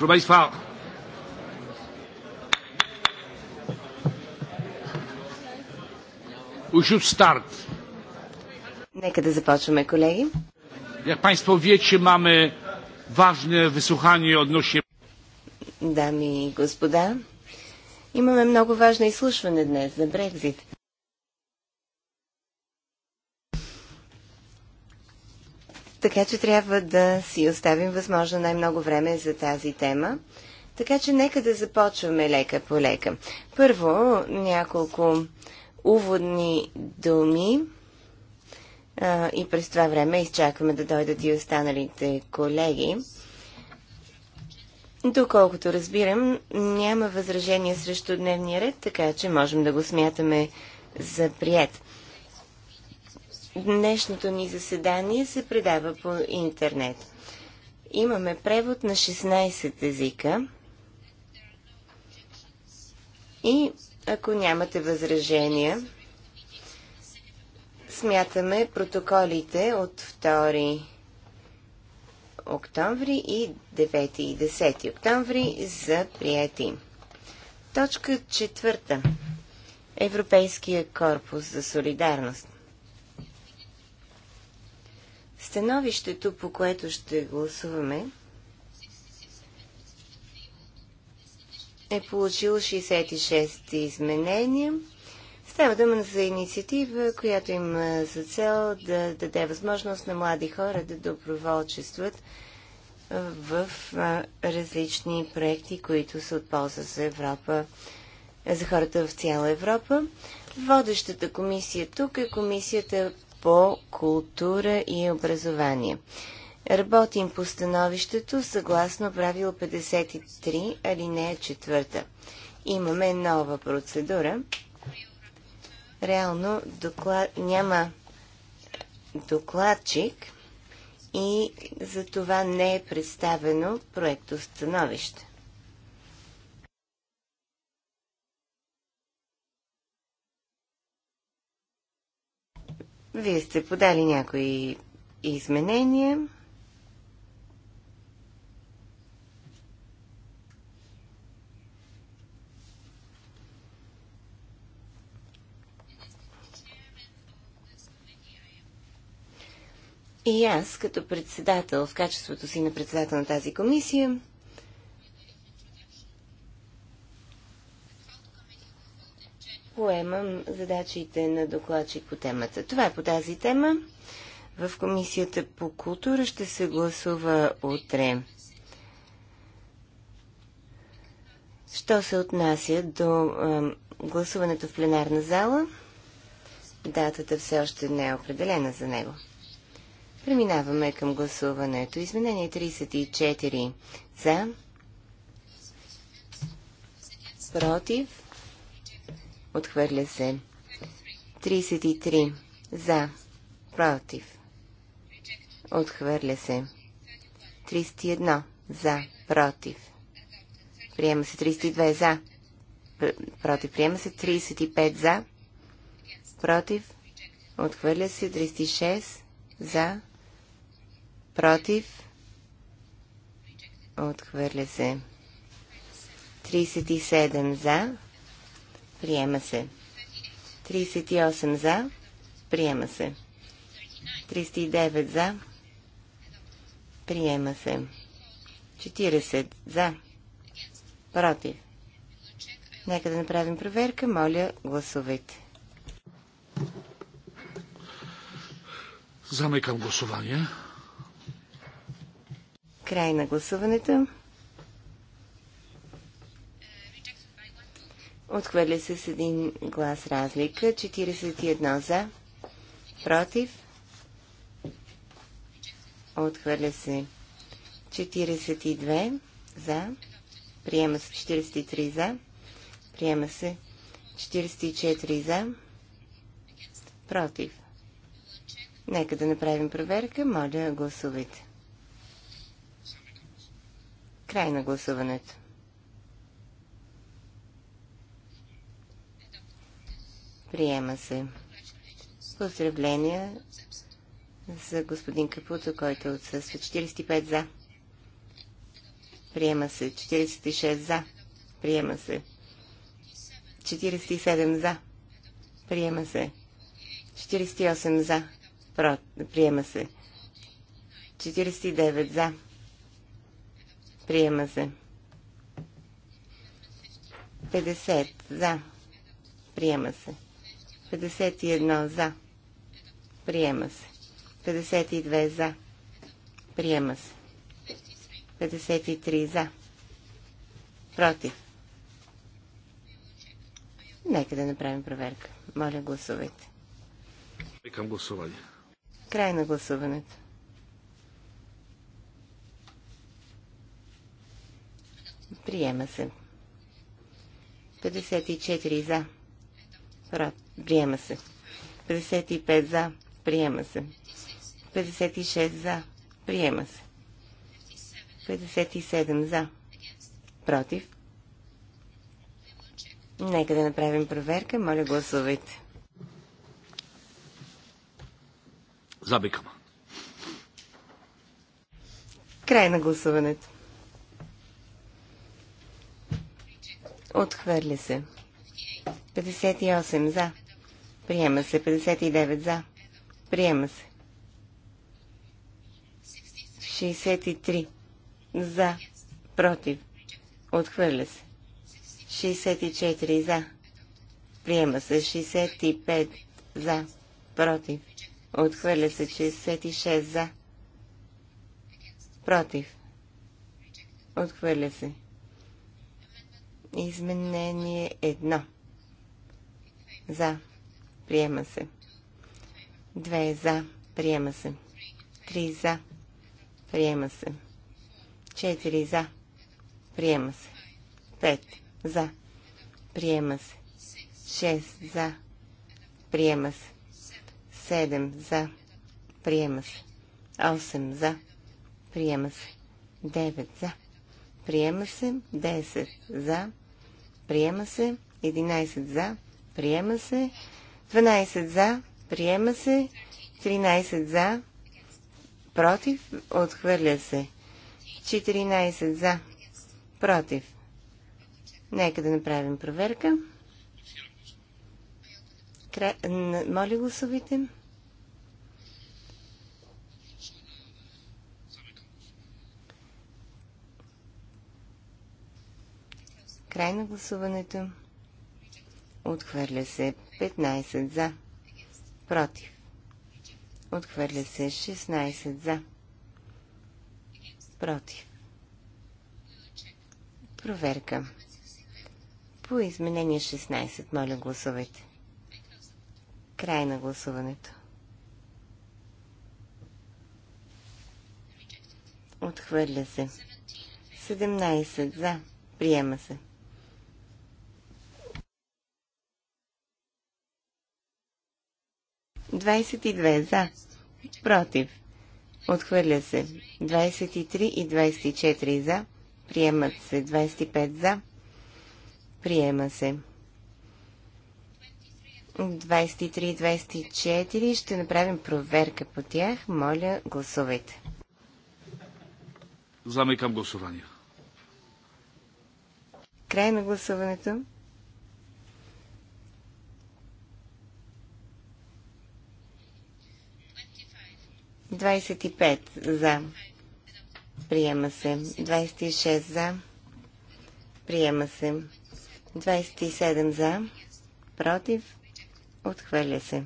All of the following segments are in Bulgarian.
Proszę Państwa, we should start. Нека да започваме, колеги. Jak Państwo wiecie, mamy ważne wysłuchanie odnośnie... Дами и господа, имаме много важно изслушване днес за Брекзит. така че трябва да си оставим възможно най-много време за тази тема. Така че нека да започваме лека по лека. Първо, няколко уводни думи а, и през това време изчакваме да дойдат и останалите колеги. Доколкото разбирам, няма възражение срещу дневния ред, така че можем да го смятаме за прият. Днешното ни заседание се предава по интернет. Имаме превод на 16 езика. И ако нямате възражения, смятаме протоколите от 2 октомври и 9 и 10 октомври за прияти. Точка 4. Европейския корпус за солидарност. Становището, по което ще гласуваме, е получило 66 изменения. Става дума за инициатива, която има за цел да даде възможност на млади хора да доброволчестват в различни проекти, които са от полза за Европа, за хората в цяла Европа. Водещата комисия тук е комисията по култура и образование. Работим по становището съгласно правило 53, алинея 4. Имаме нова процедура. Реално доклад... няма докладчик и за това не е представено проекто становище. Вие сте подали някои изменения. И аз, като председател, в качеството си на председател на тази комисия, поемам задачите на докладчик по темата. Това е по тази тема. В Комисията по култура ще се гласува утре. Що се отнася до а, гласуването в пленарна зала, датата все още не е определена за него. Преминаваме към гласуването. Изменение 34 за, против, Отхвърля се. 33. За. Против. Отхвърля се. 31. За. Против. Приема се 32. За. Против. Приема се 35. За. Против. Отхвърля се 36. За. Против. Отхвърля се. 37 за. Приема се. 38 за. Приема се. 39 за. Приема се. 40 за. Против. Нека да направим проверка. Моля, гласувайте. Замекам гласуване. Край на гласуването. Отхвърля се с един глас разлика. 41 за. Против. Отхвърля се 42 за. Приема се 43 за. Приема се 44 за. Против. Нека да направим проверка. Моля, гласувайте. Край на гласуването. Приема се. Поздравления за господин Капуто, който отсъства 45 за. Приема се 46 за. Приема се 47 за. Приема се 48 за. Про... Приема се 49 за. Приема се 50 за. Приема се 51 за. Приема се. 52 за. Приема се. 53 за. Против. Нека да направим проверка. Моля, гласувайте. Към гласуване. Край на гласуването. Приема се. 54 за. Против. Приема се. 55 за. Приема се. 56 за. Приема се. 57 за. Против. Нека да направим проверка. Моля, гласувайте. Забикам. Край на гласуването. Отхвърля се. 58 за. Приема се. 59 за. Приема се. 63 за. Против. Отхвърля се. 64 за. Приема се. 65 за. Против. Отхвърля се. 66 за. Против. Отхвърля се. Изменение едно. За приема се. 2 за, приема се. 3 за, приема се. 4 за, приема се. 5 за, приема се. 6 за, приема се. 7 за, приема се. 8 за, приема се. 9 за, приема се. 10 за, приема се. 11 за, приема се. 12 за, приема се. 13 за, против, отхвърля се. 14 за, против. Нека да направим проверка. Кра... Моля гласовите. Край на гласуването. Отхвърля се 15 за. Против. Отхвърля се 16 за. Против. Проверка. По изменение 16, моля гласувайте. Край на гласуването. Отхвърля се. 17 за. Приема се. 22 за. Против. Отхвърля се. 23 и 24 за. Приемат се. 25 за. Приема се. 23 и 24. Ще направим проверка по тях. Моля, гласувайте. Замикам гласувания. Край на гласуването. 25 за. Приема се. 26 за. Приема се. 27 за. Против. Отхвърля се.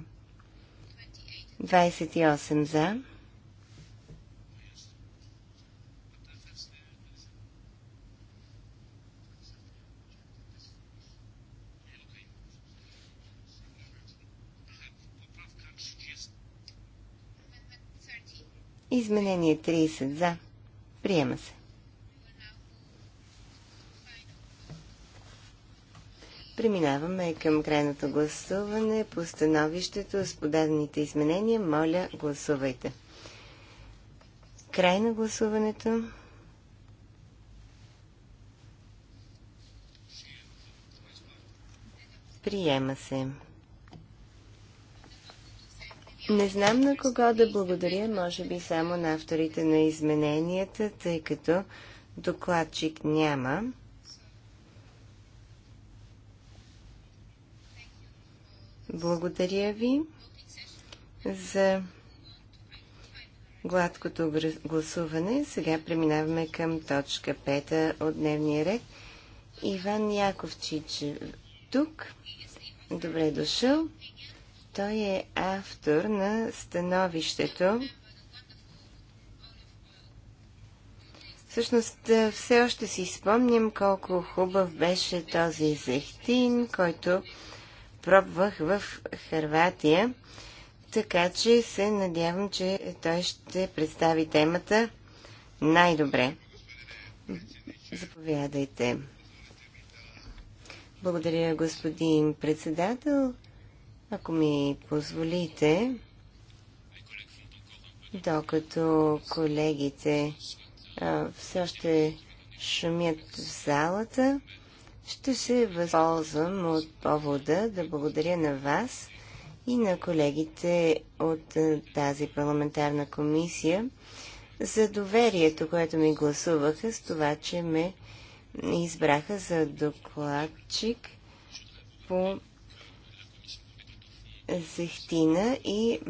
28 за. Изменение 30 за. Приема се. Преминаваме към крайното гласуване по становището с подадените изменения. Моля, гласувайте. Край на гласуването. Приема се. Не знам на кого да благодаря, може би само на авторите на измененията, тъй като докладчик няма. Благодаря ви за гладкото гласуване. Сега преминаваме към точка 5 от дневния ред. Иван Яковчич е тук. Добре дошъл. Той е автор на становището. Всъщност, все още си спомням колко хубав беше този зехтин, който пробвах в Харватия. Така че се надявам, че той ще представи темата най-добре. Заповядайте. Благодаря, господин председател. Ако ми позволите, докато колегите а, все още шумят в залата, ще се възползвам от повода да благодаря на вас и на колегите от тази парламентарна комисия за доверието, което ми гласуваха с това, че ме избраха за докладчик по зехтина и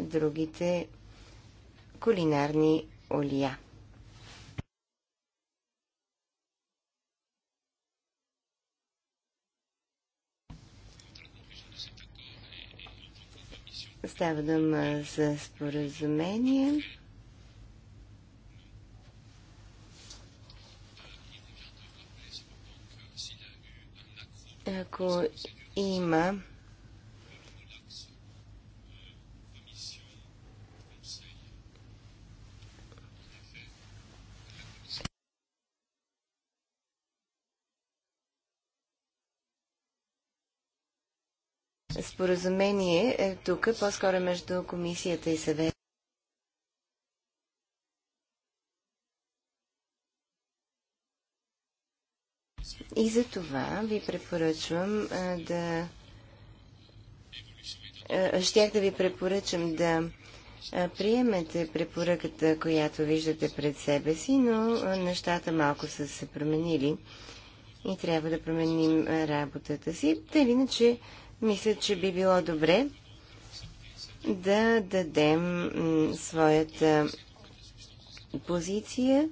другите кулинарни олия. Става дума за споразумение. Ако има споразумение е тук, по-скоро между комисията и съвет. И за това ви препоръчвам е, да... Е, щях да ви препоръчам да е, приемете препоръката, която виждате пред себе си, но нещата малко са се променили и трябва да променим работата си. те или иначе мисля, че би било добре да дадем своята позиция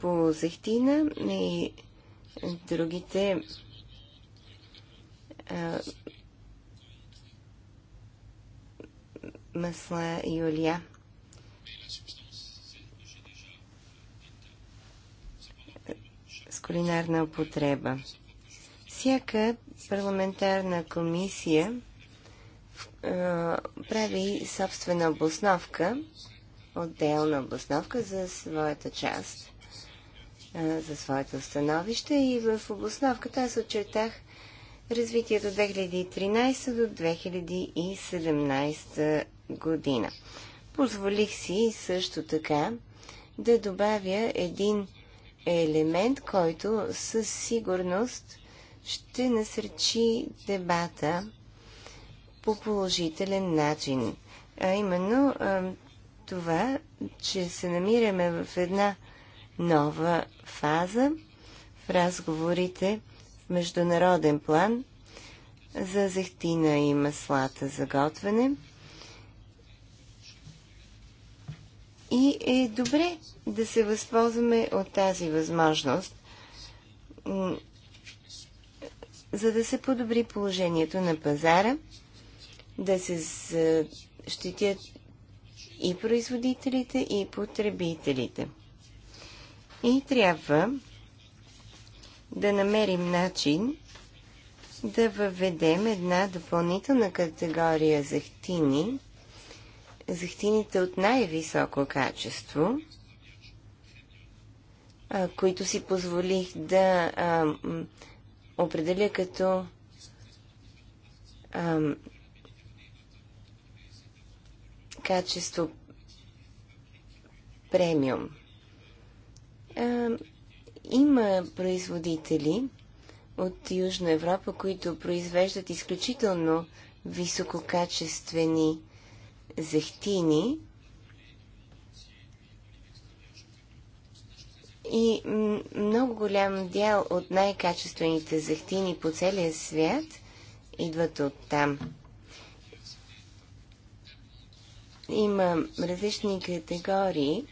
по Зехтина и другите а, масла и олия. с кулинарна употреба. Всяка парламентарна комисия прави собствена обосновка, отделна обосновка за своята част, за своето становище и в обосновката аз очертах развитието 2013 до 2017 година. Позволих си също така да добавя един елемент, който със сигурност ще насърчи дебата по положителен начин. А именно това, че се намираме в една нова фаза в разговорите в международен план за зехтина и маслата за готвене. И е добре да се възползваме от тази възможност за да се подобри положението на пазара, да се защитят и производителите, и потребителите. И трябва да намерим начин да въведем една допълнителна категория захтини, захтините от най-високо качество, които си позволих да а, определя като ам, качество премиум. Ам, има производители от Южна Европа, които произвеждат изключително висококачествени зехтини, и много голям дял от най-качествените захтини по целия свят идват от там. Има различни категории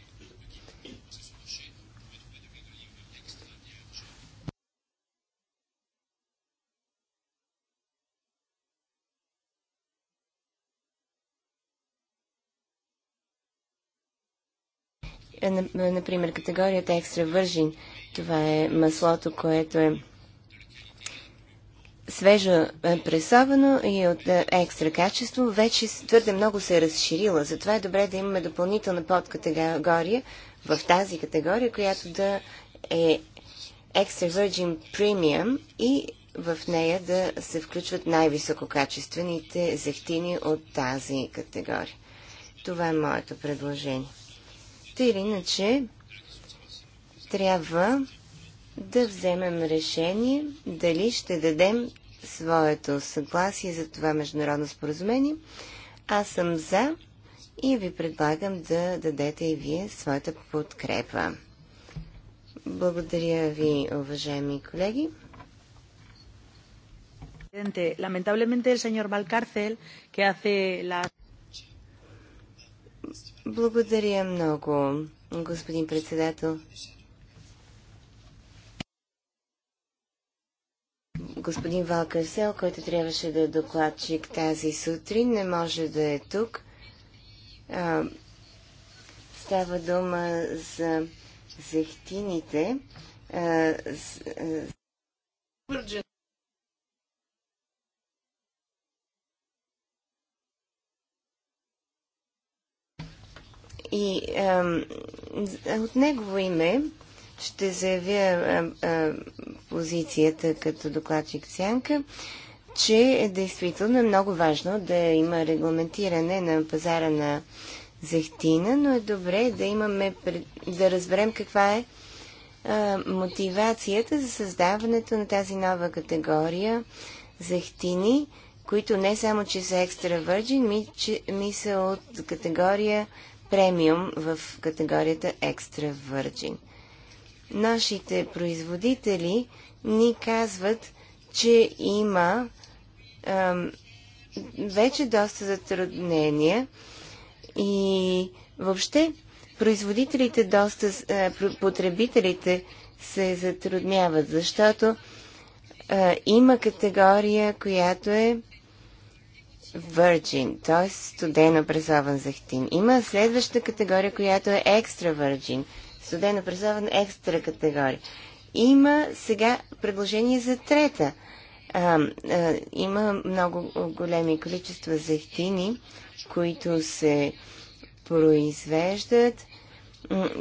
Е, е, например, категорията екстра вържин. Това е маслото, което е свежо е, пресовано и от екстра качество, вече твърде много се е разширила. Затова е добре да имаме допълнителна подкатегория в тази категория, която да е Extra Virgin Premium и в нея да се включват най-висококачествените зехтини от тази категория. Това е моето предложение. Така или иначе, трябва да вземем решение дали ще дадем своето съгласие за това международно споразумение. Аз съм за и ви предлагам да дадете и вие своята подкрепа. Благодаря ви, уважаеми колеги. Lamentablemente el señor Valcárcel, que hace las... Благодаря много, господин председател. Господин Валкарсел, който трябваше да е докладчик тази сутрин, не може да е тук. А, става дума за зехтините. А, с, а... И ам, от негово име ще заявя ам, ам, позицията като докладчик Сянка, че е действително е много важно да има регламентиране на пазара на зехтина, но е добре да имаме, да разберем каква е а, мотивацията за създаването на тази нова категория зехтини, които не само, че са екстра ми, ми са от категория премиум в категорията Extra Virgin. Нашите производители ни казват, че има ам, вече доста затруднения и въобще производителите, доста, а, потребителите се затрудняват, защото а, има категория, която е virgin, т.е. студено пресован захтин. Има следваща категория, която е екстра virgin, студено пресован екстра категория. Има сега предложение за трета. А, а, има много големи количества захтини, които се произвеждат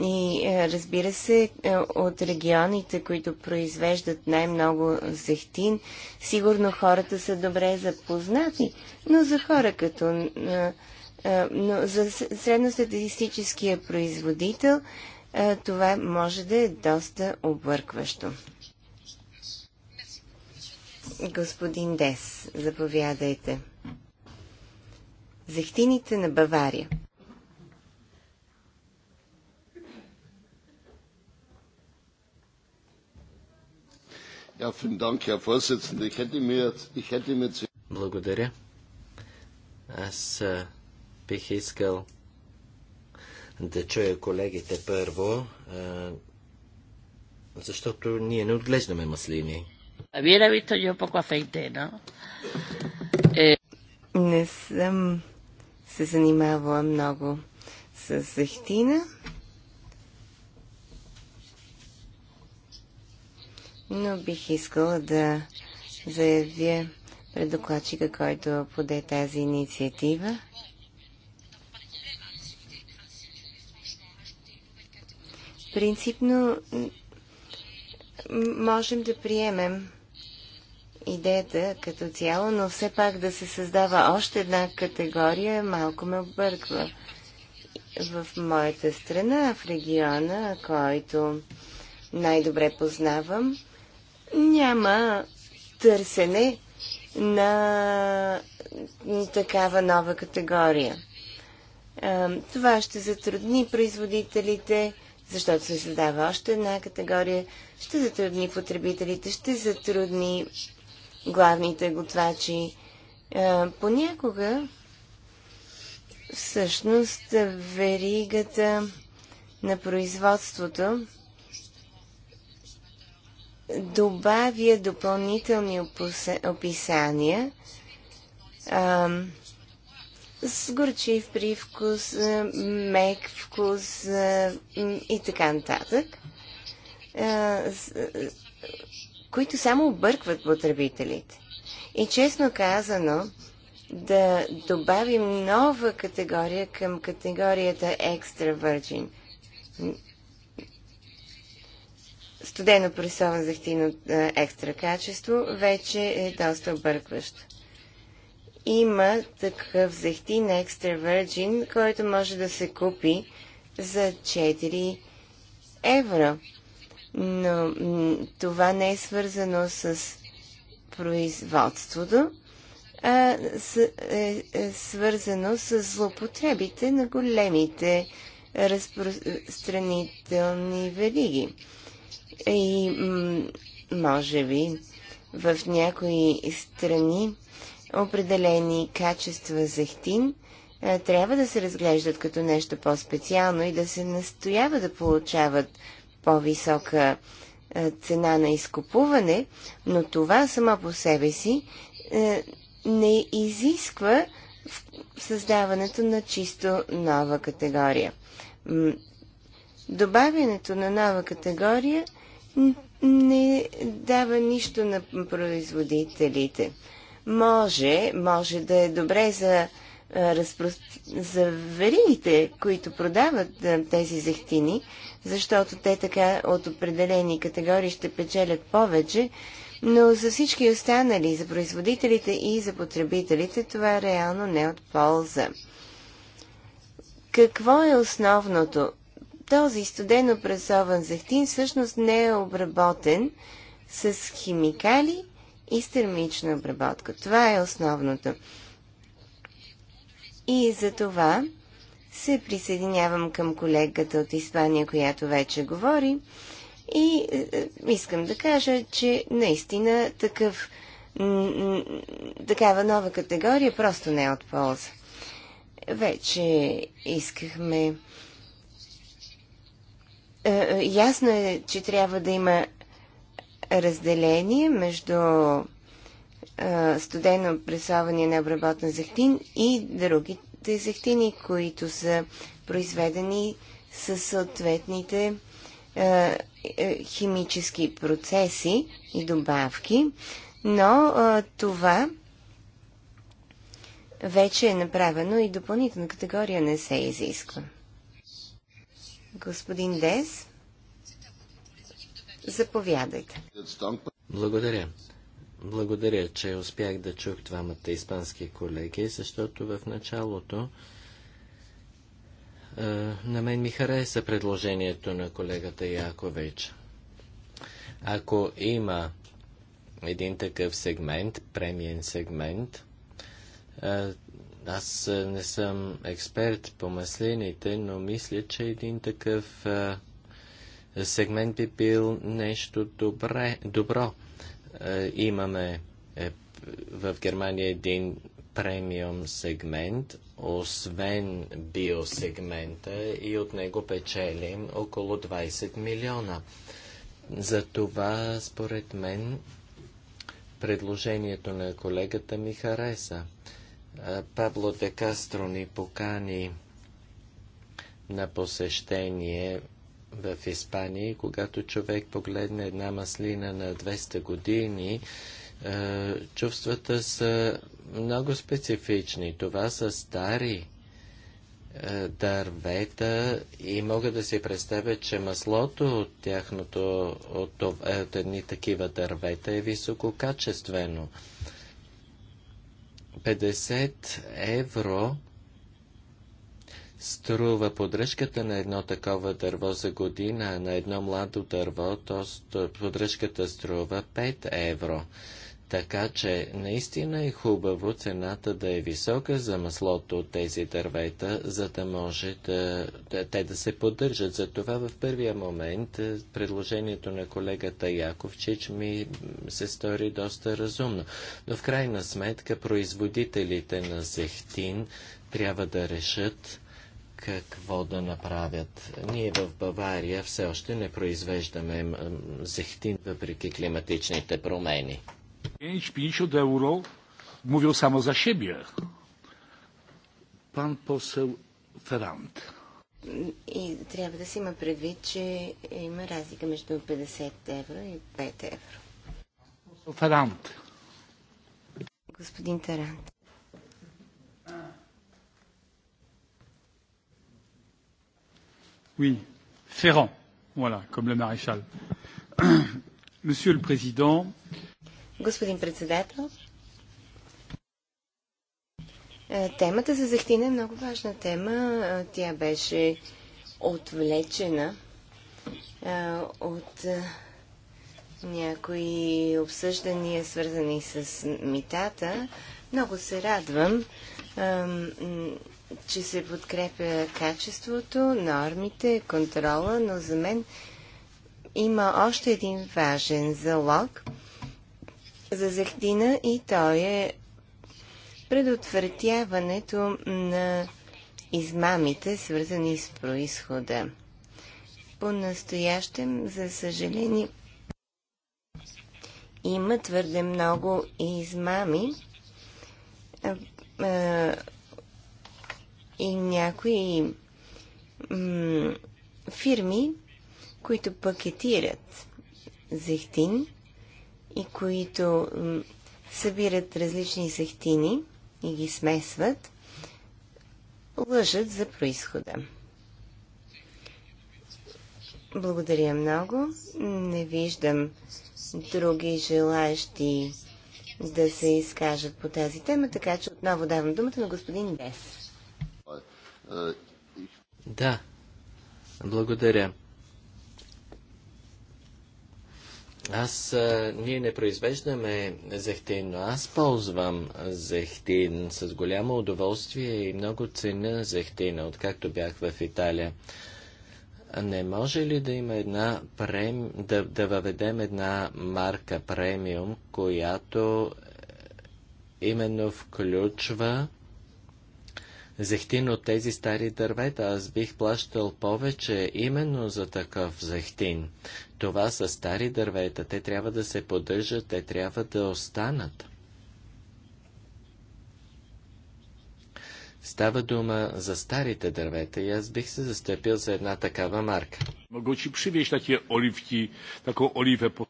и е, разбира се, е, от регионите, които произвеждат най-много зехтин, сигурно хората са добре запознати, но за хора като е, но за средностатистическия производител това може да е доста объркващо. Господин Дес, заповядайте. Зехтините на Бавария. Благодаря. Аз бих искал да чуя колегите първо, защото ние не отглеждаме маслини. Е, е, не съм се занимавала много с зехтина. но бих искала да заявя пред докладчика, който поде тази инициатива. Принципно можем да приемем идеята като цяло, но все пак да се създава още една категория малко ме обърква. В моята страна, в региона, който най-добре познавам, няма търсене на такава нова категория. Това ще затрудни производителите, защото се създава още една категория, ще затрудни потребителите, ще затрудни главните готвачи. Понякога, всъщност, веригата на производството добавя допълнителни описания а, с горчив привкус, мек вкус а, и така нататък, с, които само объркват потребителите. И честно казано, да добавим нова категория към категорията Extra Virgin – студено пресован захтин от е, екстра качество вече е доста объркващо. Има такъв зехтин екстра Virgin, който може да се купи за 4 евро. Но това не е свързано с производството, а с, е, е свързано с злопотребите на големите разпространителни вериги. И може би в някои страни определени качества хтин трябва да се разглеждат като нещо по-специално и да се настоява да получават по-висока цена на изкупуване, но това само по себе си не изисква създаването на чисто нова категория. Добавянето на нова категория не дава нищо на производителите. Може, може да е добре за, разпро... за веригите, които продават тези зехтини, защото те така от определени категории ще печелят повече, но за всички останали, за производителите и за потребителите, това реално не е от полза. Какво е основното? този студено пресован зехтин всъщност не е обработен с химикали и с термична обработка. Това е основното. И за това се присъединявам към колегата от Испания, която вече говори. И е, е, искам да кажа, че наистина такъв, такава нова категория просто не е от полза. Вече искахме е, ясно е, че трябва да има разделение между е, студено пресаване на обработен зехтин и другите зехтини, които са произведени със съответните е, химически процеси и добавки, но това вече е направено и допълнителна категория не се изисква. Господин Дес, заповядайте. Благодаря. Благодаря, че успях да чух двамата испански колеги, защото в началото е, на мен ми хареса предложението на колегата Якович. Ако има един такъв сегмент, премиен сегмент, е, аз не съм експерт по маслените, но мисля, че един такъв а, сегмент би бил нещо добре, добро. А, имаме е, в Германия един премиум сегмент, освен биосегмента и от него печелим около 20 милиона. Затова, според мен, предложението на колегата ми хареса. Пабло де Кастро ни покани на посещение в Испания. Когато човек погледне една маслина на 200 години, чувствата са много специфични. Това са стари дървета и мога да си представя, че маслото от тяхното, от, от, е, от едни такива дървета е висококачествено. качествено. 50 евро струва поддръжката на едно такова дърво за година, а на едно младо дърво, то подръжката струва 5 евро. Така че наистина е хубаво цената да е висока за маслото от тези дървета, за да може да, да, те да се поддържат. Затова в първия момент е, предложението на колегата Яковчич ми се стори доста разумно. Но в крайна сметка производителите на зехтин трябва да решат какво да направят. Ние в Бавария все още не произвеждаме зехтин въпреки климатичните промени. 5,50 euro mówią samo za siebie. Pan poseł Ferrand. И трябва да се има предвид, че има разлика между 50 евро и 5 евро. Ферант. Господин Тарант. Oui, Ferrand, voilà, comme le maréchal. Monsieur le Président, Господин председател, е, темата за Захтина е много важна тема. Е, тя беше отвлечена е, от някои обсъждания, свързани с митата. Много се радвам, че се подкрепя качеството, нормите, контрола, но за мен има още един важен залог – за зехтина и той е предотвратяването на измамите, свързани с происхода. По-настоящем, за съжаление, има твърде много измами и някои фирми, които пакетират зехтин и които събират различни сехтини и ги смесват, лъжат за происхода. Благодаря много. Не виждам други желаящи да се изкажат по тази тема, така че отново давам думата на господин Дес. Да, благодаря. Аз, а, ние не произвеждаме зехтин, но аз ползвам зехтин с голямо удоволствие и много ценя зехтина, откакто бях в Италия. Не може ли да има една прем... да, да въведем една марка премиум, която е, именно включва зехтин от тези стари дървета. Аз бих плащал повече именно за такъв зехтин. Това са стари дървета, те трябва да се поддържат, те трябва да останат. Става дума за старите дървета и аз бих се застъпил за една такава марка. Могучи привиш такива оливки, тако оливе по...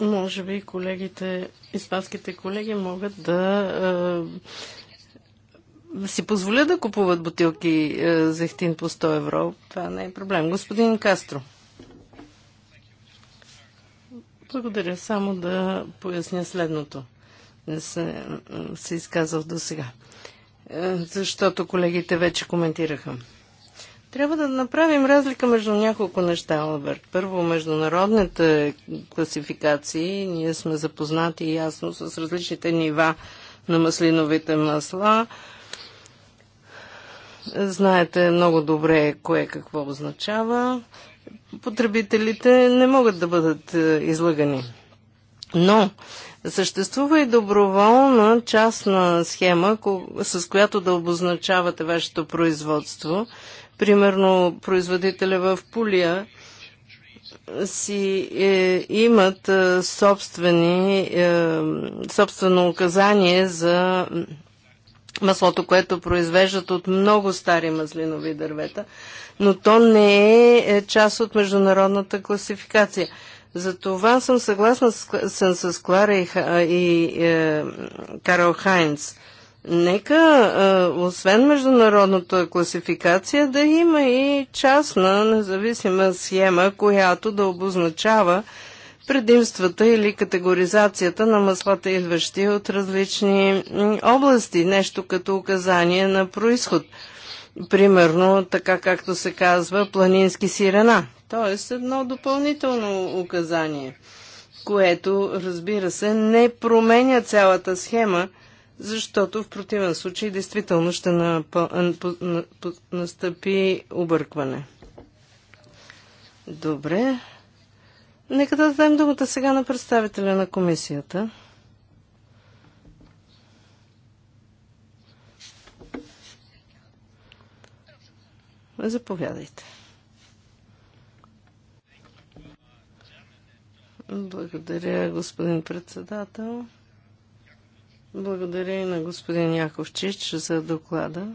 Може би колегите, испанските колеги могат да е, си позволят да купуват бутилки е, ехтин по 100 евро. Това не е проблем. Господин Кастро. Благодаря. Само да поясня следното. Не се, се изказал до сега. Е, защото колегите вече коментираха. Трябва да направим разлика между няколко неща, Алберт. Първо, международните класификации. Ние сме запознати ясно с различните нива на маслиновите масла. Знаете много добре кое какво означава потребителите не могат да бъдат е, излагани. Но съществува и доброволна частна схема, с която да обозначавате вашето производство. Примерно производителя в Пулия си е, имат е, собствени, е, собствено указание за маслото, което произвеждат от много стари маслинови дървета, но то не е част от международната класификация. За това съм съгласна с, съм с Клара и, и е, Карл Хайнц. Нека, е, освен международната класификация, да има и частна независима схема, която да обозначава предимствата или категоризацията на маслата, идващи от различни области, нещо като указание на происход. Примерно, така както се казва, планински сирена. Тоест едно допълнително указание, което, разбира се, не променя цялата схема, защото в противен случай действително ще настъпи объркване. Добре, Нека да дадем думата сега на представителя на комисията. Заповядайте. Благодаря, господин председател. Благодаря и на господин Яковчич за доклада.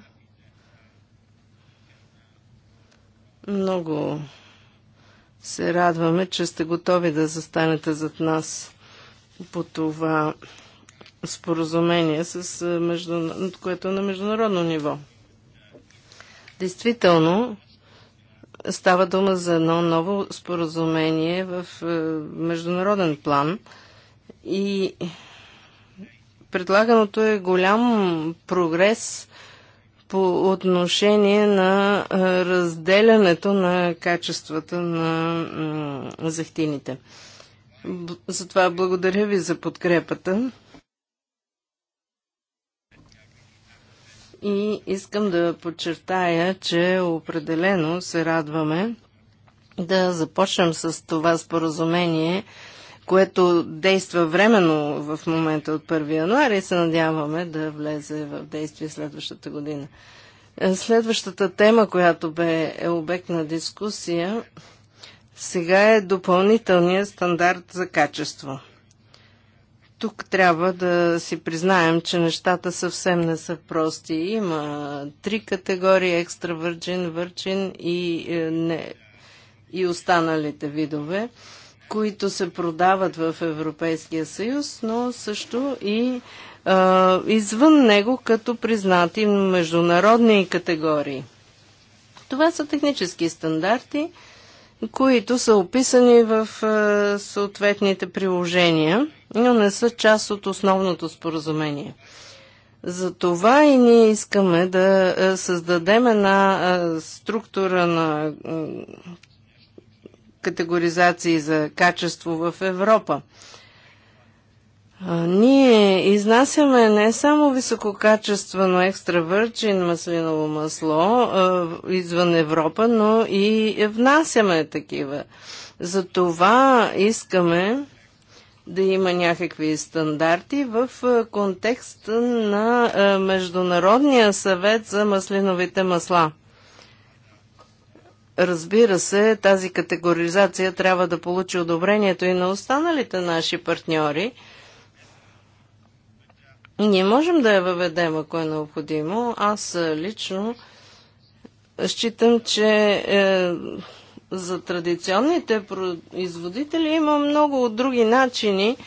Много се радваме, че сте готови да застанете зад нас по това споразумение, с междуна... което е на международно ниво. Действително, става дума за едно ново споразумение в международен план и предлаганото е голям прогрес по отношение на разделянето на качествата на зехтините. Затова благодаря ви за подкрепата. И искам да подчертая, че определено се радваме да започнем с това споразумение – което действа временно в момента от 1 януари и се надяваме да влезе в действие следващата година. Е, следващата тема, която бе е обект на дискусия, сега е допълнителният стандарт за качество. Тук трябва да си признаем, че нещата съвсем не са прости. Има три категории екстра върчин, и, е, не, и останалите видове които се продават в Европейския съюз, но също и а, извън него като признати международни категории. Това са технически стандарти, които са описани в а, съответните приложения, но не са част от основното споразумение. За това и ние искаме да създадем една структура на категоризации за качество в Европа. Ние изнасяме не само висококачествено екстра върчин маслиново масло извън Европа, но и внасяме такива. Затова искаме да има някакви стандарти в контекст на Международния съвет за маслиновите масла. Разбира се, тази категоризация трябва да получи одобрението и на останалите наши партньори. Ние можем да я въведем, ако е необходимо. Аз е, лично считам, че е, за традиционните производители има много други начини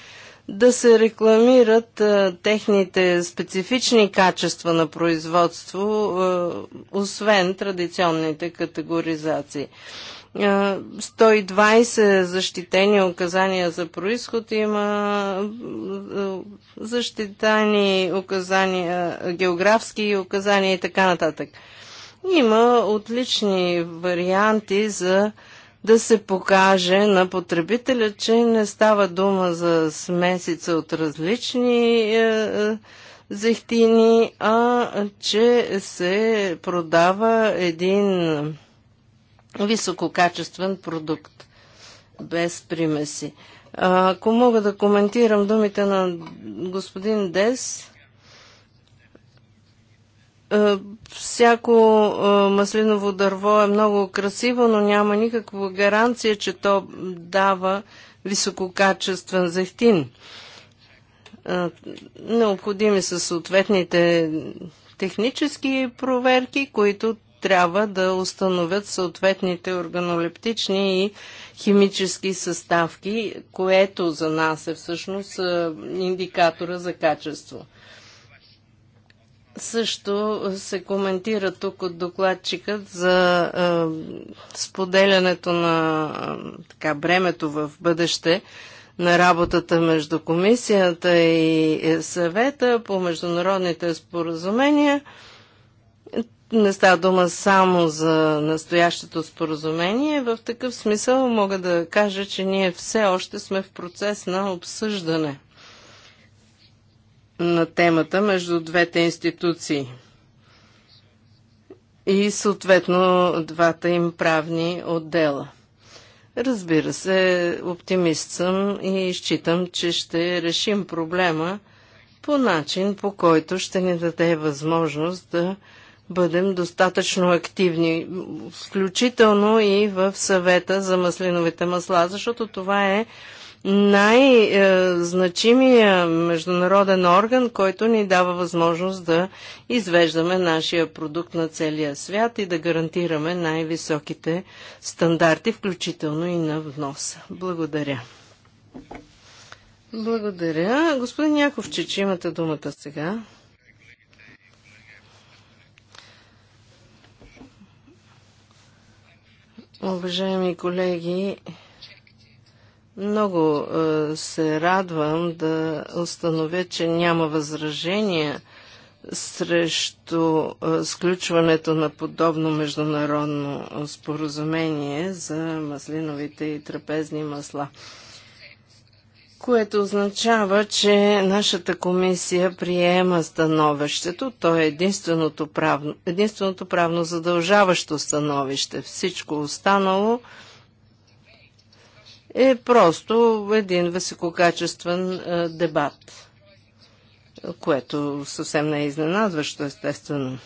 да се рекламират а, техните специфични качества на производство, а, освен традиционните категоризации. А, 120 защитени указания за происход има защитани указания, географски указания и така нататък. Има отлични варианти за а, да се покаже на потребителя, че не става дума за смесица от различни е, е зехтини, а че се продава един висококачествен продукт без примеси. Ако мога да коментирам думите на господин Дес, е, всяко е, маслиново дърво е много красиво, но няма никаква гаранция, че то дава висококачествен зехтин. Е, необходими са съответните технически проверки, които трябва да установят съответните органолептични и химически съставки, което за нас е всъщност индикатора за качество. Също се коментира тук от докладчикът за е, споделянето на е, така, бремето в бъдеще на работата между комисията и съвета по международните споразумения. Не става дума само за настоящето споразумение. В такъв смисъл мога да кажа, че ние все още сме в процес на обсъждане – на темата между двете институции и съответно двата им правни отдела. Разбира се, оптимист съм и считам, че ще решим проблема по начин, по който ще ни даде възможност да бъдем достатъчно активни, включително и в съвета за маслиновите масла, защото това е най-значимия международен орган, който ни дава възможност да извеждаме нашия продукт на целия свят и да гарантираме най-високите стандарти, включително и на вноса. Благодаря. Благодаря. Господин Яковчич, имате думата сега. Уважаеми колеги, много е, се радвам да установя, че няма възражения срещу е, сключването на подобно международно споразумение за маслиновите и трапезни масла което означава, че нашата комисия приема становището. То е единственото правно, единственото правно задължаващо становище. Всичко останало е просто един висококачествен е, дебат, което съвсем не е изненадващо, естествено.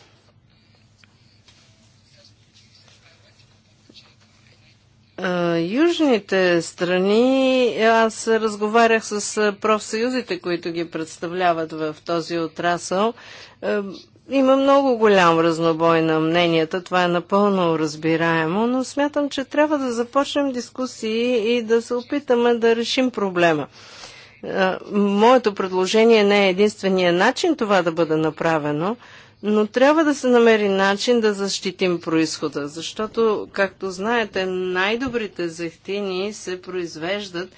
Е, южните страни, аз разговарях с е, профсъюзите, които ги представляват в този отрасъл. Има много голям разнобой на мненията, това е напълно разбираемо, но смятам, че трябва да започнем дискусии и да се опитаме да решим проблема. Моето предложение не е единствения начин това да бъде направено, но трябва да се намери начин да защитим происхода, защото, както знаете, най-добрите зехтини се произвеждат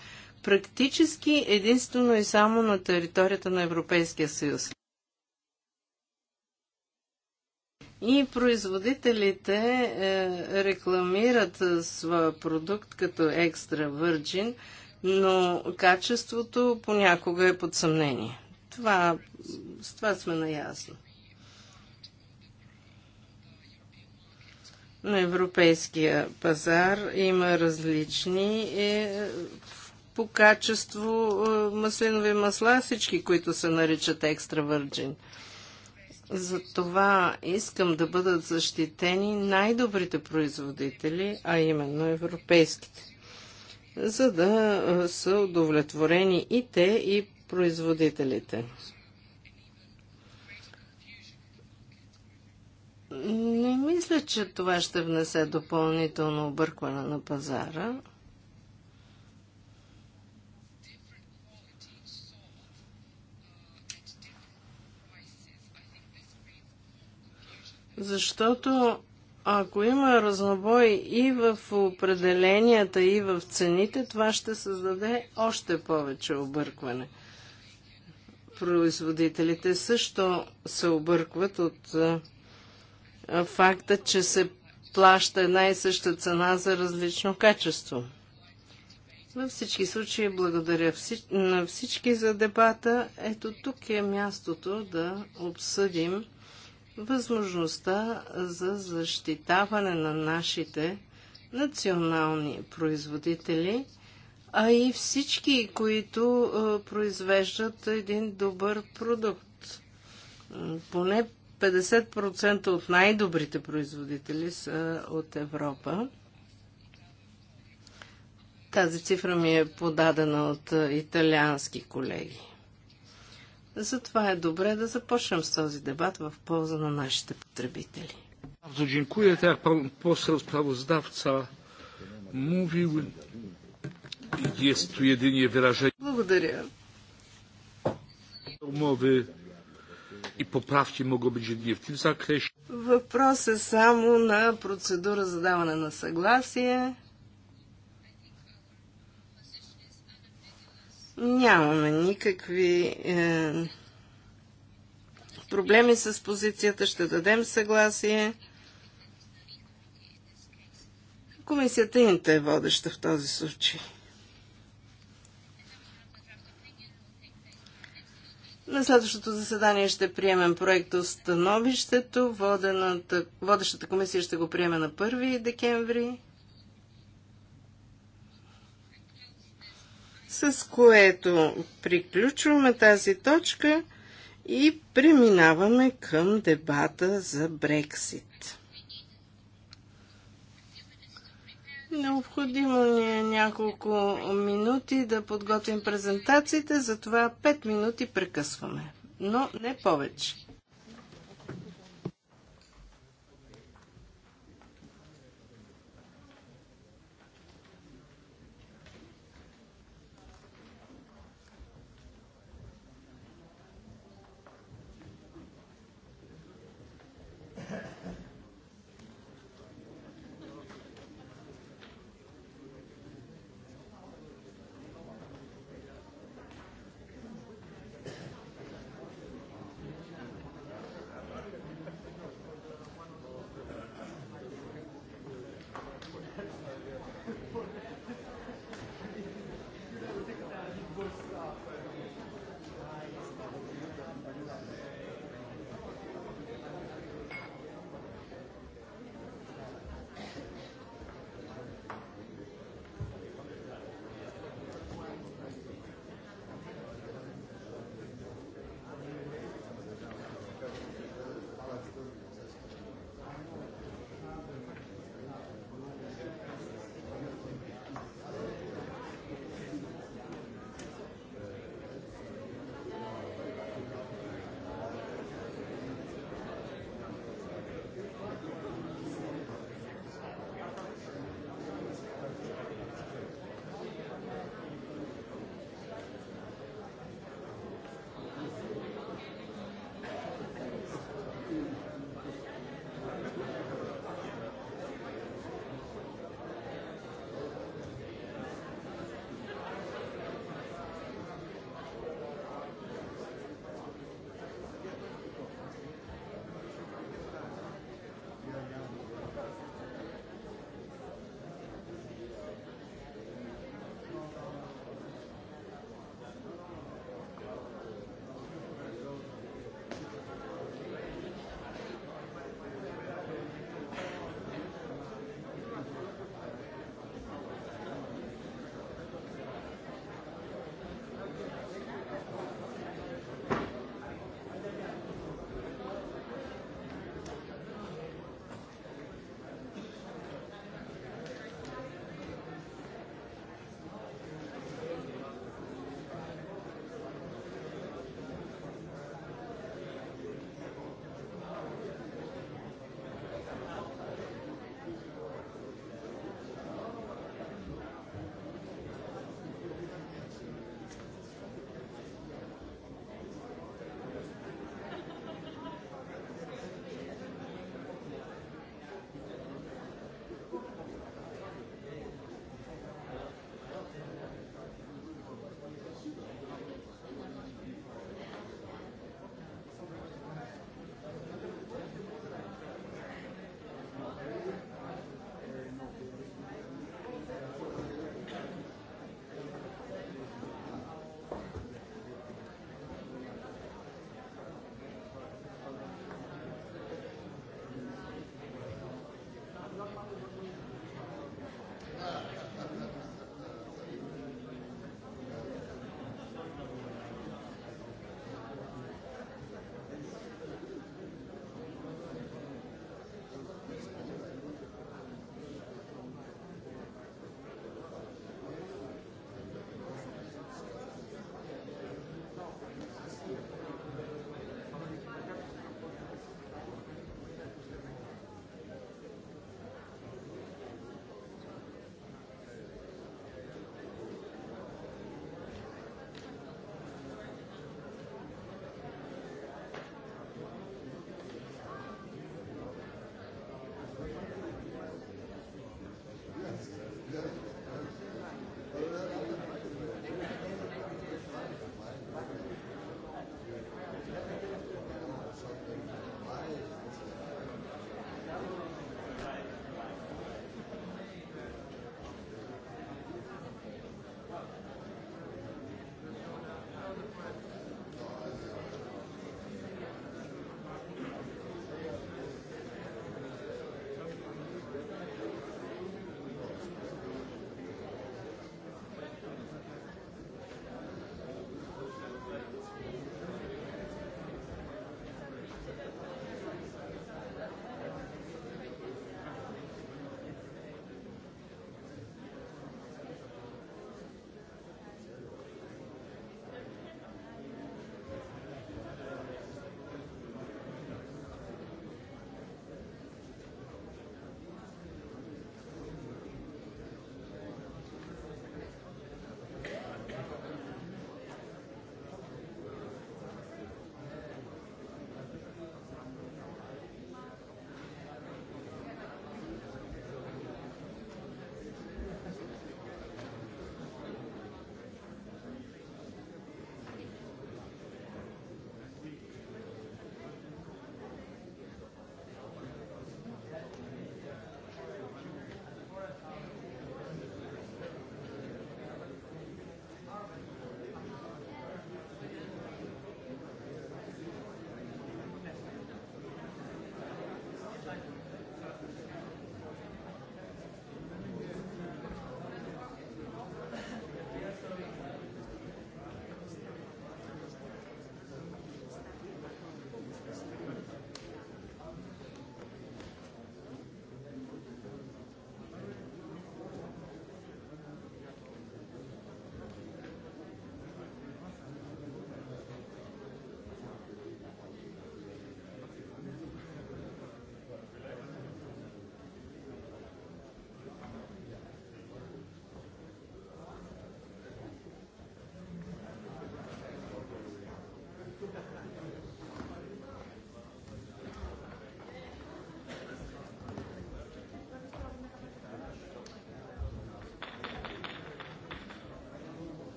практически единствено и само на територията на Европейския съюз. И производителите е, рекламират е, своя продукт като екстра върджин, но качеството понякога е под съмнение. Това, с това сме наясно. На европейския пазар има различни е, по качество е, маслинови масла, всички, които се наричат екстра върджин – за това искам да бъдат защитени най-добрите производители, а именно европейските, за да са удовлетворени и те, и производителите. Не мисля, че това ще внесе допълнително объркване на пазара. Защото ако има разнобой и в определенията, и в цените, това ще създаде още повече объркване. Производителите също се объркват от факта, че се плаща една и съща цена за различно качество. Във всички случаи благодаря на всички за дебата. Ето тук е мястото да обсъдим възможността за защитаване на нашите национални производители, а и всички, които произвеждат един добър продукт. Поне 50% от най-добрите производители са от Европа. Тази цифра ми е подадена от италиански колеги. Затова е добре да започнем с този дебат в полза на нашите потребители. Bardzo dziękuję. Tak jak pan poseł sprawozdawca mówił, jest tu jedynie wyrażenie Благодаря. umowy i poprawki mogą być jedynie w tym zakresie. Въпрос е само на процедура за даване на съгласие. Нямаме никакви е, проблеми с позицията, ще дадем съгласие. Комисията Инта е водеща в този случай. На следващото заседание ще приемем проекто становището. Водената, водещата комисия ще го приеме на 1 декември. с което приключваме тази точка и преминаваме към дебата за Брексит. Необходимо ни е няколко минути да подготвим презентациите, затова 5 минути прекъсваме, но не повече.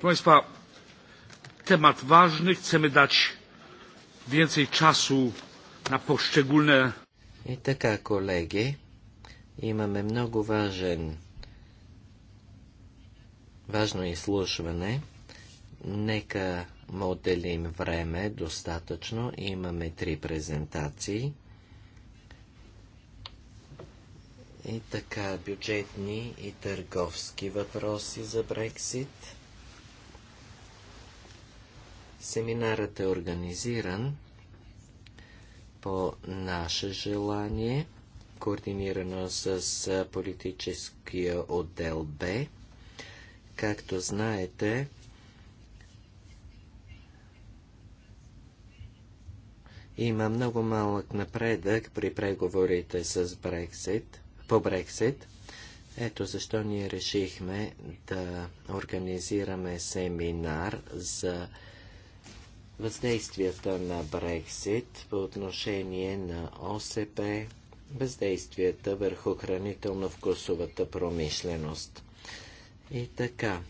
Proszę Państwa, temat ważny. Chcemy dać więcej czasu na poszczególne. I i mamy mnogo ważen. Ważne jest słuchanie. Нека му отделим време достатъчно. Имаме три презентации. И така, бюджетни и търговски въпроси за Брексит. Семинарът е организиран по наше желание, координирано с политическия отдел Б. Както знаете, има много малък напредък при преговорите с Брексит, по Брексит. Ето защо ние решихме да организираме семинар за въздействията на Брексит по отношение на ОСП, въздействията върху хранително-вкусовата промишленост. И така,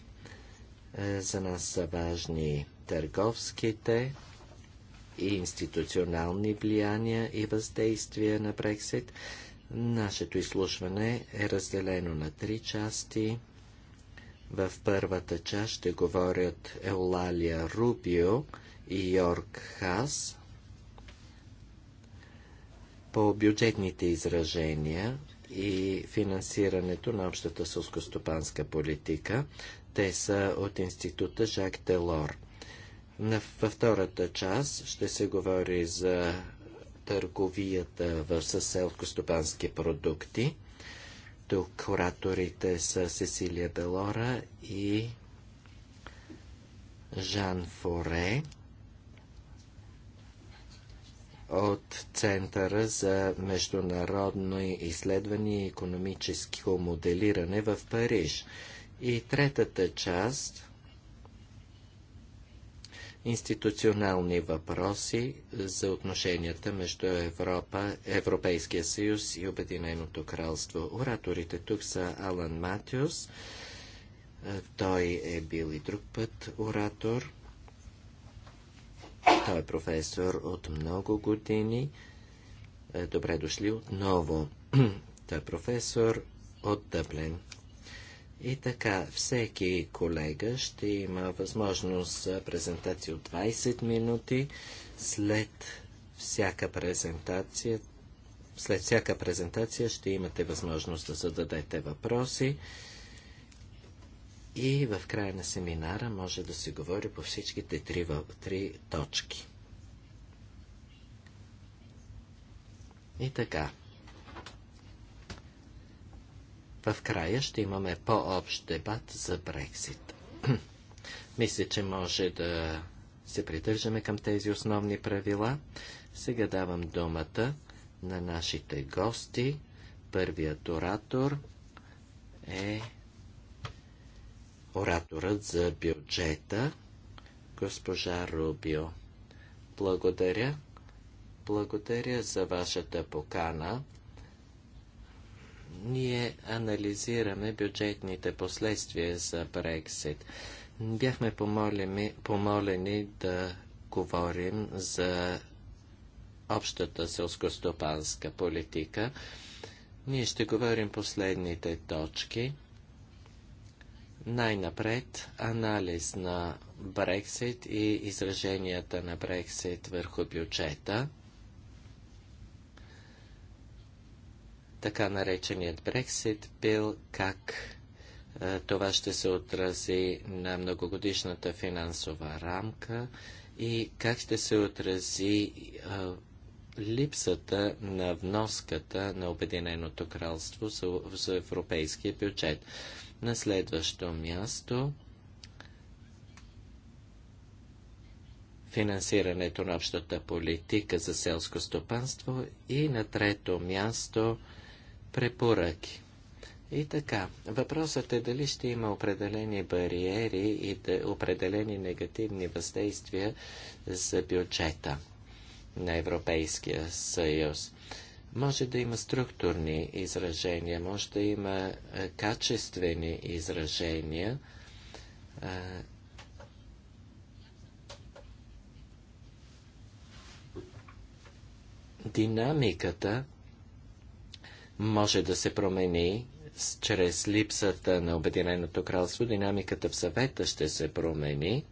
е, за нас са важни търговските и институционални влияния и въздействия на Брексит. Нашето изслушване е разделено на три части. В първата част ще говорят Еулалия Рубио, Йорк Хас по бюджетните изражения и финансирането на общата сълскостопанска политика. Те са от института Жак Телор. На, във втората част ще се говори за търговията в сълскостопански продукти. Тук кураторите са Сесилия Делора и Жан Форе от Центъра за международно изследване и економическо моделиране в Париж. И третата част институционални въпроси за отношенията между Европа, Европейския съюз и Обединеното кралство. Ораторите тук са Алан Матиус. Той е бил и друг път оратор. Той е професор от много години. Е, добре дошли отново. Той е професор от Дъблен. И така, всеки колега ще има възможност за презентация от 20 минути. След всяка презентация, след всяка презентация ще имате възможност да зададете въпроси. И в края на семинара може да се говори по всичките три, три точки. И така. В края ще имаме по-общ дебат за Брексит. Мисля, че може да се придържаме към тези основни правила. Сега давам думата на нашите гости. Първият оратор е ораторът за бюджета, госпожа Рубио. Благодаря. Благодаря за вашата покана. Ние анализираме бюджетните последствия за Брексит. Бяхме помолени, помолени да говорим за общата селскостопанска политика. Ние ще говорим последните точки. Най-напред анализ на Брексит и израженията на Брексит върху бюджета. Така нареченият Брексит бил как е, това ще се отрази на многогодишната финансова рамка и как ще се отрази е, липсата на вноската на Обединеното кралство за европейския бюджет. На следващо място финансирането на общата политика за селско стопанство и на трето място препоръки. И така, въпросът е дали ще има определени бариери и да, определени негативни въздействия за бюджета на Европейския съюз. Може да има структурни изражения, може да има е, качествени изражения. динамиката може да се промени чрез липсата на Обединеното кралство, динамиката в съвета ще се промени.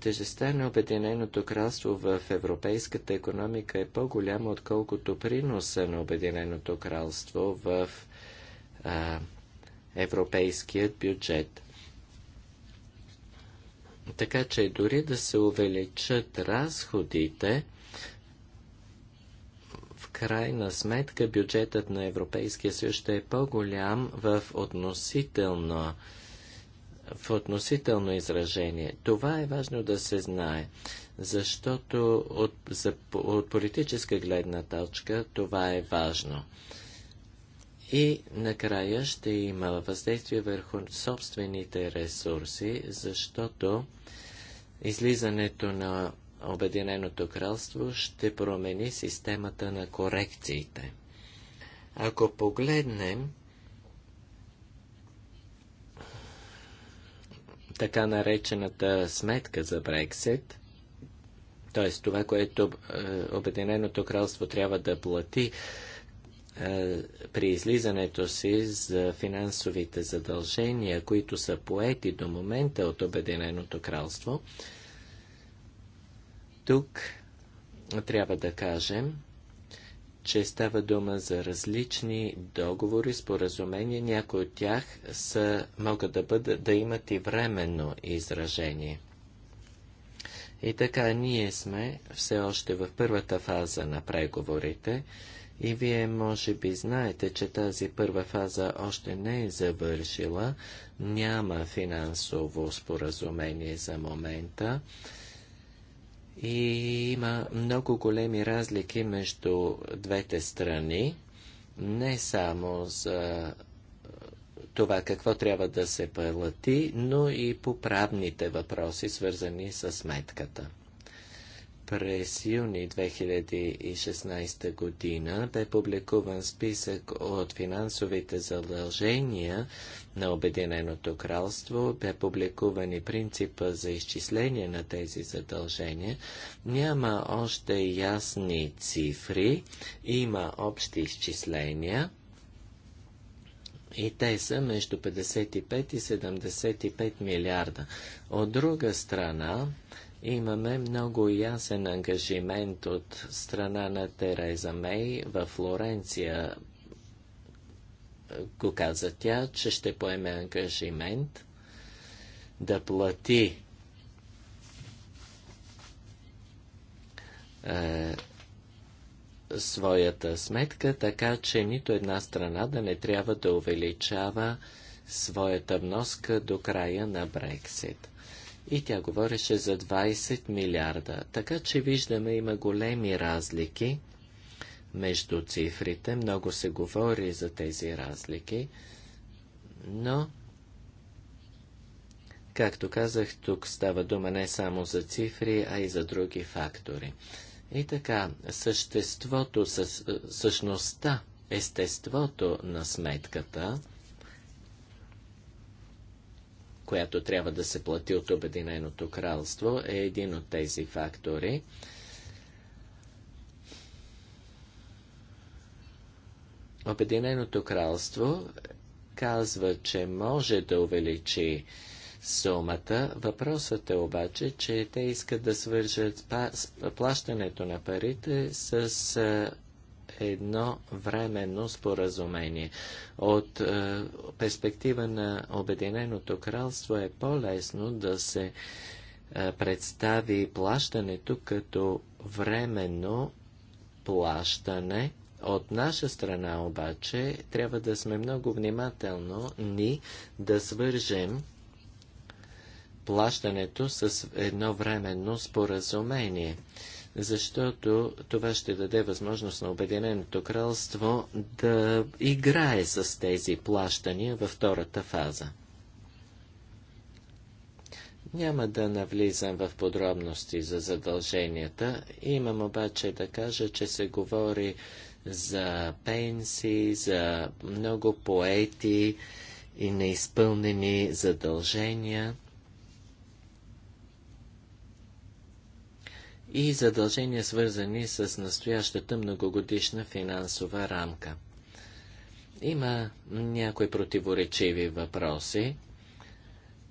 Тежестта на Обединеното кралство в европейската економика е по-голяма, отколкото приноса на Обединеното кралство в а, европейският бюджет. Така че дори да се увеличат разходите, в крайна сметка бюджетът на Европейския съюз ще е по-голям в относително в относително изражение. Това е важно да се знае, защото от, за, от политическа гледна точка това е важно. И накрая ще има въздействие върху собствените ресурси, защото излизането на Обединеното кралство ще промени системата на корекциите. Ако погледнем така наречената сметка за Брексит, т.е. това, което е, Обединеното кралство трябва да плати е, при излизането си за финансовите задължения, които са поети до момента от Обединеното кралство, тук трябва да кажем, че става дума за различни договори, споразумения. Някои от тях са, могат да, бъдат, да имат и временно изражение. И така, ние сме все още в първата фаза на преговорите и вие може би знаете, че тази първа фаза още не е завършила, няма финансово споразумение за момента. И има много големи разлики между двете страни, не само за е, това какво трябва да се плати, но и по правните въпроси, свързани с сметката. През юни 2016 година бе публикуван списък от финансовите задължения на Обединеното кралство, бе публикуван и принципа за изчисление на тези задължения. Няма още ясни цифри, има общи изчисления. И те са между 55 и 75 милиарда. От друга страна, Имаме много ясен ангажимент от страна на Тереза Мей в Флоренция. Го каза тя, че ще поеме ангажимент да плати е, своята сметка, така че нито една страна да не трябва да увеличава своята вноска до края на Брексит и тя говореше за 20 милиарда. Така че виждаме, има големи разлики между цифрите. Много се говори за тези разлики, но, както казах, тук става дума не само за цифри, а и за други фактори. И така, съществото, същността, естеството на сметката – която трябва да се плати от Обединеното кралство, е един от тези фактори. Обединеното кралство казва, че може да увеличи сумата. Въпросът е обаче, че те искат да свържат плащането на парите с едно временно споразумение. От е, перспектива на Обединеното кралство е по-лесно да се е, представи плащането като временно плащане. От наша страна обаче трябва да сме много внимателно ни да свържем плащането с едно временно споразумение защото това ще даде възможност на Обединеното кралство да играе с тези плащания във втората фаза. Няма да навлизам в подробности за задълженията, имам обаче да кажа, че се говори за пенсии, за много поети и неизпълнени задължения. и задължения свързани с настоящата многогодишна финансова рамка. Има някои противоречиви въпроси,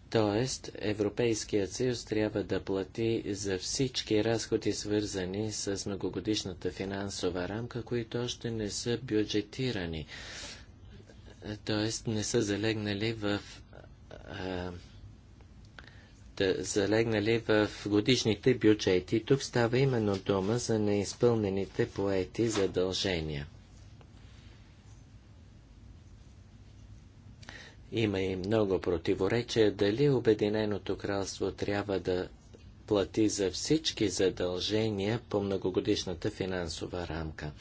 т.е. Европейският съюз трябва да плати за всички разходи, свързани с многогодишната финансова рамка, които още не са бюджетирани, т.е. не са залегнали в а, да залегнали в годишните бюджети. Тук става именно дума за неизпълнените поети задължения. Има и много противоречия дали Обединеното кралство трябва да плати за всички задължения по многогодишната финансова рамка.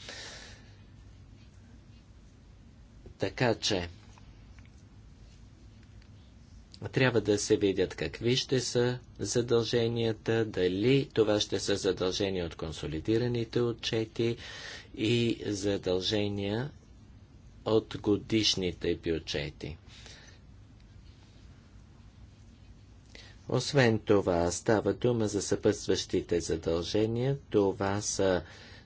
Така че, трябва да се видят какви ще са задълженията, дали това ще са задължения от консолидираните отчети и задължения от годишните бюджети. Освен това, става дума за съпътстващите задължения. Това са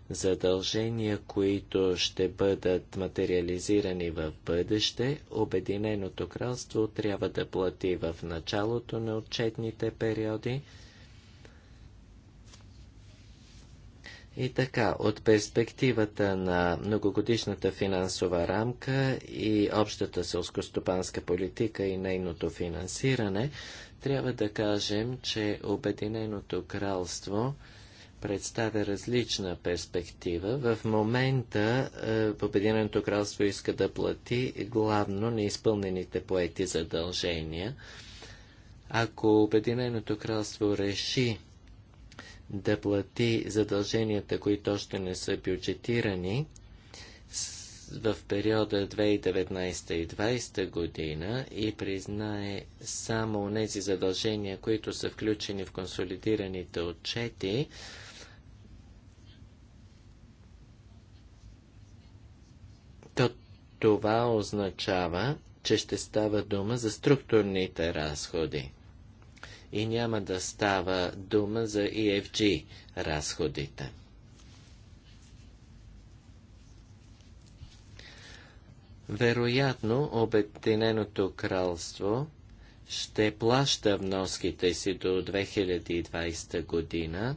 задължения, които ще бъдат материализирани в бъдеще, Обединеното кралство трябва да плати в началото на отчетните периоди. И така, от перспективата на многогодишната финансова рамка и общата селскостопанска политика и нейното финансиране, трябва да кажем, че Обединеното кралство – представя различна перспектива. В момента е, Обединеното кралство иска да плати главно неизпълнените поети задължения. Ако Обединеното кралство реши да плати задълженията, които още не са бюджетирани, в периода 2019 и 2020 година и признае само тези задължения, които са включени в консолидираните отчети, Това означава, че ще става дума за структурните разходи и няма да става дума за EFG разходите. Вероятно, Обединеното кралство ще плаща вноските си до 2020 година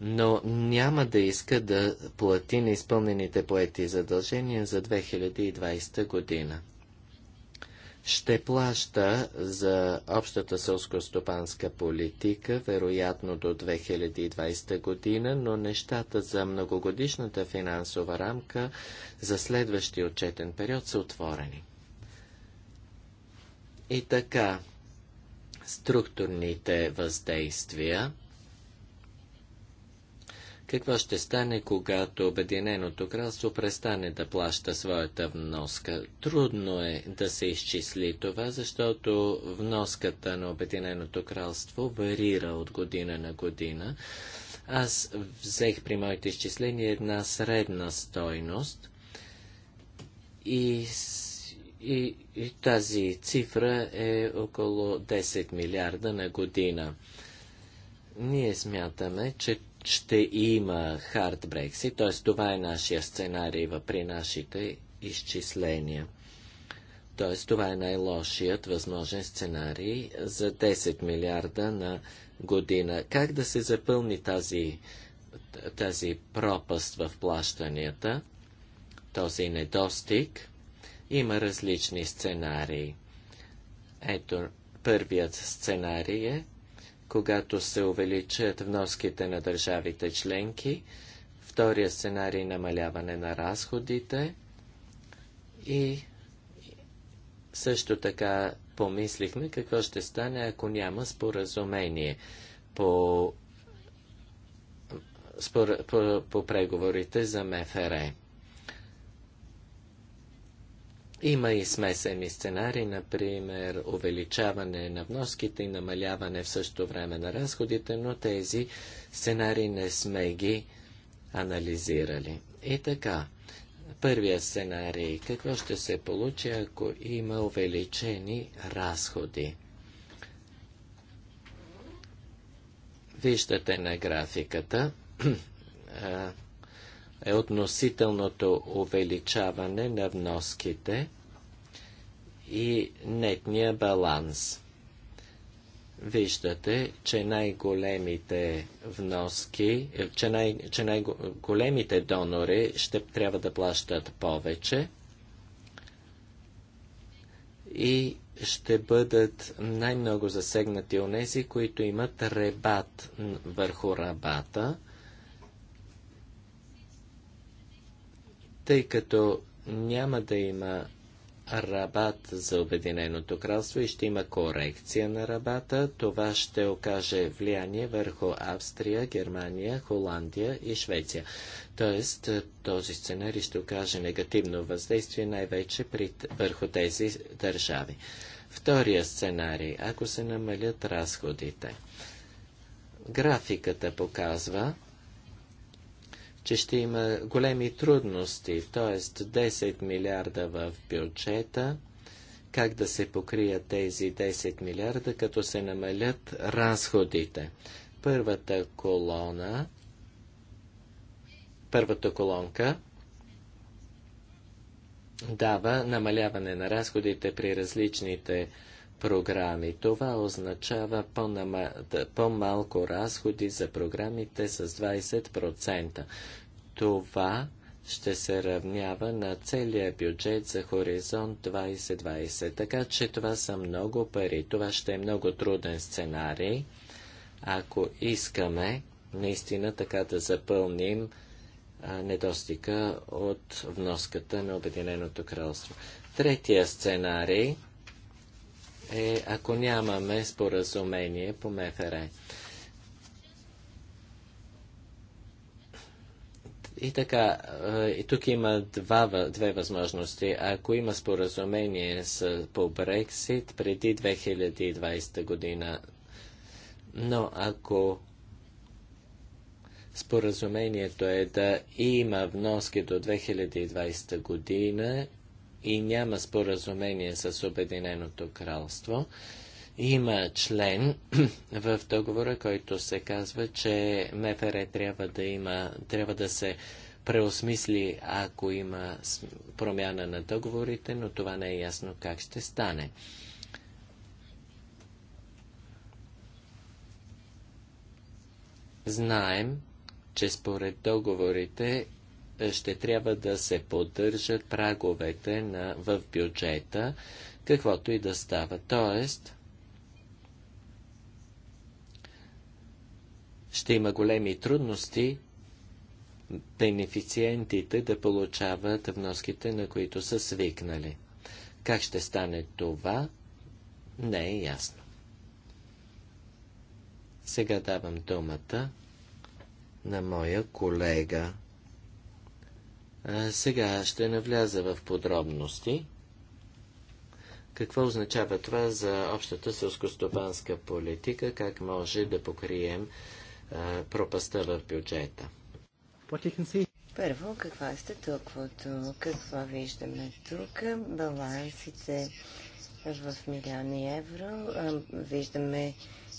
но няма да иска да плати неизпълнените поети задължения за 2020 година. Ще плаща за общата селско-стопанска политика, вероятно до 2020 година, но нещата за многогодишната финансова рамка за следващия отчетен период са отворени. И така, структурните въздействия – какво ще стане, когато Обединеното кралство престане да плаща своята вноска? Трудно е да се изчисли това, защото вноската на Обединеното кралство варира от година на година. Аз взех при моите изчисления една средна стойност и, и, и тази цифра е около 10 милиарда на година. Ние смятаме, че ще има хард Брексит, т.е. това е нашия сценарий при нашите изчисления. Т.е. това е най-лошият възможен сценарий за 10 милиарда на година. Как да се запълни тази, тази пропаст в плащанията, този недостиг? Има различни сценарии. Ето, първият сценарий е когато се увеличат вноските на държавите членки, втория сценарий е намаляване на разходите и също така помислихме какво ще стане, ако няма споразумение по, спор, по, по преговорите за МФРМ. Има и смесени сценари, например увеличаване на вноските и намаляване в същото време на разходите, но тези сценари не сме ги анализирали. И така, първия сценарий. Какво ще се получи, ако има увеличени разходи? Виждате на графиката е относителното увеличаване на вноските и нетния баланс. Виждате, че най-големите вноски, че, най- че най-големите донори ще трябва да плащат повече и ще бъдат най-много засегнати онези, които имат ребат върху рабата – тъй като няма да има рабат за Обединеното кралство и ще има корекция на рабата. Това ще окаже влияние върху Австрия, Германия, Холандия и Швеция. Тоест, този сценарий ще окаже негативно въздействие най-вече върху тези държави. Втория сценарий, ако се намалят разходите. Графиката показва, че ще има големи трудности, т.е. 10 милиарда в бюджета, как да се покрият тези 10 милиарда, като се намалят разходите. Първата колона, първата колонка дава намаляване на разходите при различните програми. Това означава по-малко разходи за програмите с 20%. Това ще се равнява на целия бюджет за Хоризонт 2020. Така че това са много пари. Това ще е много труден сценарий, ако искаме наистина така да запълним недостига от вноската на Обединеното кралство. Третия сценарий – е ако нямаме споразумение по МФР. И така, е, и тук има два, две възможности. Ако има споразумение с, по Брексит преди 2020 година, но ако споразумението е да има вноски до 2020 година и няма споразумение с Обединеното кралство, има член в договора, който се казва, че МФР трябва да има, трябва да се преосмисли, ако има промяна на договорите, но това не е ясно как ще стане. Знаем, че според договорите ще трябва да се поддържат праговете на, в бюджета, каквото и да става. Тоест, ще има големи трудности бенефициентите да получават вноските, на които са свикнали. Как ще стане това, не е ясно. Сега давам думата на моя колега сега ще навляза в подробности. Какво означава това за общата селскостопанска политика? Как може да покрием а, пропаста в бюджета? Първо, каква сте статуквото? Какво виждаме тук? Балансите в милиони евро. Виждаме,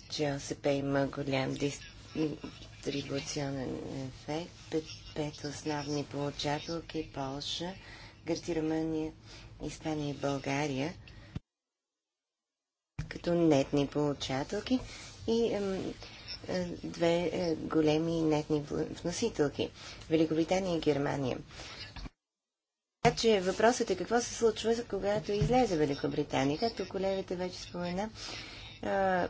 че ОСП има голям дис дистрибуционен ефект. Пет, пет основни получателки – Полша, Гърция, Румъния, Испания и България като нетни получателки и е, две е, големи нетни вносителки – Великобритания и Германия. Така че въпросът е какво се случва, когато излезе Великобритания. Както колегата вече спомена, е,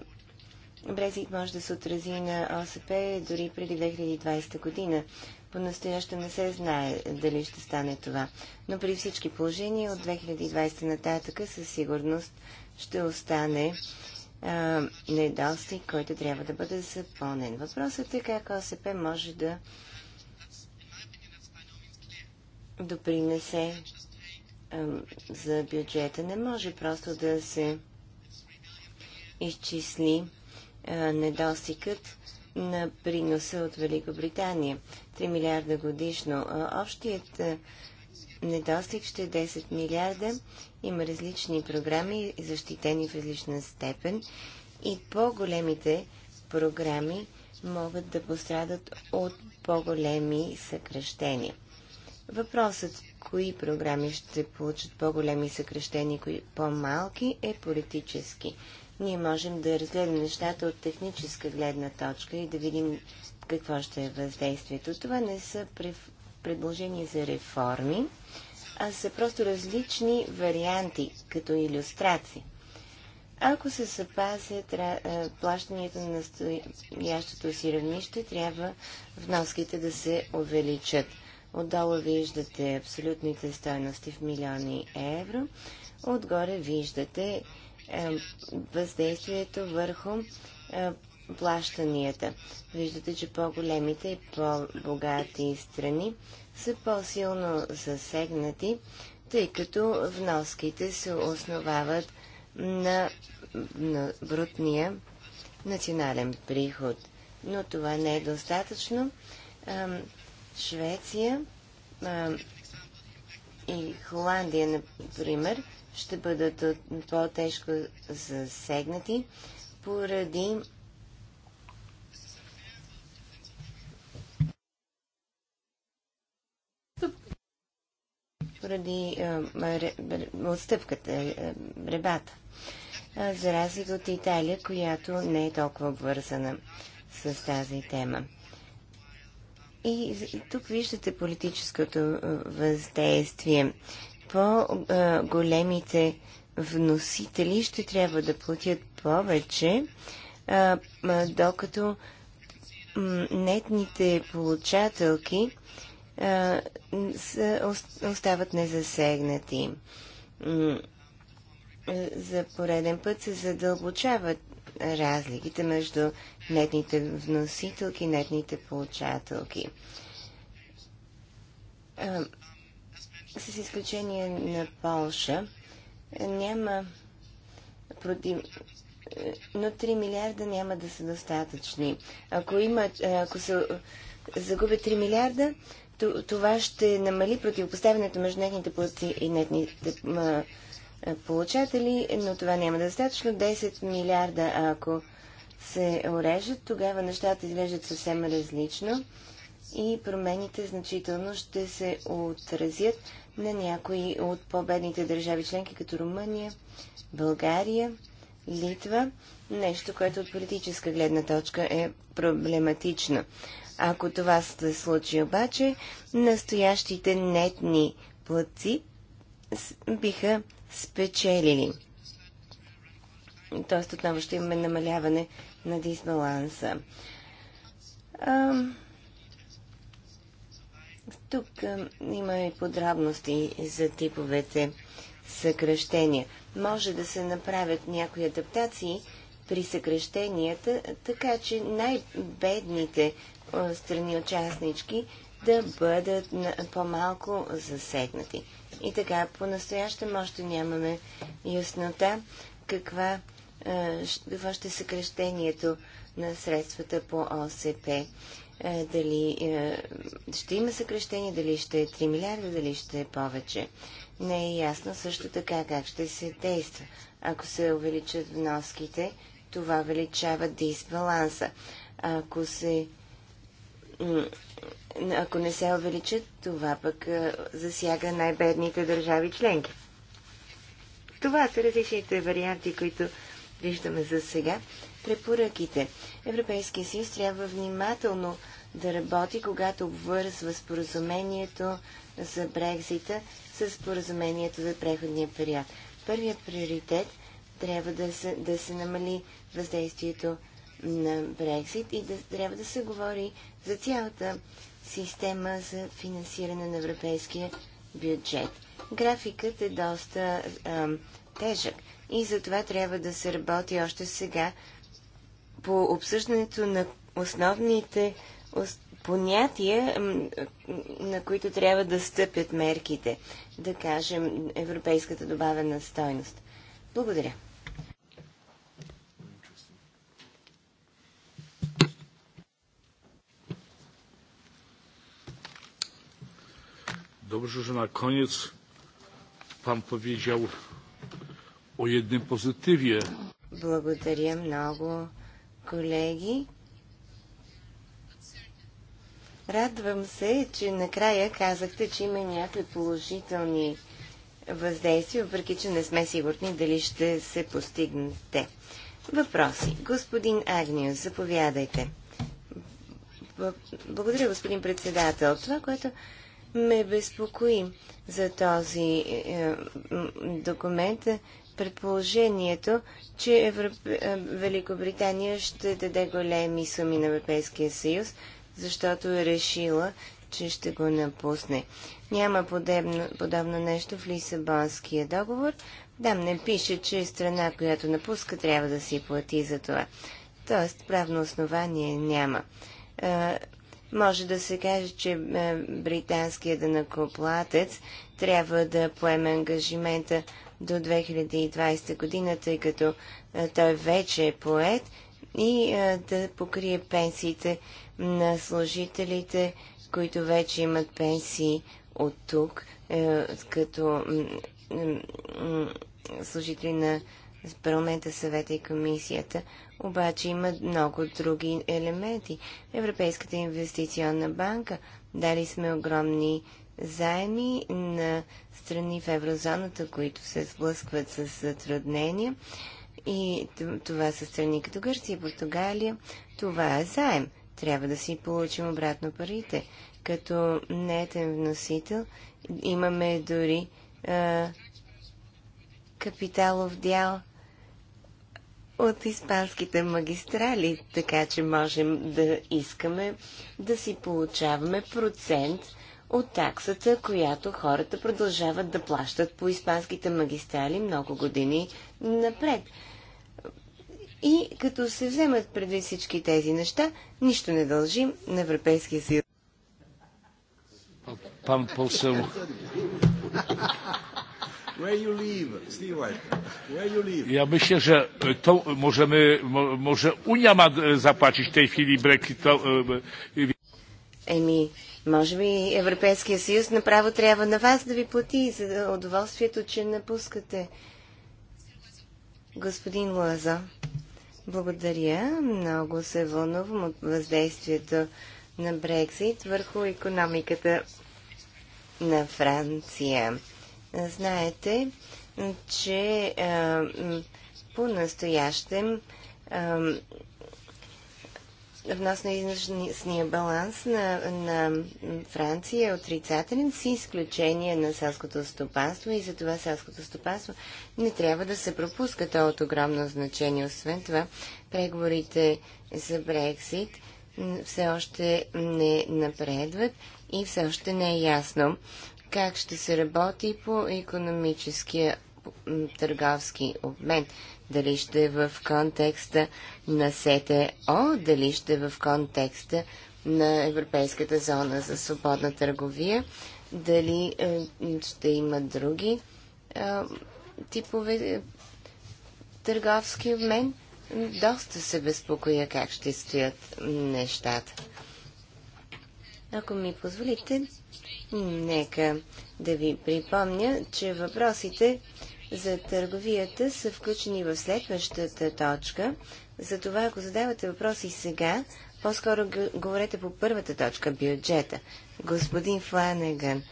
Брекзит може да се отрази на ОСП дори преди 2020 година. По-настояще не се знае дали ще стане това. Но при всички положения от 2020 нататък със сигурност ще остане а, недостиг, който трябва да бъде запълнен. Въпросът е как ОСП може да допринесе а, за бюджета. Не може просто да се изчисли недостигът на приноса от Великобритания. 3 милиарда годишно. Общият недостиг ще е 10 милиарда. Има различни програми, защитени в различна степен. И по-големите програми могат да пострадат от по-големи съкръщения. Въпросът кои програми ще получат по-големи съкръщения, кои по-малки е политически ние можем да разгледаме нещата от техническа гледна точка и да видим какво ще е въздействието. Това не са предложения за реформи, а са просто различни варианти, като иллюстрации. Ако се запазят плащанията на настоящото си равнище, трябва вноските да се увеличат. Отдолу виждате абсолютните стоености в милиони евро, отгоре виждате е, въздействието върху е, плащанията. Виждате, че по-големите и по-богати страни са по-силно засегнати, тъй като вноските се основават на, на брутния национален приход. Но това не е достатъчно. Е, Швеция и Холандия, например, ще бъдат по-тежко засегнати поради поради отстъпката, ребата, за разлика от Италия, която не е толкова обвързана с тази тема. И тук виждате политическото въздействие по-големите вносители ще трябва да платят повече, докато нетните получателки остават незасегнати. За пореден път се задълбочават разликите между нетните вносителки и нетните получателки с изключение на Полша, няма против... но 3 милиарда няма да са достатъчни. Ако, има, ако се загубя 3 милиарда, това ще намали противопоставянето между нетните платци и нетните получатели, но това няма да е достатъчно. 10 милиарда, ако се орежат, тогава нещата изглеждат съвсем различно и промените значително ще се отразят на някои от победните държави членки, като Румъния, България, Литва, нещо, което от политическа гледна точка е проблематично. Ако това се случи обаче, настоящите нетни платци биха спечелили. Тоест отново ще имаме намаляване на дисбаланса. Тук има и подробности за типовете съкръщения. Може да се направят някои адаптации при съкръщенията, така че най-бедните страни участнички да бъдат по-малко засегнати. И така, по-настоящем още нямаме яснота каква, какво ще е съкръщението на средствата по ОСП. Е, дали е, ще има съкрещение, дали ще е 3 милиарда, дали ще е повече. Не е ясно също така как ще се действа. Ако се увеличат вноските, това увеличава дисбаланса. Ако се ако не се увеличат, това пък е, засяга най-бедните държави членки. Това са различните варианти, които виждаме за сега препоръките. Европейския съюз трябва внимателно да работи, когато обвързва споразумението за Брекзита с споразумението за преходния период. Първият приоритет трябва да се, да се намали въздействието на Брекзит и да, трябва да се говори за цялата система за финансиране на европейския бюджет. Графикът е доста а, тежък и затова трябва да се работи още сега по обсъждането на основните понятия, на които трябва да стъпят мерките. Да кажем, европейската добавена стойност. Благодаря. Dobrze, że na koniec Pan powiedział o jednym pozytywie. Dziękuję bardzo колеги. Радвам се, че накрая казахте, че има някакви положителни въздействия, въпреки че не сме сигурни дали ще се постигнете. Въпроси. Господин Агниус, заповядайте. Благодаря, господин председател. Това, което ме безпокои за този е, документ е, предположението, че Европ... Е, Великобритания ще даде големи суми на Европейския съюз, защото е решила, че ще го напусне. Няма подобно, подобно нещо в Лисабонския договор. Да, не пише, че страна, която напуска, трябва да си плати за това. Тоест, правно основание няма. А, е, може да се каже, че е, британският накоплатец трябва да поеме ангажимента до 2020 година, тъй като той вече е поет и да покрие пенсиите на служителите, които вече имат пенсии от тук, е, като служители на парламента, съвета и комисията. Обаче има много други елементи. Европейската инвестиционна банка. Дали сме огромни заеми на страни в еврозоната, които се сблъскват с затруднения. И това са страни като Гърция и Португалия. Това е заем. Трябва да си получим обратно парите. Като нетен вносител имаме дори а, капиталов дял от испанските магистрали, така че можем да искаме да си получаваме процент от таксата, която хората продължават да плащат по испанските магистрали много години напред. И като се вземат преди всички тези неща, нищо не дължим на Европейския съюз. Ja myślę, że to możemy, może Unia ma zapłacić tej chwili Brexit. Е, е, е, може би Европейския съюз направо трябва на вас да ви плати за удоволствието, че напускате. Господин Лазо, благодаря. Много се вълнувам от въздействието на Брекзит върху економиката на Франция. Знаете, че по-настоящем вносно-износния баланс на, на Франция е отрицателен, с изключение на селското стопанство и затова селското стопанство не трябва да се пропуска. То от огромно значение. Освен това, преговорите за Брексит все още не напредват и все още не е ясно как ще се работи по економическия търговски обмен дали ще е в контекста на СТО, дали ще е в контекста на Европейската зона за свободна търговия, дали е, ще има други е, типове е, търговски обмен. Доста се безпокоя как ще стоят нещата. Ако ми позволите, нека да ви припомня, че въпросите за търговията са включени в следващата точка. Затова, ако задавате въпроси сега, по-скоро говорете по първата точка – бюджета. Господин Фланеган,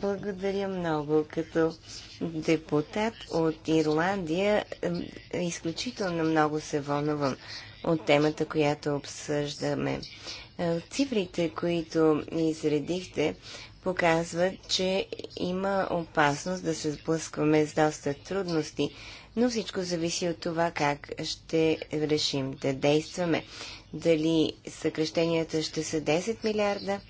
благодаря много. Като депутат от Ирландия, изключително много се вълнувам от темата, която обсъждаме. Е, цифрите, които изредихте, показва, че има опасност да се сблъскваме с доста трудности, но всичко зависи от това как ще решим да действаме. Дали съкрещенията ще са 10 милиарда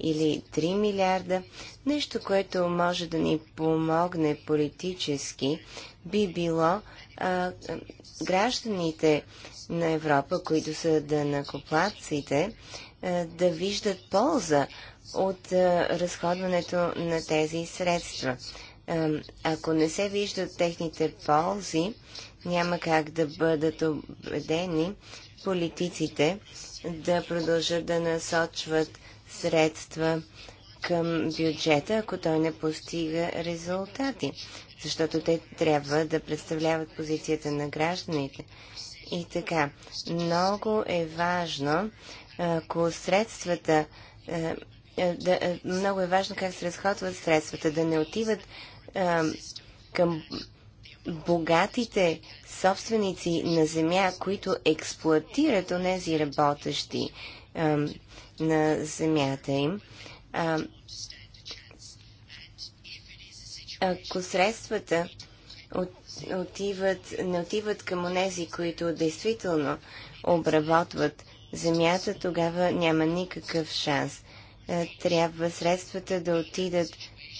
или 3 милиарда, нещо, което може да ни помогне политически, би било а, гражданите на Европа, които са данакоплатците, да виждат полза от а, разходването на тези средства. А, ако не се виждат техните ползи, няма как да бъдат убедени политиците да продължат да насочват средства към бюджета, ако той не постига резултати защото те трябва да представляват позицията на гражданите. И така, много е важно, ако средствата, да, много е важно как се разходват средствата, да не отиват към богатите собственици на земя, които експлуатират онези работещи на земята им ако средствата отиват, не отиват към онези, които действително обработват земята, тогава няма никакъв шанс. Е, трябва средствата да отидат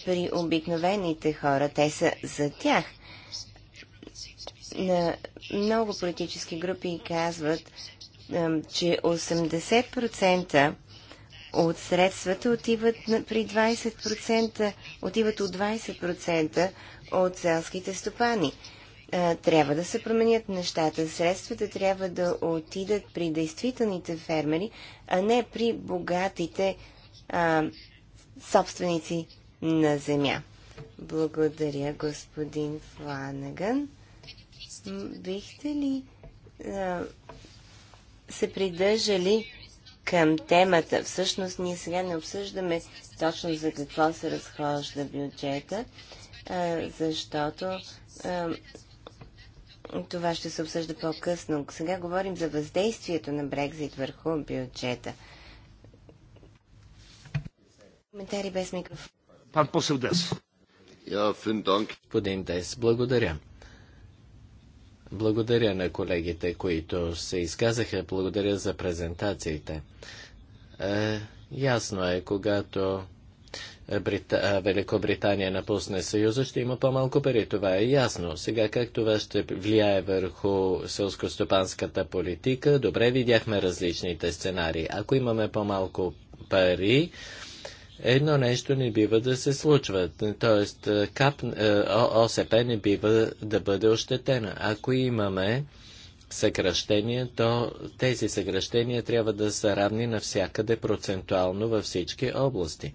при обикновените хора. Те са за тях. На много политически групи казват, че 80% от средствата отиват при 20%, отиват от 20% от селските стопани. Трябва да се променят нещата. Средствата трябва да отидат при действителните фермери, а не при богатите а, собственици на земя. Благодаря, господин Фланаган. Бихте ли а, се придържали към темата. Всъщност ние сега не обсъждаме точно за какво се разхожда бюджета, защото това ще се обсъжда по-късно. Сега говорим за въздействието на Брекзит върху бюджета. Коментари без микрофон. Пан Посел Господин Дес, благодаря. Благодаря на колегите, които се изказаха. Благодаря за презентациите. Е, ясно е, когато Брита... Великобритания напусне Съюза, ще има по-малко пари. Това е ясно. Сега как това ще влияе върху селскостопанската политика? Добре, видяхме различните сценарии. Ако имаме по-малко пари, едно нещо не бива да се случва. Тоест, е, кап, е, ОСП не бива да бъде ощетена. Ако имаме съкръщения, то тези съкръщения трябва да са равни навсякъде процентуално във всички области.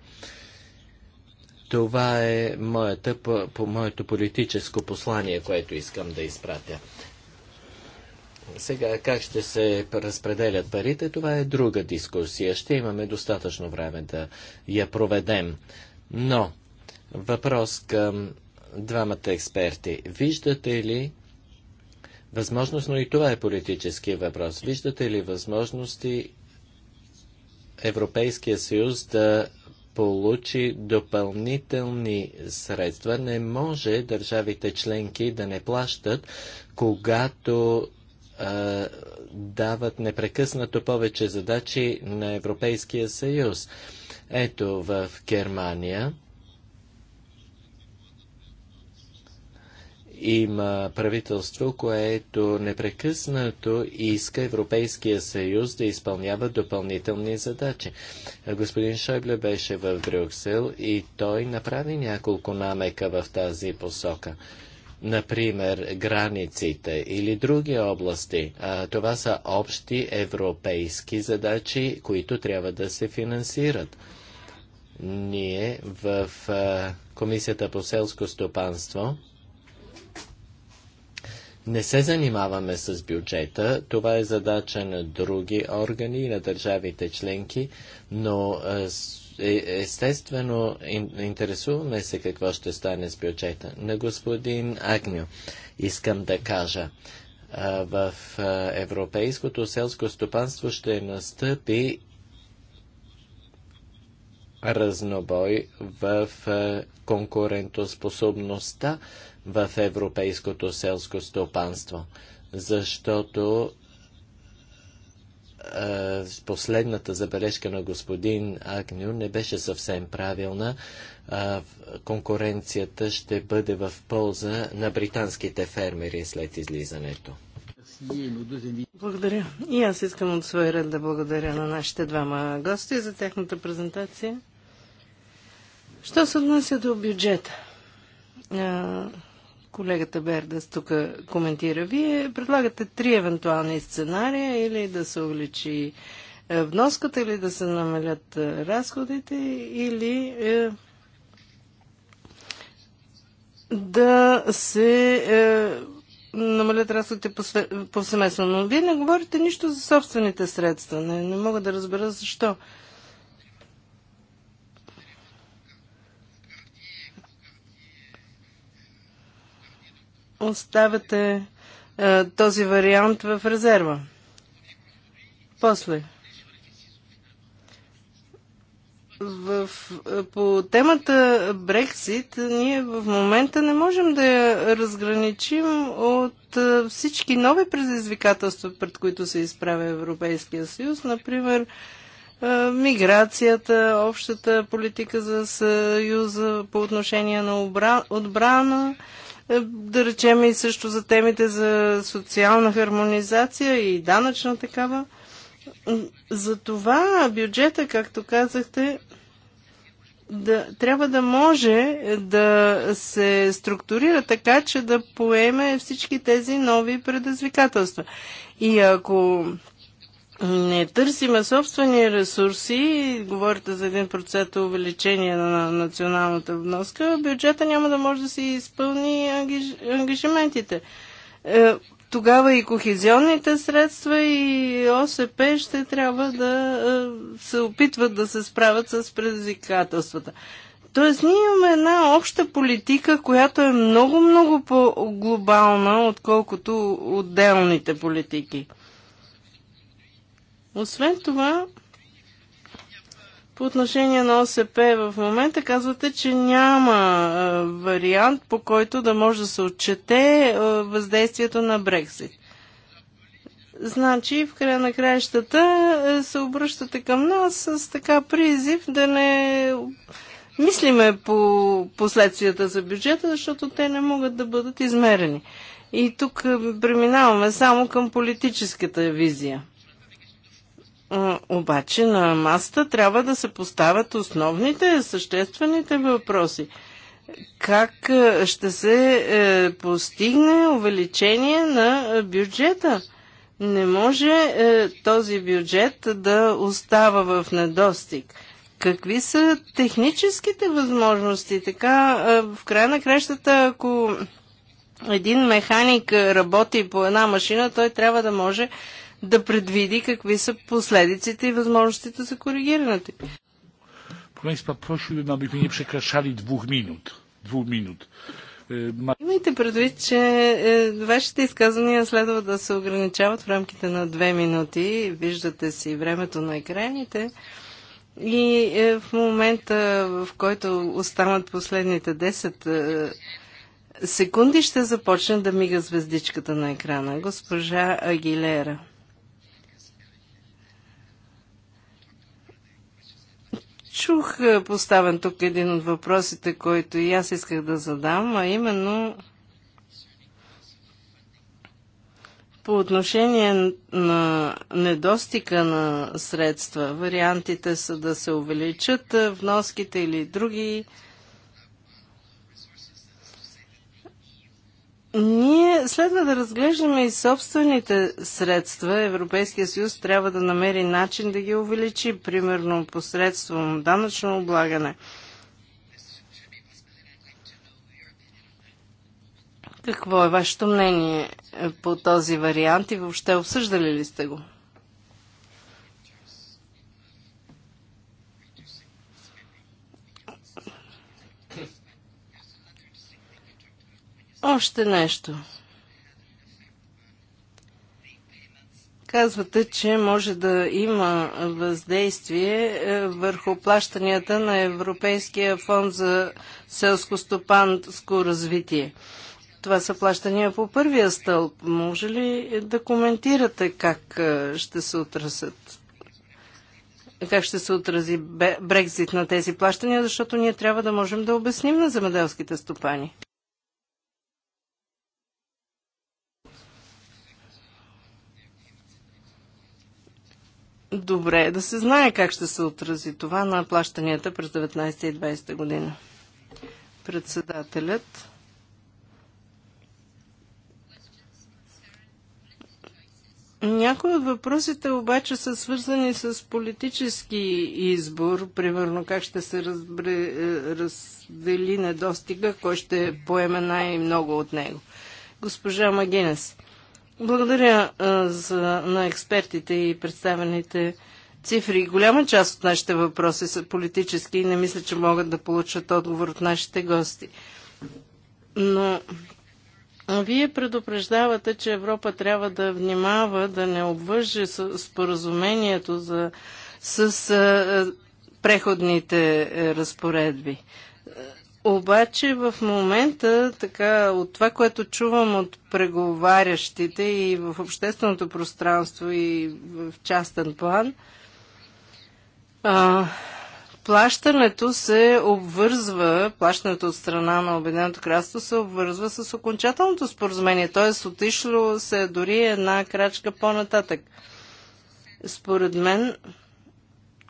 Това е моята, по, по моето политическо послание, което искам да изпратя. Сега как ще се разпределят парите, това е друга дискусия. Ще имаме достатъчно време да я проведем. Но въпрос към двамата експерти. Виждате ли възможност, но и това е политически въпрос, виждате ли възможности Европейския съюз да получи допълнителни средства. Не може държавите членки да не плащат, когато дават непрекъснато повече задачи на Европейския съюз. Ето в Германия има правителство, което непрекъснато иска Европейския съюз да изпълнява допълнителни задачи. Господин Шойбле беше в Брюксел и той направи няколко намека в тази посока например границите или други области. А, това са общи европейски задачи, които трябва да се финансират. Ние в а, Комисията по селско стопанство не се занимаваме с бюджета. Това е задача на други органи и на държавите членки, но а, е, естествено, интересуваме се какво ще стане с бюджета. На господин Агню искам да кажа. В европейското селско стопанство ще настъпи разнобой в конкурентоспособността в европейското селско стопанство, защото последната забележка на господин Агню не беше съвсем правилна. Конкуренцията ще бъде в полза на британските фермери след излизането. Благодаря. И аз искам от своя ред да благодаря на нашите двама гости за тяхната презентация. Що се отнася до бюджета? колегата Бердас тук коментира. Вие предлагате три евентуални сценария или да се увеличи е, вноската, или да се намалят е, разходите, или е, да се е, намалят разходите повсеместно. Но вие не говорите нищо за собствените средства. Не, не мога да разбера защо. оставяте а, е, този вариант в резерва. После. В, е, по темата Брексит ние в момента не можем да я разграничим от е, всички нови предизвикателства, пред които се изправя Европейския съюз. Например, миграцията, общата политика за Съюза по отношение на отбрана, е, да речем и също за темите за социална хармонизация и данъчна такава. За това бюджета, както казахте, да, трябва да може да се структурира така, че да поеме всички тези нови предизвикателства. И ако не търсиме собствени ресурси, говорите за 1% увеличение на националната вноска, бюджета няма да може да си изпълни ангиж... ангажиментите. Е, тогава и кохезионните средства и ОСП ще трябва да е, се опитват да се справят с предизвикателствата. Тоест, ние имаме една обща политика, която е много-много по-глобална, отколкото отделните политики. Освен това, по отношение на ОСП в момента казвате, че няма а, вариант по който да може да се отчете а, въздействието на Брексит. Значи, в края на краищата е, се обръщате към нас с така призив да не мислиме по последствията за бюджета, защото те не могат да бъдат измерени. И тук преминаваме само към политическата визия обаче на масата трябва да се поставят основните, съществените въпроси. Как е, ще се е, постигне увеличение на бюджета? Не може е, този бюджет да остава в недостиг. Какви са техническите възможности? Така, в края на крещата, ако един механик работи по една машина, той трябва да може да предвиди какви са последиците и възможностите за коригирането. Państwa, prosiłbym, abyśmy nie przekraczali dwóch minut. Dwóch minut. E, Имайте предвид, че е, вашите изказвания следва да се ограничават в рамките на две минути. Виждате си времето на екраните. И е, в момента, в който останат последните 10 е, секунди, ще започне да мига звездичката на екрана. Госпожа Агилера. Чух е, поставен тук един от въпросите, който и аз исках да задам, а именно по отношение на недостига на средства. Вариантите са да се увеличат е, вноските или други Ние следва да разглеждаме и собствените средства. Европейския съюз трябва да намери начин да ги увеличи, примерно посредством данъчно облагане. Какво е вашето мнение по този вариант и въобще обсъждали ли сте го? Още нещо. Казвате, че може да има въздействие е, върху плащанията на Европейския фонд за селско-стопанско развитие. Това са плащания по първия стълб. Може ли да коментирате как е, ще се отразят? Как ще се отрази Брекзит на тези плащания, защото ние трябва да можем да обясним на земеделските стопани. добре да се знае как ще се отрази това на плащанията през 19 и 20 година. Председателят Някои от въпросите обаче са свързани с политически избор, примерно как ще се разбре, е, раздели недостига, кой ще поеме най-много от него. Госпожа Магинес, благодаря а, за, на експертите и представените цифри. Голяма част от нашите въпроси са политически и не мисля, че могат да получат отговор от нашите гости. Но вие предупреждавате, че Европа трябва да внимава да не обвърже споразумението за, с а, преходните разпоредби. Обаче в момента, така, от това, което чувам от преговарящите и в общественото пространство и в частен план, а, плащането се обвързва, плащането от страна на Обединеното кралство се обвързва с окончателното споразумение, т.е. отишло се дори една крачка по-нататък. Според мен,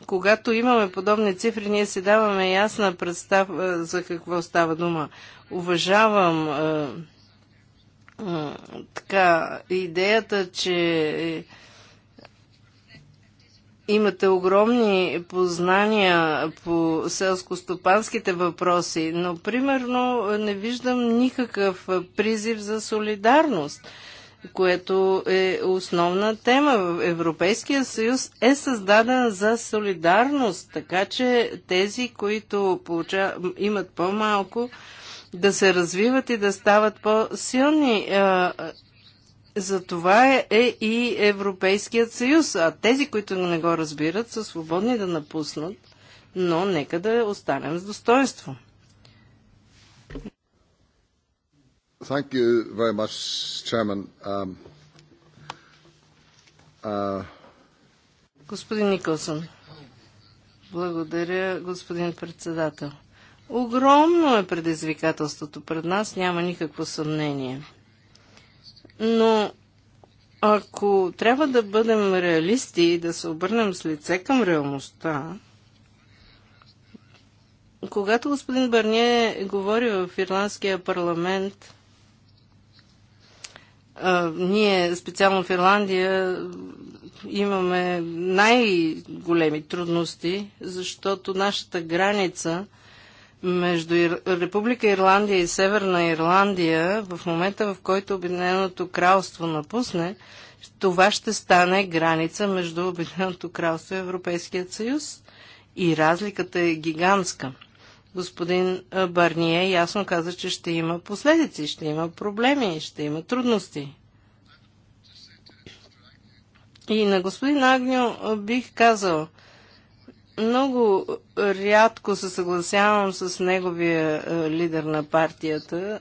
когато имаме подобни цифри, ние си даваме ясна представа е, за какво става дума. Уважавам е, е, така идеята, че имате огромни познания по селско-стопанските въпроси, но примерно не виждам никакъв призив за солидарност което е основна тема. Европейския съюз е създаден за солидарност, така че тези, които получа... имат по-малко, да се развиват и да стават по-силни. За това е, е и Европейският съюз. А тези, които не го разбират, са свободни да напуснат, но нека да останем с достоинство. Thank you very much, Chairman. Um, uh... Господин Николсон. Благодаря, господин председател. Огромно е предизвикателството пред нас, няма никакво съмнение. Но ако трябва да бъдем реалисти и да се обърнем с лице към реалността, когато господин Барние говори в Ирландския парламент ние, специално в Ирландия, имаме най-големи трудности, защото нашата граница между Република Ирландия и Северна Ирландия, в момента в който Обединеното кралство напусне, това ще стане граница между Обединеното кралство и Европейският съюз. И разликата е гигантска господин Барние ясно каза, че ще има последици, ще има проблеми, ще има трудности. И на господин Агньо бих казал, много рядко се съгласявам с неговия лидер на партията,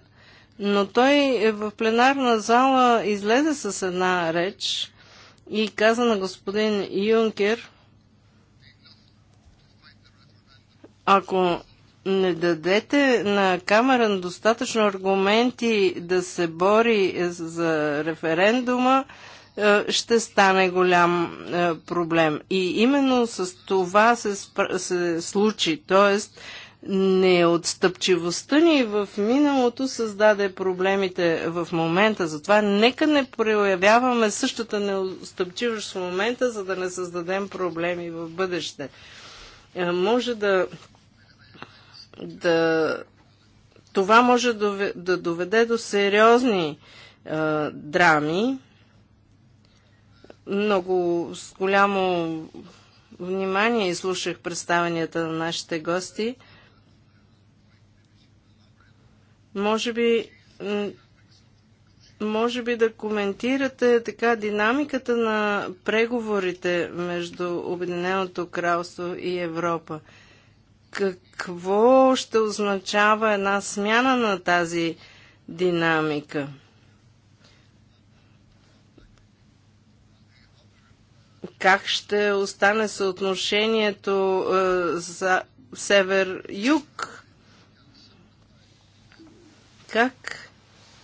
но той в пленарна зала излезе с една реч и каза на господин Юнкер, ако не дадете на Камерън достатъчно аргументи да се бори е, за референдума, е, ще стане голям е, проблем. И именно с това се, спр... се случи. Тоест, неотстъпчивостта ни в миналото създаде проблемите в момента. Затова нека не проявяваме същата неотстъпчивост в момента, за да не създадем проблеми в бъдеще. Може да да, това може да доведе до сериозни а, е, драми. Много с голямо внимание изслушах представенията на нашите гости. Може би, може би да коментирате така динамиката на преговорите между Обединеното кралство и Европа какво ще означава една смяна на тази динамика? Как ще остане съотношението е, за север-юг? Как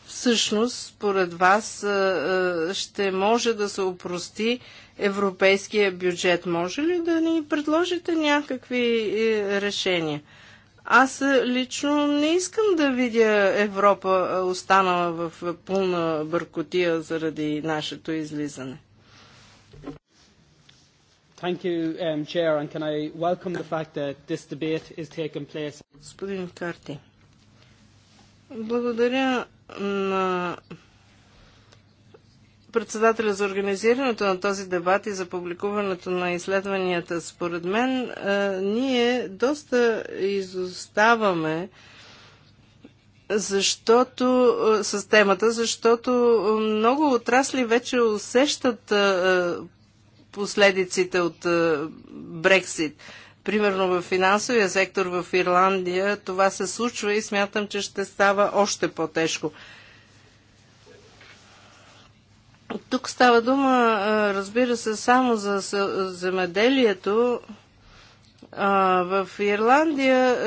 всъщност, според вас, е, е ще може да се опрости европейския бюджет. Може ли да ни предложите някакви е, решения? Аз е, лично не искам да видя Европа е, останала в пълна бъркотия заради нашето излизане. Господин Карти, благодаря на председателя за организирането на този дебат и за публикуването на изследванията. Според мен, е, ние доста изоставаме защото, е, с темата, защото много отрасли вече усещат е, последиците от Брексит. Примерно в финансовия сектор в Ирландия това се случва и смятам, че ще става още по-тежко. Тук става дума, разбира се, само за земеделието. В Ирландия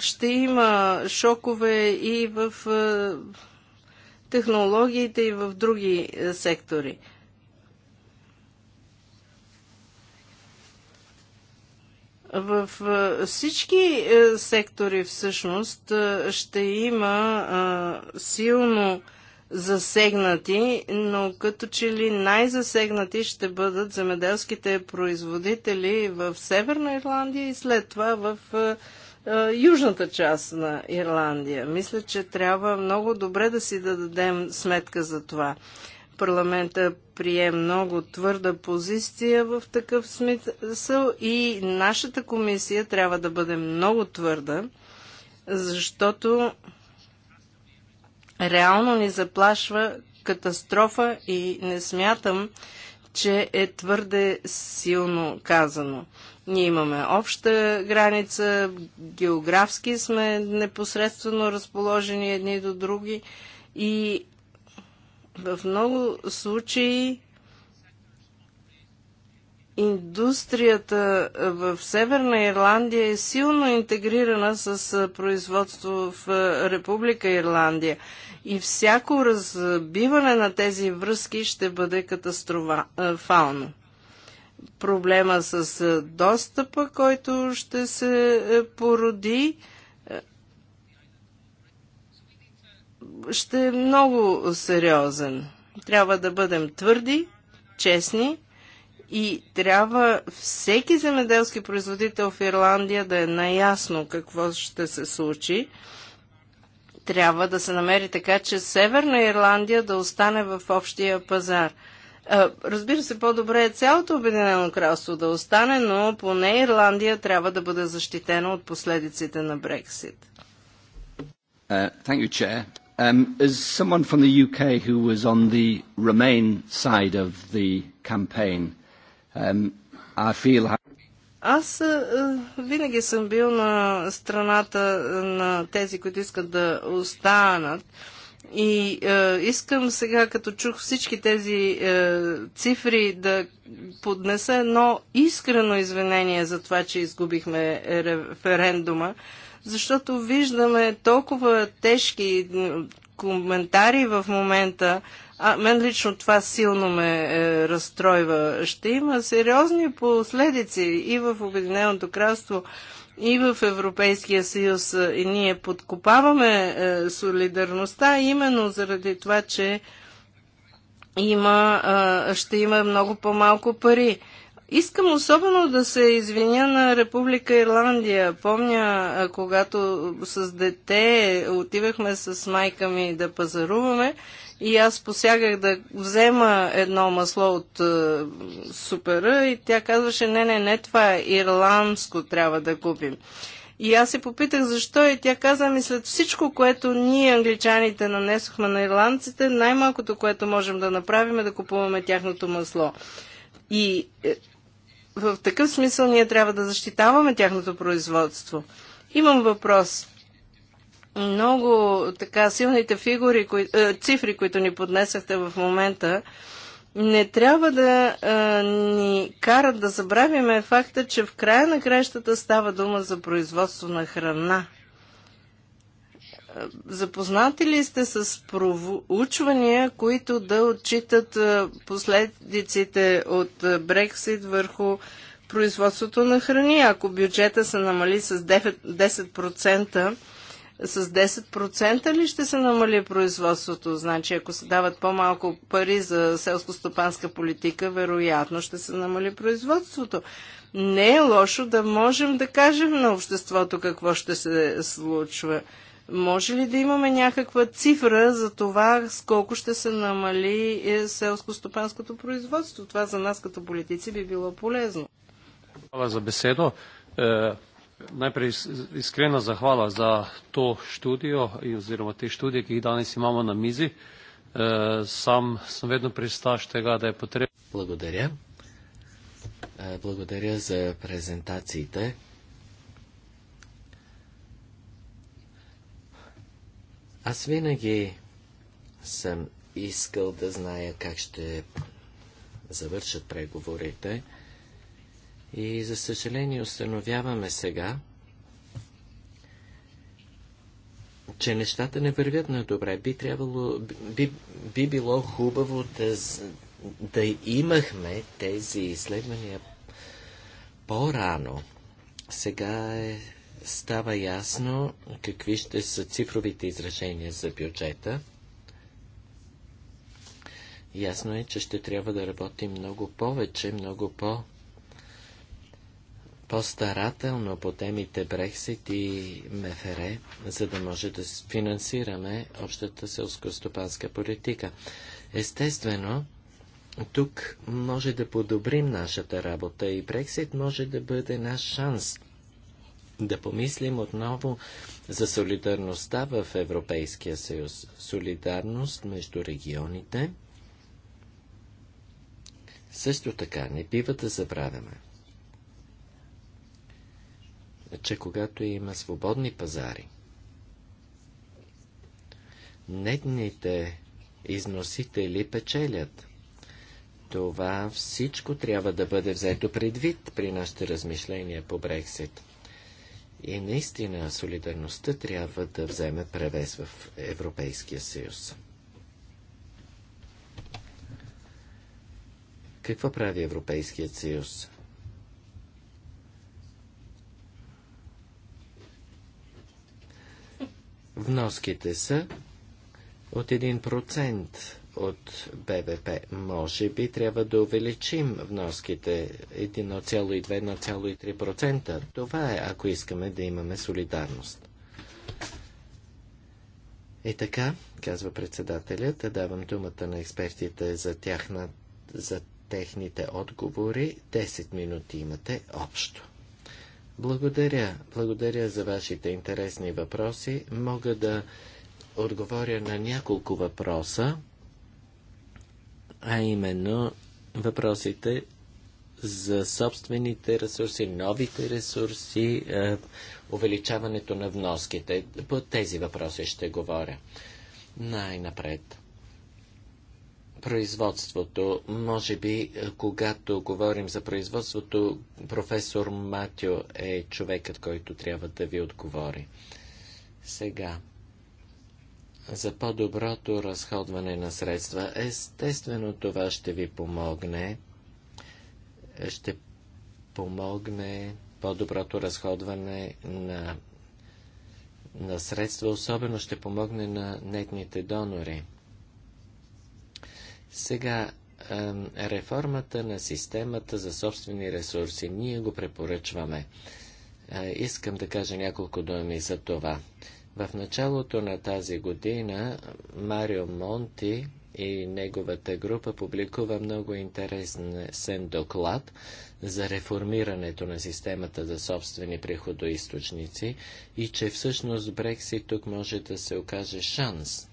ще има шокове и в технологиите, и в други сектори. В всички сектори всъщност ще има силно засегнати, но като че ли най-засегнати ще бъдат земеделските производители в Северна Ирландия и след това в е, е, южната част на Ирландия. Мисля, че трябва много добре да си да дадем сметка за това. Парламента прие много твърда позиция в такъв смисъл и нашата комисия трябва да бъде много твърда, защото реално ни заплашва катастрофа и не смятам, че е твърде силно казано. Ние имаме обща граница, географски сме непосредствено разположени едни до други и в много случаи индустрията в Северна Ирландия е силно интегрирана с производство в Република Ирландия и всяко разбиване на тези връзки ще бъде катастрофално. Е, Проблема с е, достъпа, който ще се е, породи, ще е много сериозен. Трябва да бъдем твърди, честни и трябва всеки земеделски производител в Ирландия да е наясно какво ще се случи трябва да се намери така, че Северна Ирландия да остане в общия пазар. Разбира се, по-добре е цялото Обединено кралство да остане, но поне Ирландия трябва да бъде защитена от последиците на Брексит. Uh, Um, as someone from the UK who was on the Remain side of the campaign, um, I feel... Аз а, е, е, винаги съм бил на страната на тези, които искат да останат. И е, искам сега, като чух всички тези е, цифри, да поднеса едно искрено извинение за това, че изгубихме референдума, защото виждаме толкова тежки коментари в момента а мен лично това силно ме е, разстройва. Ще има сериозни последици и в Обединеното кралство, и в Европейския съюз. Е, и ние подкопаваме е, солидарността именно заради това, че има, е, ще има много по-малко пари. Искам особено да се извиня на Република Ирландия. Помня, е, когато с дете отивахме с майка ми да пазаруваме и аз посягах да взема едно масло от е, супера и тя казваше, не, не, не, това е ирландско, трябва да купим. И аз се попитах защо и тя каза ми след всичко, което ние англичаните нанесохме на ирландците, най-малкото, което можем да направим е да купуваме тяхното масло. И е, в такъв смисъл ние трябва да защитаваме тяхното производство. Имам въпрос много така силните фигури, кои, е, цифри, които ни поднесахте в момента, не трябва да а, е, ни карат да забравяме факта, че в края на краищата става дума за производство на храна. Е, запознати ли сте с проучвания, които да отчитат последиците от Брексит върху производството на храни? Ако бюджета се намали с 9, 10%, с 10% ли ще се намали производството? Значи, ако се дават по-малко пари за селско-стопанска политика, вероятно ще се намали производството. Не е лошо да можем да кажем на обществото какво ще се случва. Може ли да имаме някаква цифра за това с колко ще се намали е, селско-стопанското производство? Това за нас като политици би било полезно. Hvala за беседо. Najprej iskrena zahvala za to študijo oziroma te študije, ki jih danes imamo na mizi. Sam sem vedno pristaš tega, da je potrebno. Благодаря. Благодаря за презентациите. Аз винаги съм искал да зная как ще завършат преговорите. И за съжаление установяваме сега, че нещата не вървят на добре. Би, трябвало, би, би било хубаво да, да имахме тези изследвания по-рано. Сега е, става ясно какви ще са цифровите изражения за бюджета. Ясно е, че ще трябва да работим много повече, много по-добре по-старателно по темите Брексит и МФР, за да може да финансираме общата селско-стопанска политика. Естествено, тук може да подобрим нашата работа и Брексит може да бъде наш шанс да помислим отново за солидарността в Европейския съюз. Солидарност между регионите. Също така не бива да забравяме, че когато има свободни пазари, нетните износители печелят. Това всичко трябва да бъде взето предвид при нашите размишления по Брексит. И наистина солидарността трябва да вземе превес в Европейския съюз. Какво прави Европейският съюз? вноските са от 1% от БВП. Може би трябва да увеличим вноските 1,2-1,3%. Това е, ако искаме да имаме солидарност. И така, казва председателят, давам думата на експертите за, тяхна, за техните отговори. 10 минути имате общо. Благодаря. Благодаря за вашите интересни въпроси. Мога да отговоря на няколко въпроса, а именно въпросите за собствените ресурси, новите ресурси, е, увеличаването на вноските. По тези въпроси ще говоря. Най-напред производството. Може би, е, когато говорим за производството, професор Матио е човекът, който трябва да ви отговори. Сега, за по-доброто разходване на средства, естествено това ще ви помогне. Ще помогне по-доброто разходване на, на средства, особено ще помогне на нетните донори. Сега реформата на системата за собствени ресурси. Ние го препоръчваме. Искам да кажа няколко думи за това. В началото на тази година Марио Монти и неговата група публикува много интересен доклад за реформирането на системата за собствени приходоисточници и че всъщност Брексит тук може да се окаже шанс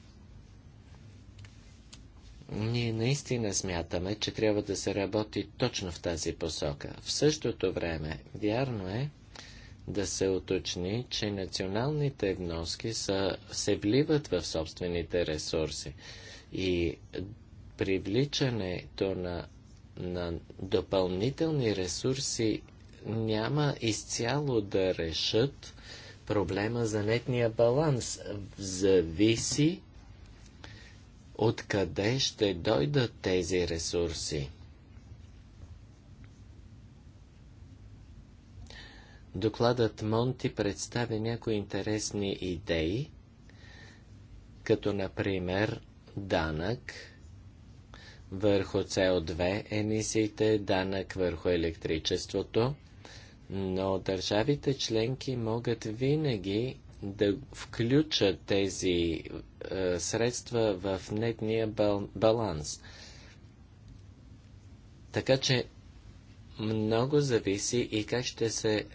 ние наистина смятаме, че трябва да се работи точно в тази посока. В същото време, вярно е да се уточни, че националните вноски са, се вливат в собствените ресурси и привличането на, на допълнителни ресурси няма изцяло да решат проблема за нетния баланс. Зависи Откъде ще дойдат тези ресурси? Докладът Монти представя някои интересни идеи, като например данък върху CO2 емисиите, данък върху електричеството, но държавите членки могат винаги да включат тези е, средства в нетния бал, баланс. Така че много зависи и как ще се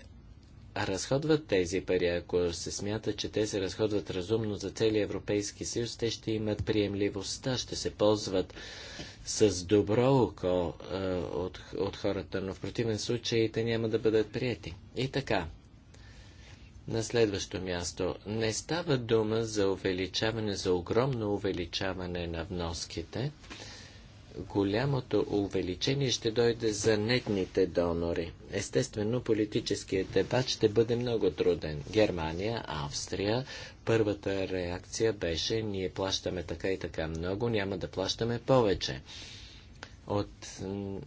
разходват тези пари. Ако се смята, че те се разходват разумно за целия Европейски съюз, те ще имат приемливостта, ще се ползват с добро око е, от, от хората, но в противен случай те няма да бъдат прияти. И така, на следващо място, не става дума за увеличаване, за огромно увеличаване на вноските. Голямото увеличение ще дойде за нетните донори. Естествено, политическият дебат ще бъде много труден. Германия, Австрия, първата реакция беше ние плащаме така и така много, няма да плащаме повече. От,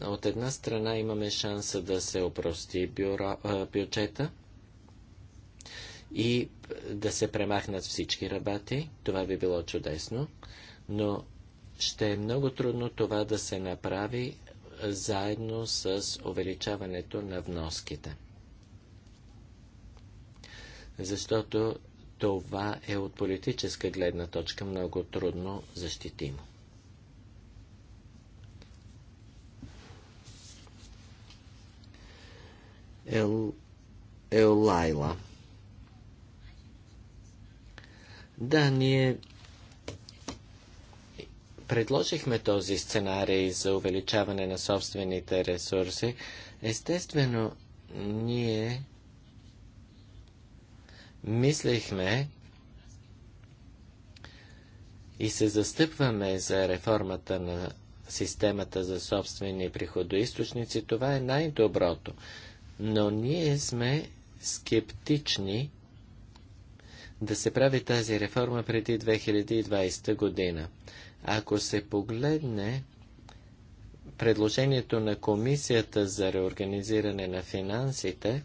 от една страна имаме шанса да се опрости бюро, бюджета, и да се премахнат всички рабати. Това би било чудесно, но ще е много трудно това да се направи заедно с увеличаването на вноските. Защото това е от политическа гледна точка много трудно защитимо. Ел... Еолайла. Да, ние предложихме този сценарий за увеличаване на собствените ресурси. Естествено, ние мислихме и се застъпваме за реформата на системата за собствени приходоисточници. Това е най-доброто. Но ние сме скептични да се прави тази реформа преди 2020 година. Ако се погледне предложението на Комисията за реорганизиране на финансите,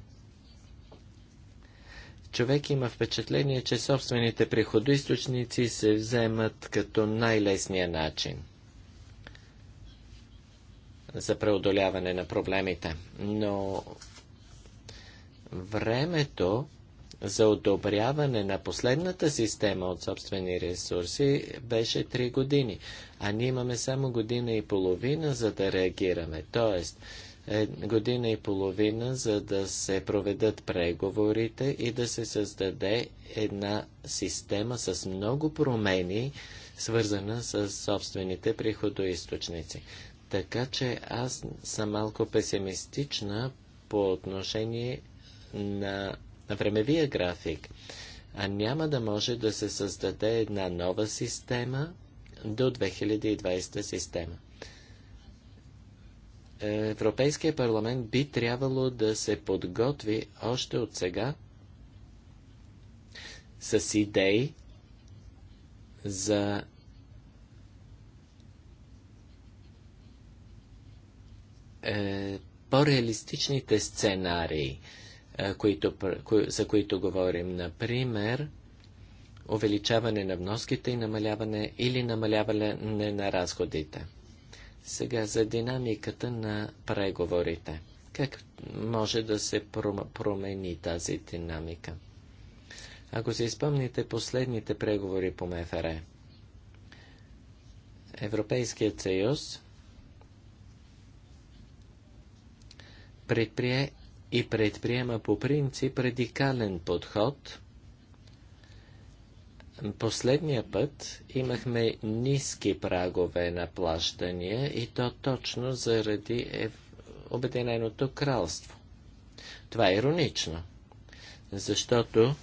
човек има впечатление, че собствените приходоисточници се вземат като най-лесния начин за преодоляване на проблемите. Но времето за одобряване на последната система от собствени ресурси беше 3 години, а ние имаме само година и половина за да реагираме. Тоест, е, година и половина за да се проведат преговорите и да се създаде една система с много промени, свързана с собствените приходоисточници. Така че аз съм малко песимистична по отношение на на времевия график, а няма да може да се създаде една нова система до 2020 система. Европейския парламент би трябвало да се подготви още от сега с идеи за е, по-реалистичните сценарии които, за които говорим. Например, увеличаване на вноските и намаляване или намаляване на разходите. Сега за динамиката на преговорите. Как може да се промени тази динамика? Ако се изпълните последните преговори по МФР, Европейският съюз предприе и предприема по принцип радикален подход. Последния път имахме ниски прагове на плащания и то точно заради Обединеното кралство. Това е иронично, защото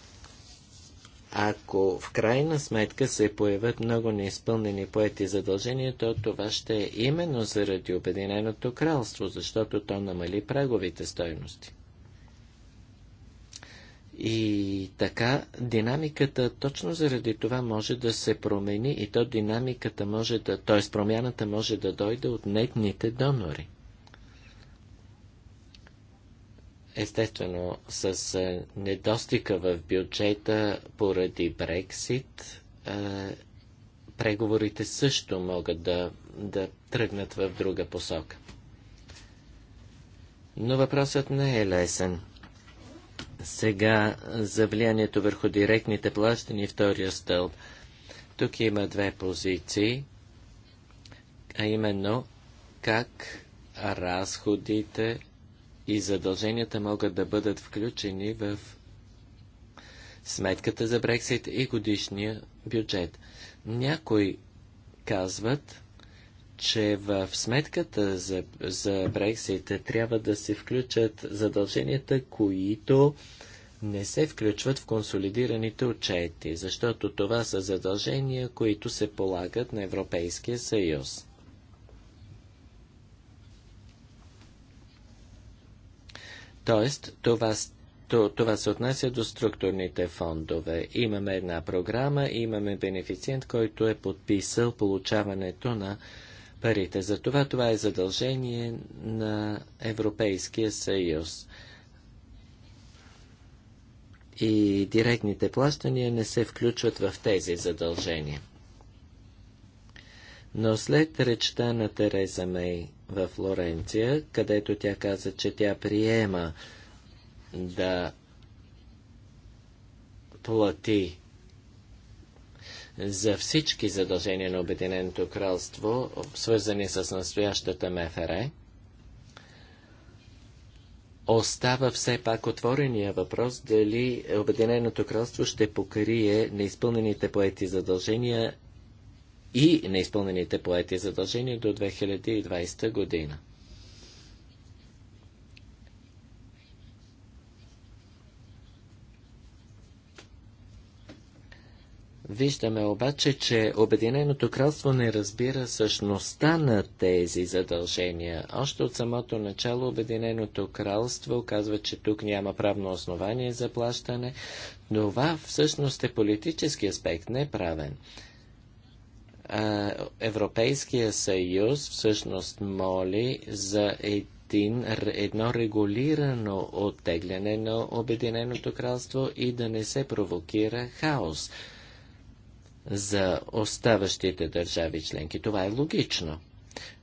ако в крайна сметка се появят много неизпълнени поети задължения, то това ще е именно заради Обединеното кралство, защото то намали праговите стойности. И така динамиката точно заради това може да се промени и то динамиката може да, т.е. промяната може да дойде от нетните донори. Естествено, с е, недостига в бюджета поради Брексит, е, преговорите също могат да, да тръгнат в друга посока. Но въпросът не е лесен. Сега за влиянието върху директните плащания и втория стълб. Тук има две позиции, а именно как разходите и задълженията могат да бъдат включени в сметката за Брексит и годишния бюджет. Някои казват, че в сметката за, за Брексит трябва да се включат задълженията, които не се включват в консолидираните отчети, защото това са задължения, които се полагат на Европейския съюз. Тоест, това, това се отнася до структурните фондове. Имаме една програма, имаме бенефициент, който е подписал получаването на парите. Затова това е задължение на Европейския съюз. И директните плащания не се включват в тези задължения. Но след речта на Тереза Мей в Флоренция, където тя каза, че тя приема да плати за всички задължения на Обединеното кралство, свързани с настоящата МФР, остава все пак отворения въпрос дали Обединеното кралство ще покрие неизпълнените поети задължения и неизпълнените поети задължения до 2020 година. Виждаме обаче, че Обединеното кралство не разбира същността на тези задължения. Още от самото начало Обединеното кралство казва, че тук няма правно основание за плащане. Това всъщност е политически аспект, не правен. А, Европейския съюз всъщност моли за един, едно регулирано оттегляне на Обединеното кралство и да не се провокира хаос за оставащите държави членки. Това е логично.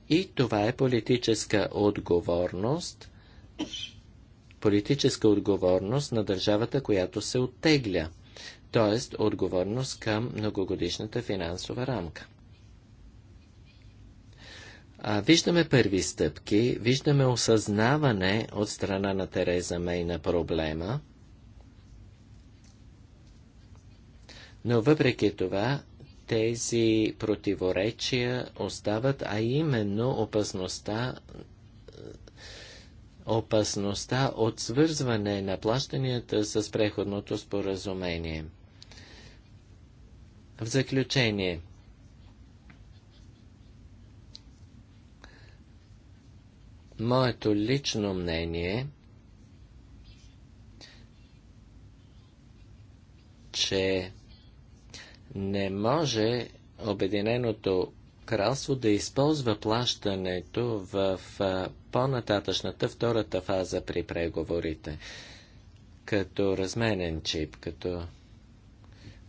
И това е политическа отговорност, политическа отговорност на държавата, която се оттегля, т.е. отговорност към многогодишната финансова рамка. виждаме първи стъпки, виждаме осъзнаване от страна на Тереза Мей на проблема – Но въпреки това, тези противоречия остават, а именно опасността опасността от свързване на плащанията с преходното споразумение. В заключение, моето лично мнение, че не може Обединеното кралство да използва плащането в по-нататъчната втората фаза при преговорите, като разменен чип, като,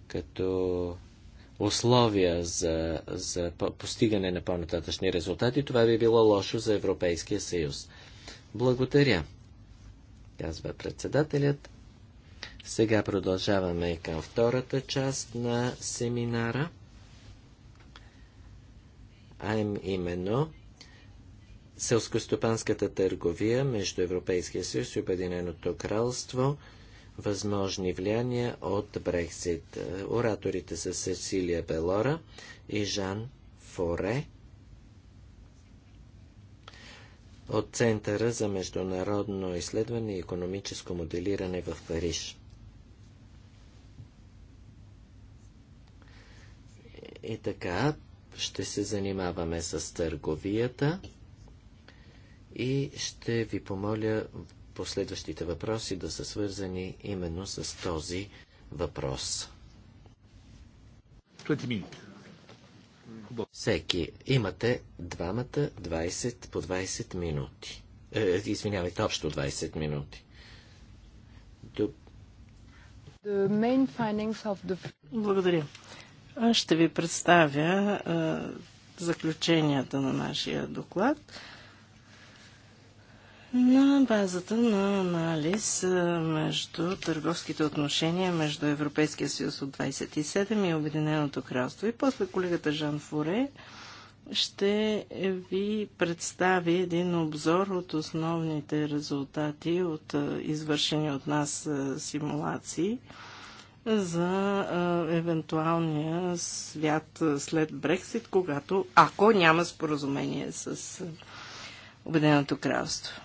като условия за, за постигане на по-нататъчни резултати. Това би било лошо за Европейския съюз. Благодаря, казва председателят. Сега продължаваме към втората част на семинара, а именно селскостопанската търговия между Европейския съюз и Обединеното кралство, възможни влияния от Брексит. Ораторите са Сесилия Белора и Жан Форе от Центъра за международно изследване и економическо моделиране в Париж. И така, ще се занимаваме с търговията и ще ви помоля последващите въпроси да са свързани именно с този въпрос. Всеки имате двамата 20 по 20 минути. Е, извинявайте, общо 20 минути. The main of the... Благодаря. Аз ще ви представя а, заключенията на нашия доклад на базата на анализ между търговските отношения между Европейския съюз от 27 и Обединеното кралство. И после колегата Жан Фуре ще ви представи един обзор от основните резултати от извършени от нас симулации – за а, евентуалния свят след Брексит, когато, ако няма споразумение с Обединеното кралство.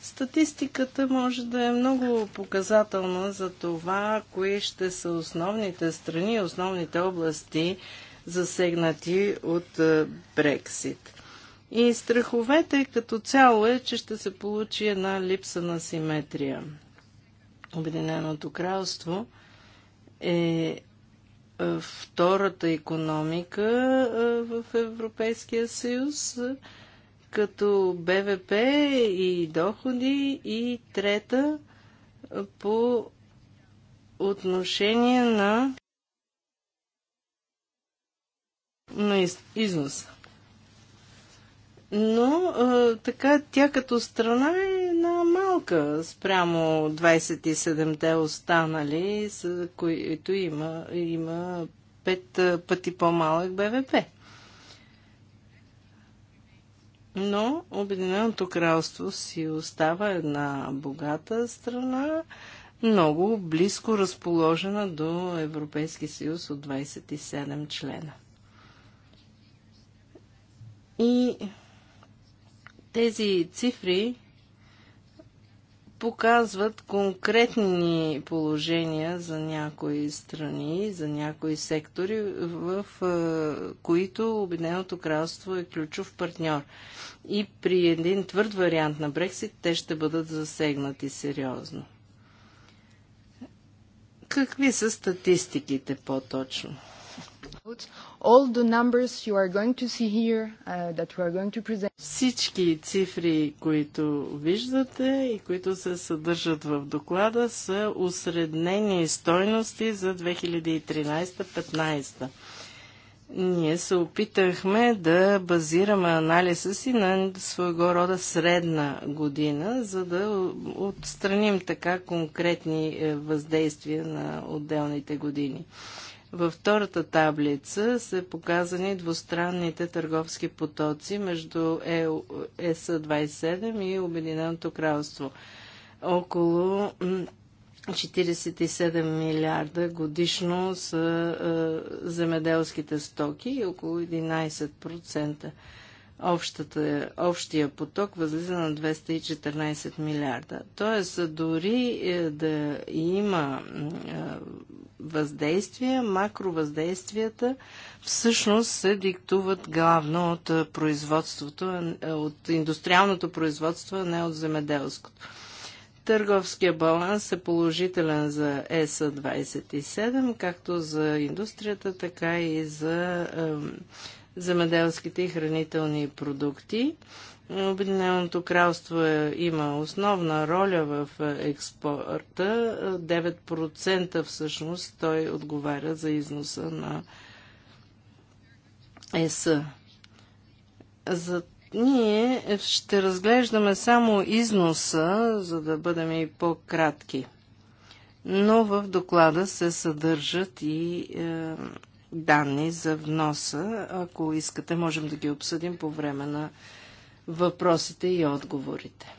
Статистиката може да е много показателна за това, кои ще са основните страни, основните области, засегнати от Брексит. И страховете като цяло е, че ще се получи една липса на симетрия. Обединеното кралство – е, е втората економика е, в Европейския съюз като БВП и доходи и трета по отношение на, на износа. Но а, е, така тя като страна малка спрямо 27-те останали, за които има, има 5 пъти по-малък БВП. Но Обединеното кралство си остава една богата страна, много близко разположена до Европейски съюз от 27 члена. И тези цифри показват конкретни положения за някои страни, за някои сектори, в които Обединеното кралство е ключов партньор. И при един твърд вариант на Брексит те ще бъдат засегнати сериозно. Какви са статистиките по-точно? Всички цифри, които виждате и които се съдържат в доклада, са усреднени стойности за 2013-15. Ние се опитахме да базираме анализа си на своего рода средна година, за да отстраним така конкретни е, въздействия на отделните години. Във втората таблица са показани двустранните търговски потоци между е ЕС-27 и Обединеното кралство. Около 47 милиарда годишно са е, земеделските стоки и около 11%. Общата, общия поток възлиза на 214 милиарда. Тоест, дори е, да има е, въздействия, макровъздействията всъщност се диктуват главно от производството, от индустриалното производство, а не от земеделското. Търговския баланс е положителен за ес 27, както за индустрията, така и за земеделските и хранителни продукти. Обединеното кралство е, има основна роля в е, експорта. 9% всъщност той отговаря за износа на ЕС. За ние ще разглеждаме само износа, за да бъдем и по-кратки. Но в доклада се съдържат и е, данни за вноса. Ако искате, можем да ги обсъдим по време на въпросите и отговорите.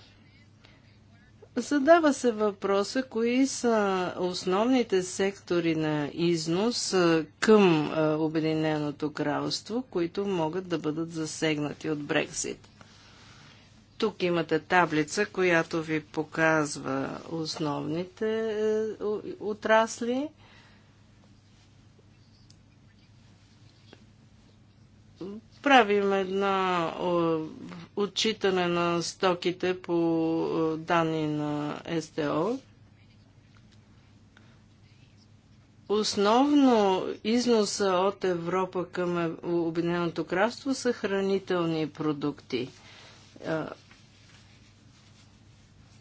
Задава се въпроса, кои са основните сектори на износ към Обединеното кралство, които могат да бъдат засегнати от Брексит. Тук имате таблица, която ви показва основните е, отрасли. Правим една отчитане на стоките по е, данни на СТО. Основно износа от Европа към Обединеното кралство са хранителни продукти. Е,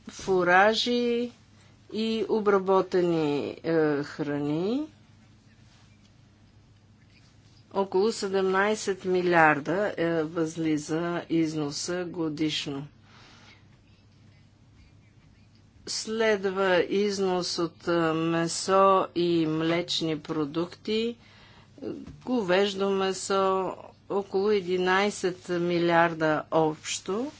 фуражи и обработени е, храни. Около 17 милиарда е, възлиза износа годишно. Следва износ от е, месо и млечни продукти, говеждо месо, около 11 милиарда общо,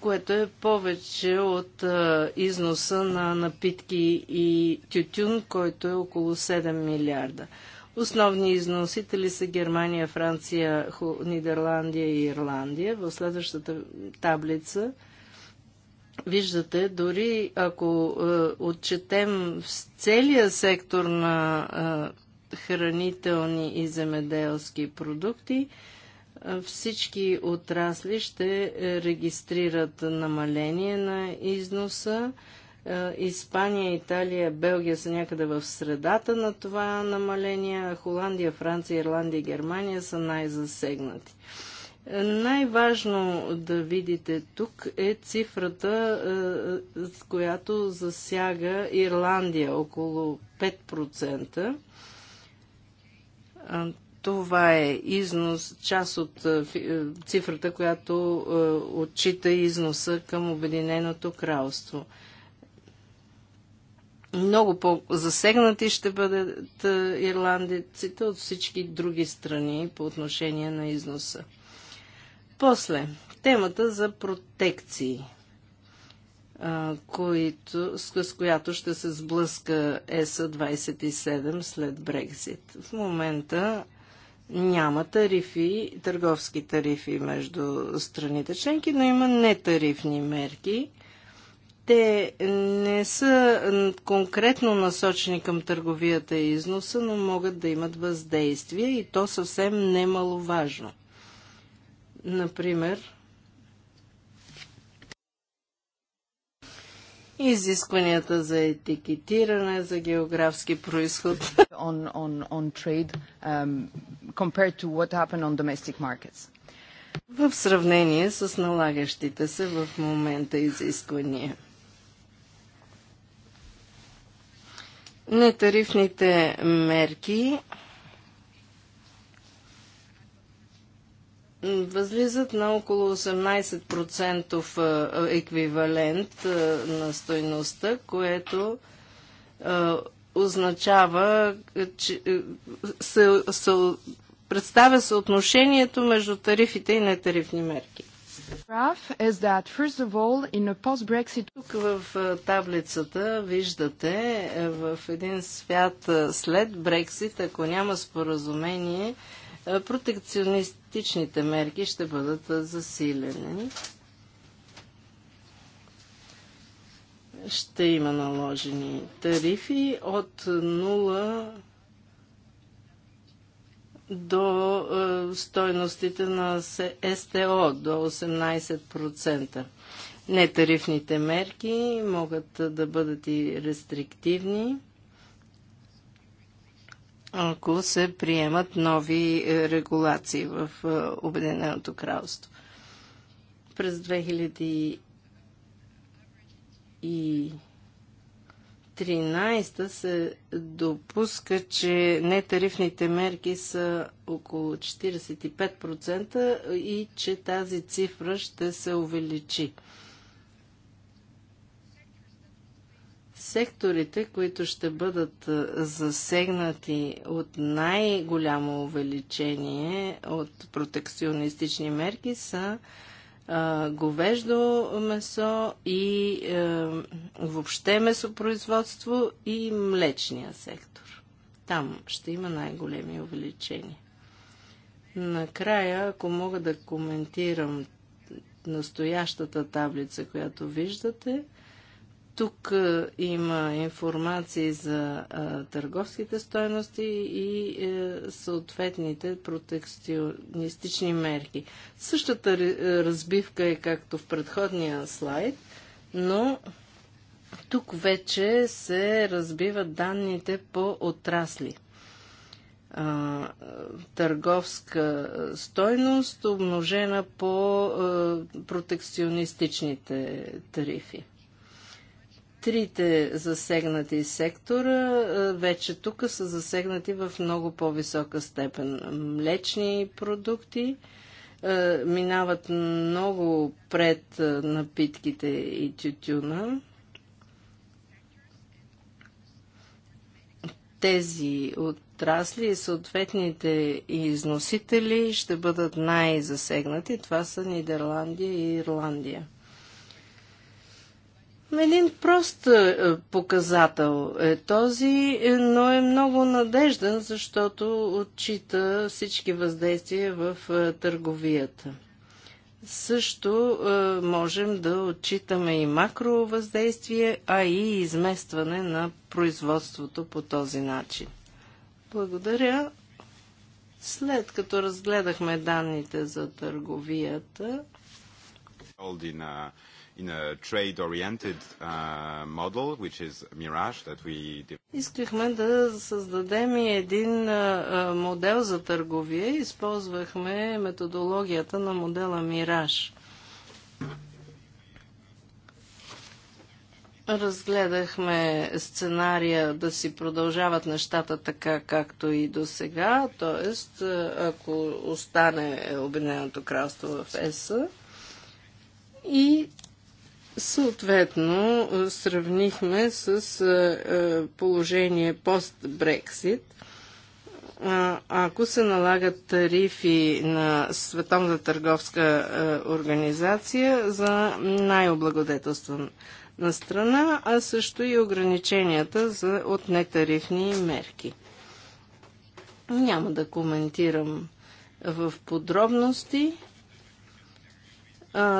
което е повече от е, износа на напитки и тютюн, който е около 7 милиарда. Основни износители са Германия, Франция, Ху, Нидерландия и Ирландия. В следващата таблица виждате, дори ако е, отчетем в целия сектор на е, хранителни и земеделски продукти, е, всички отрасли ще регистрират намаление на износа. Е, Испания, Италия, Белгия са някъде в средата на това намаление. Холандия, Франция, Ирландия, Германия са най-засегнати. Е, най-важно да видите тук е цифрата, е, с която засяга Ирландия около 5%. Това е износ, част от цифрата, която отчита износа към Обединеното кралство много по-засегнати ще бъдат ирландеците от всички други страни по отношение на износа. После, темата за протекции, които, с която ще се сблъска ЕСА 27 след Брекзит. В момента няма тарифи, търговски тарифи между страните членки, но има нетарифни мерки – те не са конкретно насочени към търговията и износа, но могат да имат въздействие и то съвсем немаловажно. Например, изискванията за етикетиране, за географски происход. On, on, on trade, um, compared to what happened on domestic markets. В сравнение с налагащите се в момента изисквания. нетарифните мерки възлизат на около 18% еквивалент на стойността, което означава, че се, се представя съотношението между тарифите и нетарифни мерки. Тук в таблицата виждате е, в един свят след Брексит, ако няма споразумение, протекционистичните мерки ще бъдат засилени. Ще има наложени тарифи от 0 до е, стойностите на СТО до 18%. Нетарифните мерки могат да бъдат и рестриктивни, ако се приемат нови е, регулации в е, Обединеното кралство. През 2000 и 13 се допуска, че нетарифните мерки са около 45% и че тази цифра ще се увеличи. Секторите, които ще бъдат засегнати от най-голямо увеличение от протекционистични мерки са говеждо месо и а, е, въобще месопроизводство и млечния сектор. Там ще има най-големи увеличения. Накрая, ако мога да коментирам настоящата таблица, която виждате, тук има информации за търговските стоености и е, съответните протекционистични мерки. Същата е, разбивка е както в предходния слайд, но тук вече се разбиват данните по отрасли. търговска стойност, умножена по е, протекционистичните тарифи трите засегнати сектора вече тук са засегнати в много по-висока степен. Млечни продукти минават много пред напитките и тютюна. Тези отрасли и съответните износители ще бъдат най-засегнати. Това са Нидерландия и Ирландия. Един прост е, показател е този, е, но е много надежден, защото отчита всички въздействия в е, търговията. Също можем да отчитаме и макровъздействие, а и изместване на производството по този начин. Благодаря. След като разгледахме данните за търговията, in a trade-oriented uh, model, which is Mirage that we Искахме да създадем и един модел за търговия. Използвахме методологията на модела Мираж. Разгледахме сценария да си продължават нещата така, както и до сега, т.е. ако остане Обединеното кралство в ЕСА и Съответно, е, сравнихме с е, е, положение пост-Брексит. Ако се налагат тарифи на Световната търговска организация за най-облагодетелствана страна, а също и ограниченията за, от нетарифни мерки. Няма да коментирам в подробности.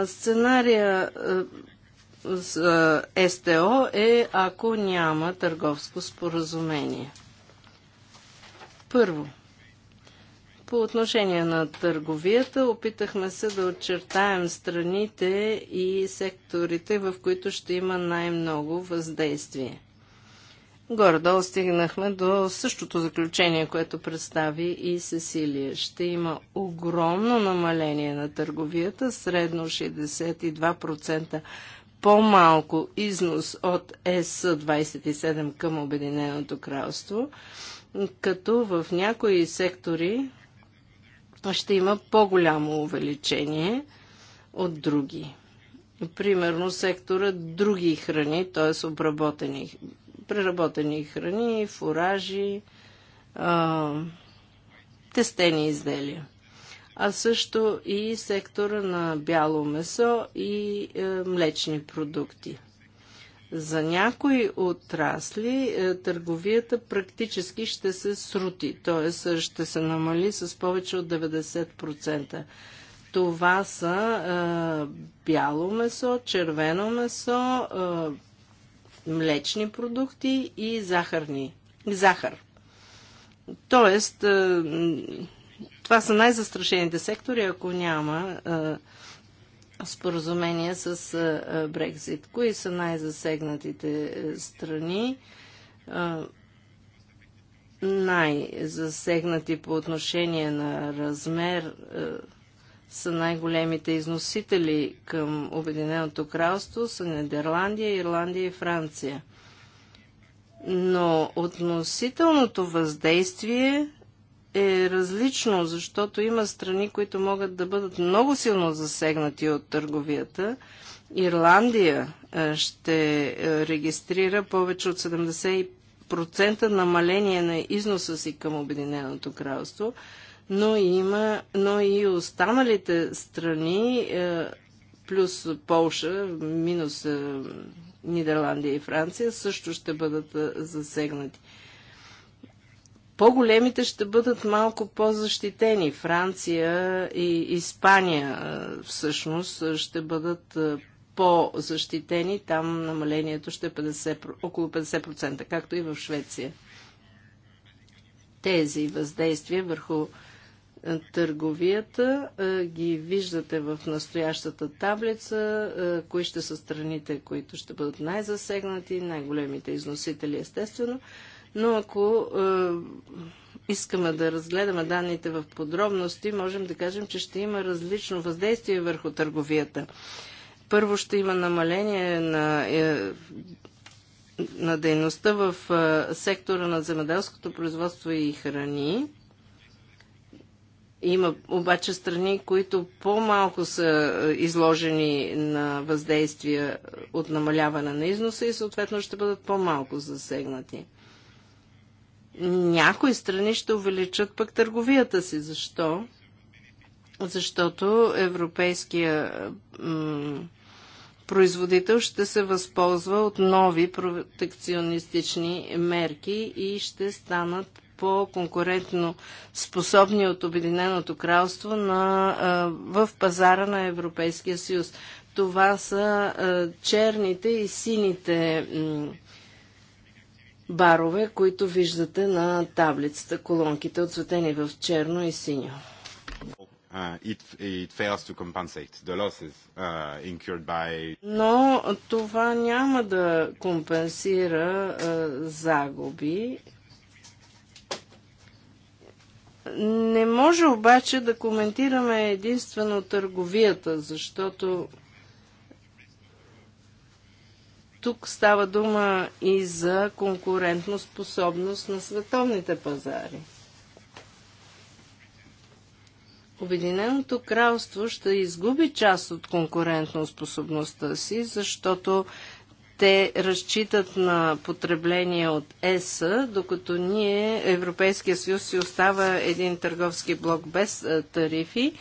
Сценария за СТО е ако няма търговско споразумение. Първо, по отношение на търговията, опитахме се да очертаем страните и секторите, в които ще има най-много въздействие. Гордо стигнахме до същото заключение, което представи и Сесилия. Ще има огромно намаление на търговията, средно 62% по-малко износ от ЕС-27 към Обединеното кралство, като в някои сектори ще има по-голямо увеличение от други. Примерно сектора други храни, т.е. обработени, преработени храни, фуражи, а, тестени изделия а също и сектора на бяло месо и е, млечни продукти. За някои отрасли е, търговията практически ще се срути, т.е. ще се намали с повече от 90%. Това са е, бяло месо, червено месо, е, млечни продукти и захарни, захар. Тоест, е, това са най-застрашените сектори, ако няма споразумение с Брекзит. Кои са най-засегнатите е, страни? Най-засегнати по отношение на размер са най-големите износители към Обединеното кралство са Нидерландия, Ирландия и Франция. Но относителното въздействие е различно, защото има страни, които могат да бъдат много силно засегнати от търговията. Ирландия е, ще е, регистрира повече от 70% намаление на износа си към Обединеното кралство, но, има, но и останалите страни, е, плюс Полша, минус Нидерландия и Франция, също ще бъдат засегнати. По-големите ще бъдат малко по-защитени. Франция и Испания всъщност ще бъдат по-защитени. Там намалението ще е 50, около 50%, както и в Швеция. Тези въздействия върху търговията ги виждате в настоящата таблица, кои ще са страните, които ще бъдат най-засегнати, най-големите износители, естествено но ако е, искаме да разгледаме данните в подробности, можем да кажем, че ще има различно въздействие върху търговията. Първо ще има намаление на, е, на дейността в е, сектора на земеделското производство и храни. Има обаче страни, които по-малко са е, изложени на въздействия от намаляване на износа и съответно ще бъдат по-малко засегнати някои страни ще увеличат пък търговията си. Защо? Защото европейския производител ще се възползва от нови протекционистични мерки и ще станат по-конкурентно способни от Обединеното кралство на, а, в пазара на Европейския съюз. Това са а, черните и сините м, барове, които виждате на таблицата, колонките отцветени в черно и синьо. Uh, uh, Но това няма да компенсира uh, загуби. Не може обаче да коментираме единствено търговията, защото тук става дума и за конкурентно способност на световните пазари. Обединеното кралство ще изгуби част от конкурентно способността си, защото те разчитат на потребление от ЕС, докато ние, Европейския съюз, си остава един търговски блок без тарифи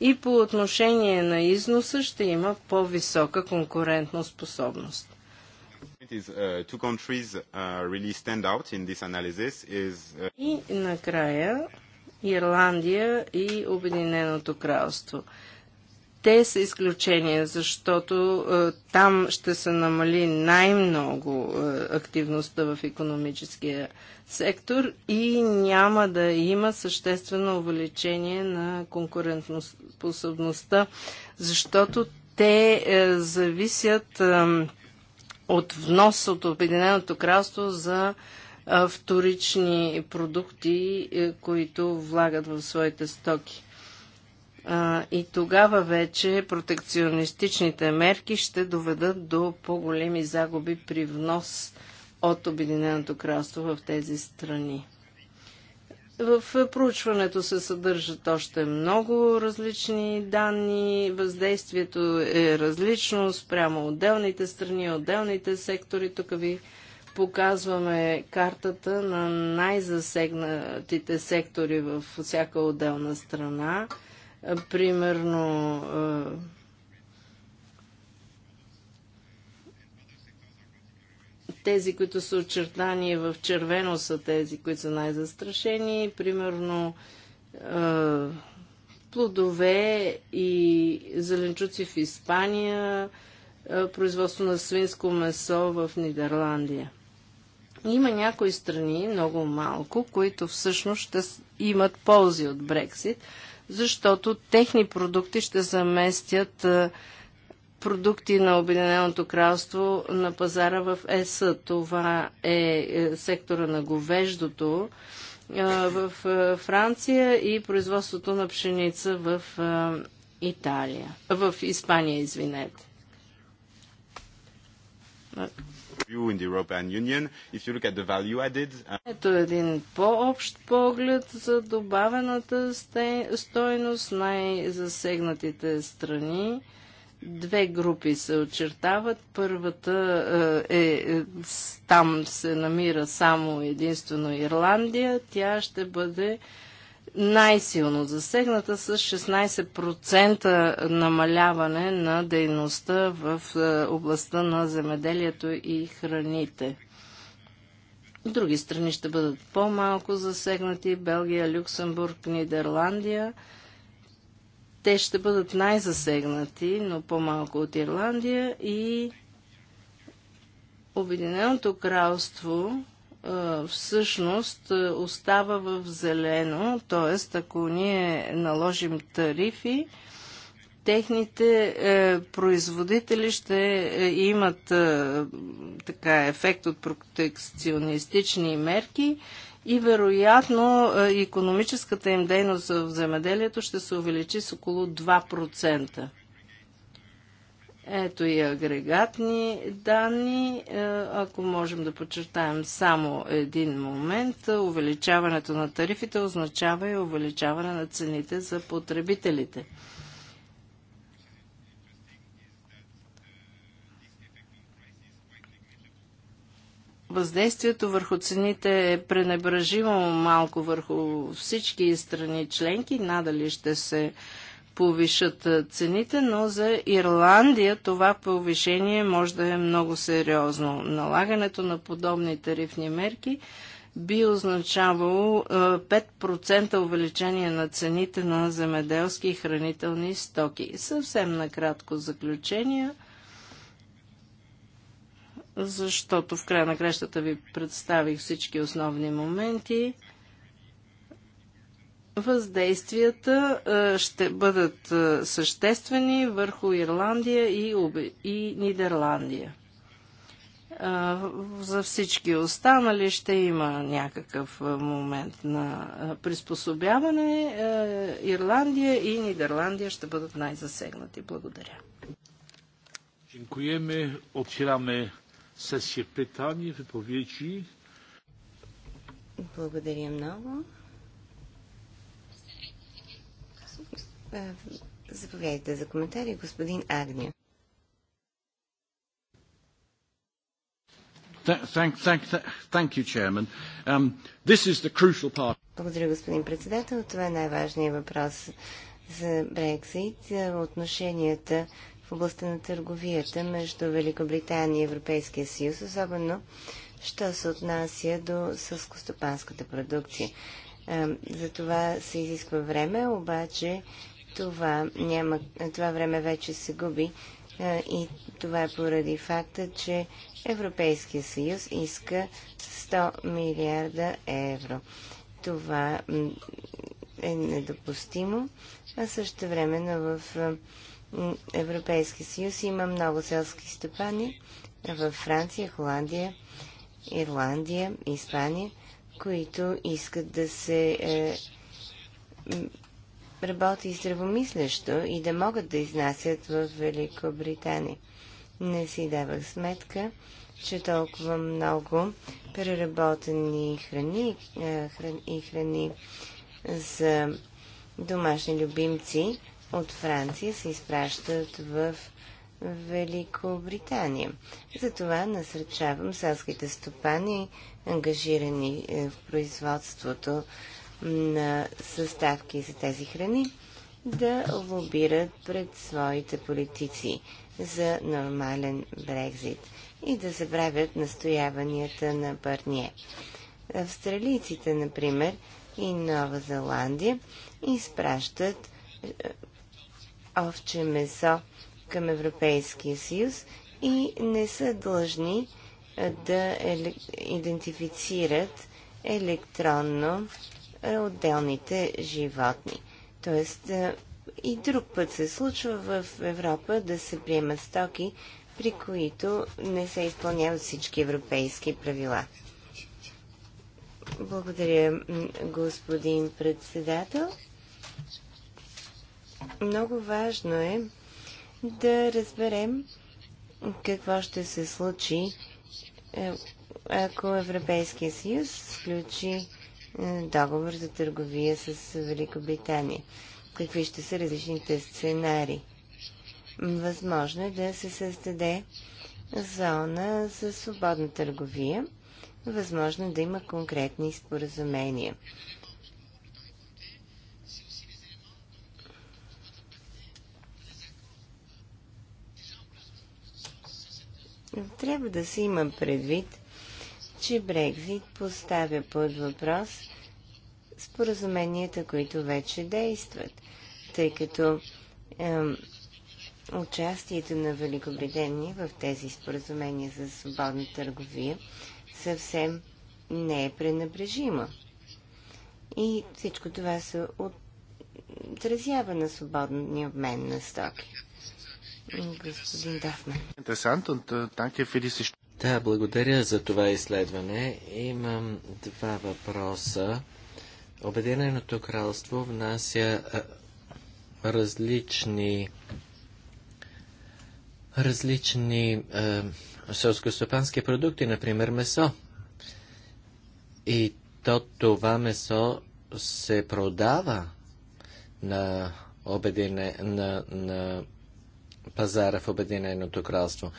и по отношение на износа ще има по-висока конкурентно способност is uh, two countries uh, really stand out in this analysis is... Uh... И накрая Ирландия и Обединеното кралство. Те са изключения, защото е, там ще се намали най-много е, активността в економическия сектор и няма да има съществено увеличение на конкурентоспособността, защото те е, зависят. Е, от внос от Обединеното кралство за вторични продукти, е, които влагат в своите стоки. И тогава вече протекционистичните мерки ще доведат до по-големи загуби при внос от Обединеното кралство в тези страни. В проучването се съдържат още много различни данни, въздействието е различно спрямо отделните страни, отделните сектори. Тук ви показваме картата на най-засегнатите сектори в всяка отделна страна. Примерно е, Тези, които са очертани в червено, са тези, които са най-застрашени. Примерно плодове и зеленчуци в Испания, производство на свинско месо в Нидерландия. Има някои страни, много малко, които всъщност ще имат ползи от Брексит, защото техни продукти ще заместят продукти на Обединеното кралство на пазара в ЕС. Това е, е сектора на говеждото в Франция и производството на пшеница в Италия. В Испания, извинете. Uh, Ето един по-общ поглед за добавената стойност най-засегнатите страни Две групи се очертават. Първата е, е, там се намира само единствено Ирландия. Тя ще бъде най-силно засегната с 16% намаляване на дейността в е, областта на земеделието и храните. Други страни ще бъдат по-малко засегнати. Белгия, Люксембург, Нидерландия – те ще бъдат най-засегнати, но по-малко от Ирландия и Обединеното кралство всъщност остава в зелено, т.е. ако ние наложим тарифи, техните е, производители ще е, имат е, така ефект от протекционистични мерки и вероятно економическата им дейност в земеделието ще се увеличи с около 2%. Ето и агрегатни данни. Е, ако можем да подчертаем само един момент, е, увеличаването на тарифите означава и увеличаване на цените за потребителите. Въздействието върху цените е пренебрежимо малко върху всички страни членки. Надали ще се повишат цените, но за Ирландия това повишение може да е много сериозно. Налагането на подобни тарифни мерки би означавало 5% увеличение на цените на земеделски и хранителни стоки. Съвсем накратко заключение – защото в края на крещата ви представих всички основни моменти. Въздействията е, ще бъдат е, съществени върху Ирландия и, Уби, и Нидерландия. Е, за всички останали ще има някакъв момент на приспособяване. Ирландия и Нидерландия ще бъдат най-засегнати. Благодаря. Dziękujemy. Otwieramy сесję pytań, wypowiedzi. Благодаря много. Е, заповядайте за коментари, господин Агния. Um, Благодаря, господин председател. Това е най-важният въпрос за Брексит, е, отношенията областта на търговията между Великобритания и Европейския съюз, особено що се отнася до сълскостопанската продукция. За това се изисква време, обаче това, няма, това време вече се губи и това е поради факта, че Европейския съюз иска 100 милиарда евро. Това е недопустимо, а също времено в Европейския съюз има много селски стопани в Франция, Холандия, Ирландия, Испания, които искат да се е, работи здравомислящо и да могат да изнасят в Великобритания. Не си давах сметка, че толкова много преработени храни, е, храни и храни за домашни любимци от Франция се изпращат в Великобритания. Затова насръчавам селските стопани, ангажирани е, в производството на съставки за тези храни, да лобират пред своите политици за нормален Брекзит и да забравят настояванията на Барние. Австралийците, например, и Нова Зеландия изпращат е, овче месо към Европейския съюз и не са длъжни да идентифицират електронно отделните животни. Тоест и друг път се случва в Европа да се приемат стоки, при които не се изпълняват всички европейски правила. Благодаря, господин председател. Много важно е да разберем какво ще се случи, е, ако Европейския съюз включи е, договор за търговия с Великобритания. Какви ще са различните сценари? Възможно е да се създаде зона за свободна търговия. Възможно е да има конкретни споразумения. Трябва да се има предвид, че Брекзит поставя под въпрос споразуменията, които вече действат, тъй като е, участието на Великобритания в тези споразумения за свободна търговия съвсем не е пренебрежимо. И всичко това се отразява на свободния обмен на стоки господин Дафман. Е, е да, благодаря за това изследване. Имам два въпроса. Обединеното кралство внася различни различни различни селскостопански продукти, например месо. И то това месо се продава на, обедине, на, на пазара в Обединеното кралство.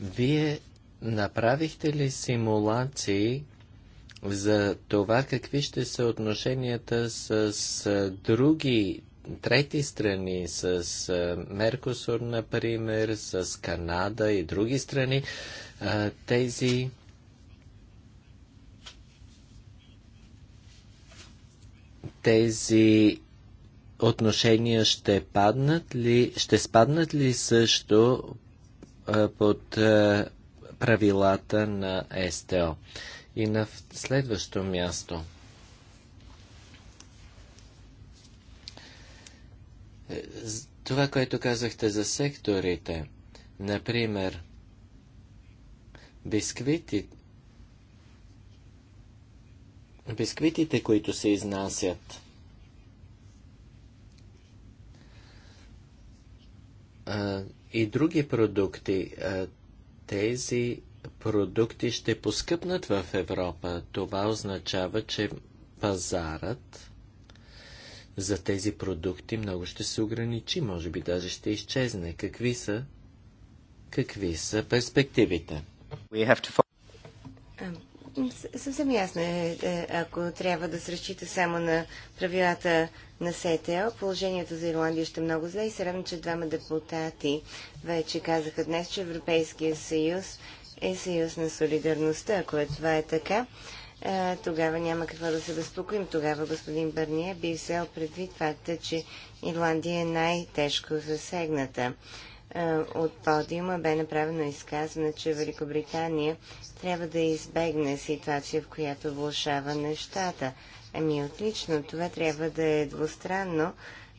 Вие направихте ли симулации за това какви ще са отношенията с, с други трети страни, с, Меркосур, например, с Канада и други страни? тези тези отношения ще паднат ли, ще спаднат ли също под правилата на СТО? И на следващо място. Е, това, което казахте за секторите, например, бисквити, бисквитите, които се изнасят, а, и други продукти. А, тези продукти ще поскъпнат в Европа. Това означава, че пазарът за тези продукти много ще се ограничи, може би даже ще изчезне. Какви са, какви са перспективите? To... Съвсем ясно е, е, ако трябва да се разчита само на правилата на СТО, положението за Ирландия ще е много зле и се равен, че двама депутати вече казаха днес, че Европейския съюз е съюз на солидарността. Ако е това е така, е, тогава няма какво да се безпокоим. Тогава господин Бърния би взел предвид факта, че Ирландия е най-тежко засегната. Е, от подиума бе направено изказване, че Великобритания трябва да избегне ситуация, в която влушава нещата. Ами отлично, това трябва да е двустранно.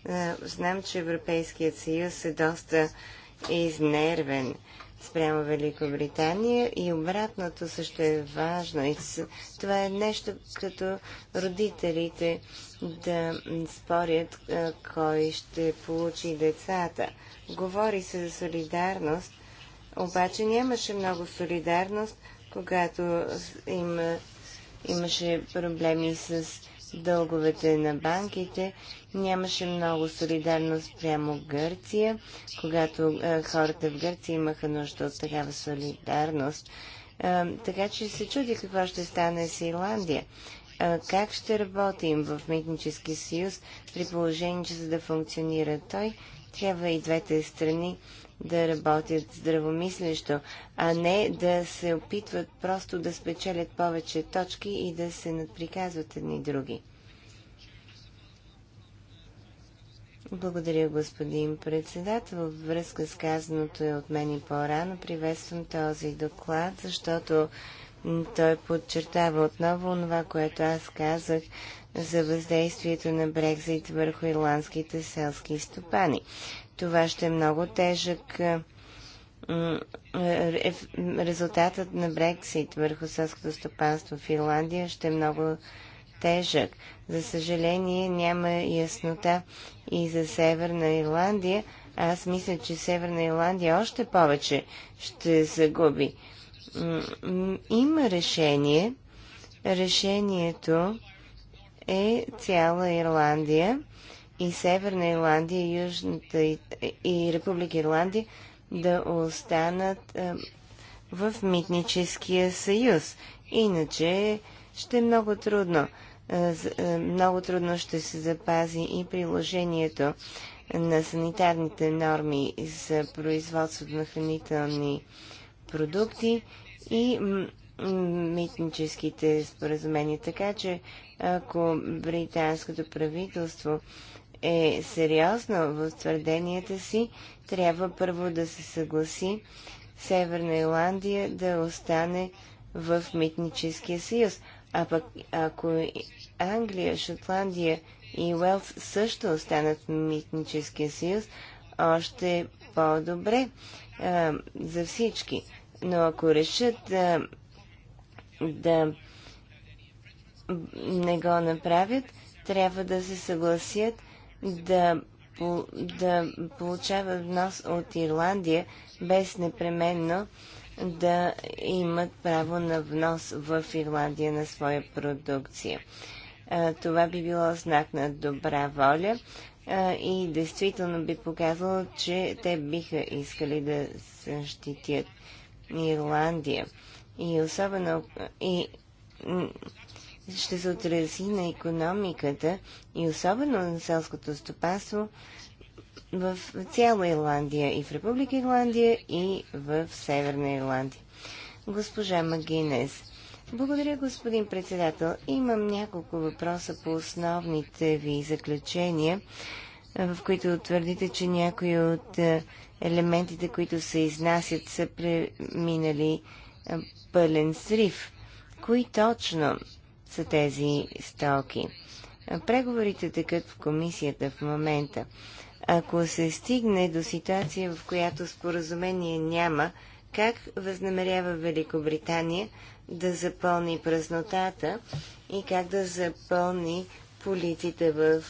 Е, знам, че Европейският съюз е доста изнервен спрямо Великобритания и обратното също е важно. И това е нещо като родителите да спорят кой ще получи децата. Говори се за солидарност, обаче нямаше много солидарност, когато има, имаше проблеми с дълговете на банките. Нямаше много солидарност прямо Гърция, когато е, хората в Гърция имаха нужда от такава солидарност. Е, така че се чуди какво ще стане с Ирландия. Е, как ще работим в Митнически съюз при положение, че за да функционира той, трябва и двете страни да работят здравомислещо, а не да се опитват просто да спечелят повече точки и да се надприказват едни други. Благодаря, господин председател. Във връзка с казаното е от мен и по-рано приветствам този доклад, защото той подчертава отново това, което аз казах за въздействието на Брекзит върху ирландските селски стопани. Това ще е много тежък резултатът на Брексит върху селското стопанство в Ирландия ще е много тежък. За съжаление няма яснота и за Северна Ирландия. Аз мисля, че Северна Ирландия още повече ще загуби има решение. Решението е цяла Ирландия и Северна Ирландия и Южната и, и Република Ирландия да останат в митническия съюз. Иначе ще е много трудно. много трудно ще се запази и приложението на санитарните норми за производството на хранителни продукти и митническите споразумения. Така че, ако британското правителство е сериозно в твърденията си, трябва първо да се съгласи Северна Ирландия да остане в митническия съюз. А пък ако Англия, Шотландия и Уелс също останат в митническия съюз, още по-добре за всички но ако решат да, да не го направят, трябва да се съгласят да, да получават внос от Ирландия, без непременно да имат право на внос в Ирландия на своя продукция. Това би било знак на добра воля и действително би показало, че те биха искали да защитят Ирландия. И особено и ще се отрази на економиката и особено на селското стопанство в цяла Ирландия и в Република Ирландия и в Северна Ирландия. Госпожа Магинес. Благодаря, господин председател. Имам няколко въпроса по основните ви заключения, в които твърдите, че някои от е, елементите, които се изнасят, са преминали пълен срив. Кои точно са тези стоки? Преговорите текат в комисията в момента. Ако се стигне до ситуация, в която споразумение няма, как възнамерява Великобритания да запълни празнотата и как да запълни полиците в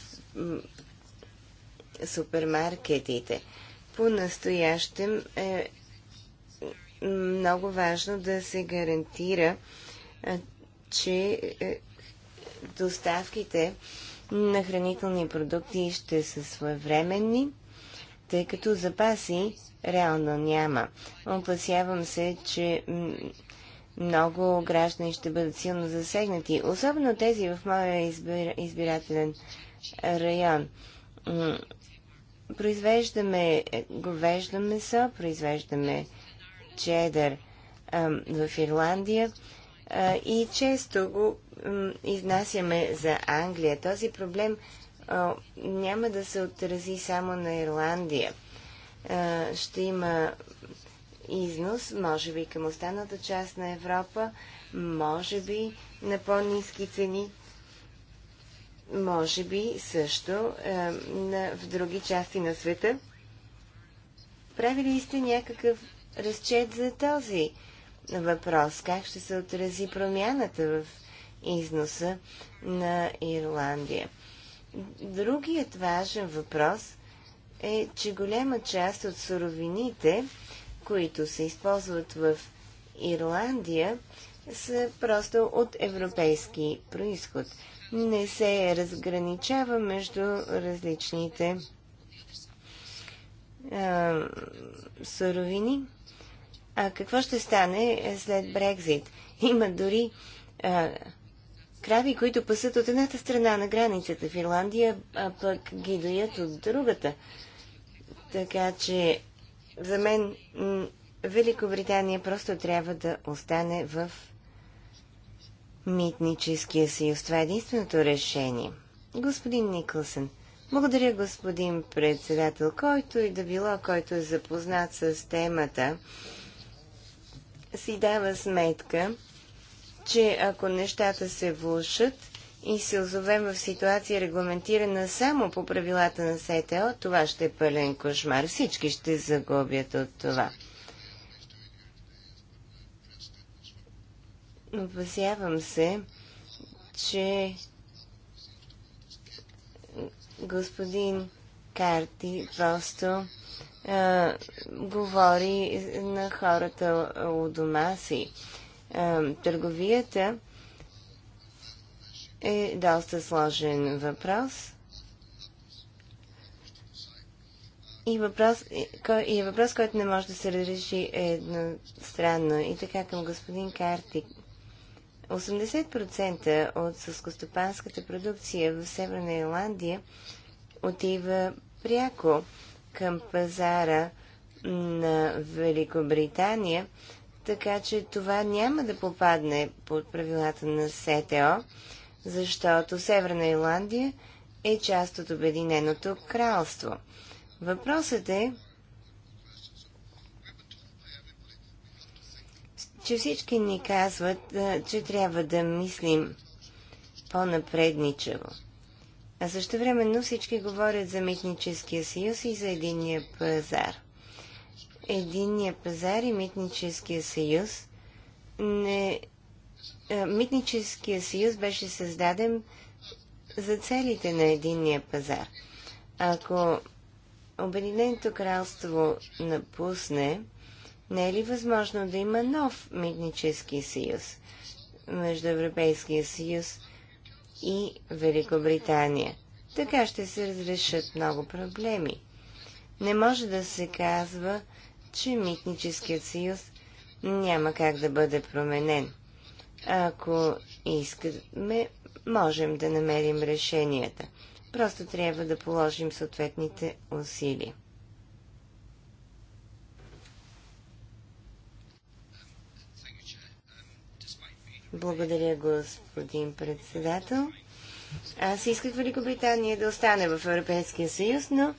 супермаркетите? по-настоящем е много важно да се гарантира, че е, доставките на хранителни продукти ще са своевременни, тъй като запаси реално няма. Опасявам се, че много граждани ще бъдат силно засегнати, особено тези в моя избирателен район произвеждаме е, говеждо месо, произвеждаме чедър в Ирландия и често го изнасяме за Англия. Този проблем няма да се отрази само на Ирландия. Ще има износ, може би към останата част на Европа, може би на по-низки цени може би също е, на, в други части на света. Правили ли сте някакъв разчет за този въпрос? Как ще се отрази промяната в износа на Ирландия? Другият важен въпрос е, че голяма част от суровините, които се използват в Ирландия, са просто от европейски происход не се разграничава между различните а, суровини. А какво ще стане след Брекзит? Има дори а, крави, които пасат от едната страна на границата в Ирландия, а пък ги доят от другата. Така че за мен Великобритания просто трябва да остане в митническия съюз. Това е единственото решение. Господин Николсън, благодаря господин председател, който и да било, който е запознат с темата, си дава сметка, че ако нещата се влушат и се озовем в ситуация регламентирана само по правилата на СТО, това ще е пълен кошмар. Всички ще загубят от това. Опасявам се, че господин Карти просто а, говори на хората у дома си. А, търговията е доста сложен въпрос. И въпрос, и въпрос, който не може да се разреши е едностранно. И така към господин Карти. 80% от съскостопанската продукция в Северна Ирландия отива пряко към пазара на Великобритания, така че това няма да попадне под правилата на СТО, защото Северна Ирландия е част от Обединеното кралство. Въпросът е че всички ни казват, че трябва да мислим по-напредничаво. А също времено всички говорят за митническия съюз и за единния пазар. Единния пазар и митническия съюз не... Митническия съюз беше създаден за целите на единния пазар. Ако Обединеното кралство напусне, не е ли възможно да има нов митнически съюз между Европейския съюз и Великобритания? Така ще се разрешат много проблеми. Не може да се казва, че митническият съюз няма как да бъде променен. Ако искаме, можем да намерим решенията. Просто трябва да положим съответните усилия. Благодаря, господин председател. Аз исках Великобритания да остане в Европейския съюз, но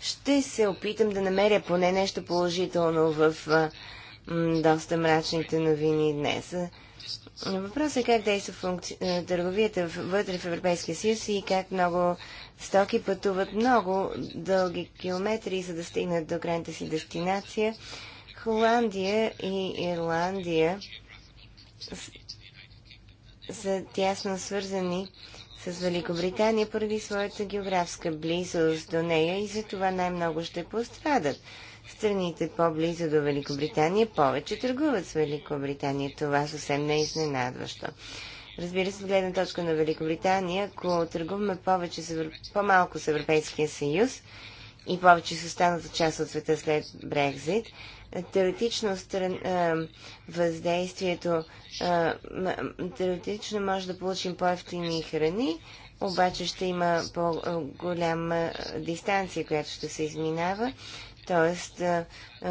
ще се опитам да намеря поне нещо положително в доста мрачните новини днес. Въпросът е как действа функци... Е, търговията вътре в Европейския съюз и как много стоки пътуват много дълги километри, за да стигнат до крайната си дестинация. Холандия и Ирландия са тясно свързани с Великобритания поради своята географска близост до нея и за това най-много ще пострадат. Страните по-близо до Великобритания повече търгуват с Великобритания. Това съвсем не е изненадващо. Разбира се, гледна точка на Великобритания, ако търгуваме повече с Европ... по-малко с Европейския съюз и повече с останалата част от света след Брекзит, теоретично стран, а, въздействието, а, теоретично може да получим по-ефтини храни, обаче ще има по-голяма дистанция, която ще се изминава, т.е.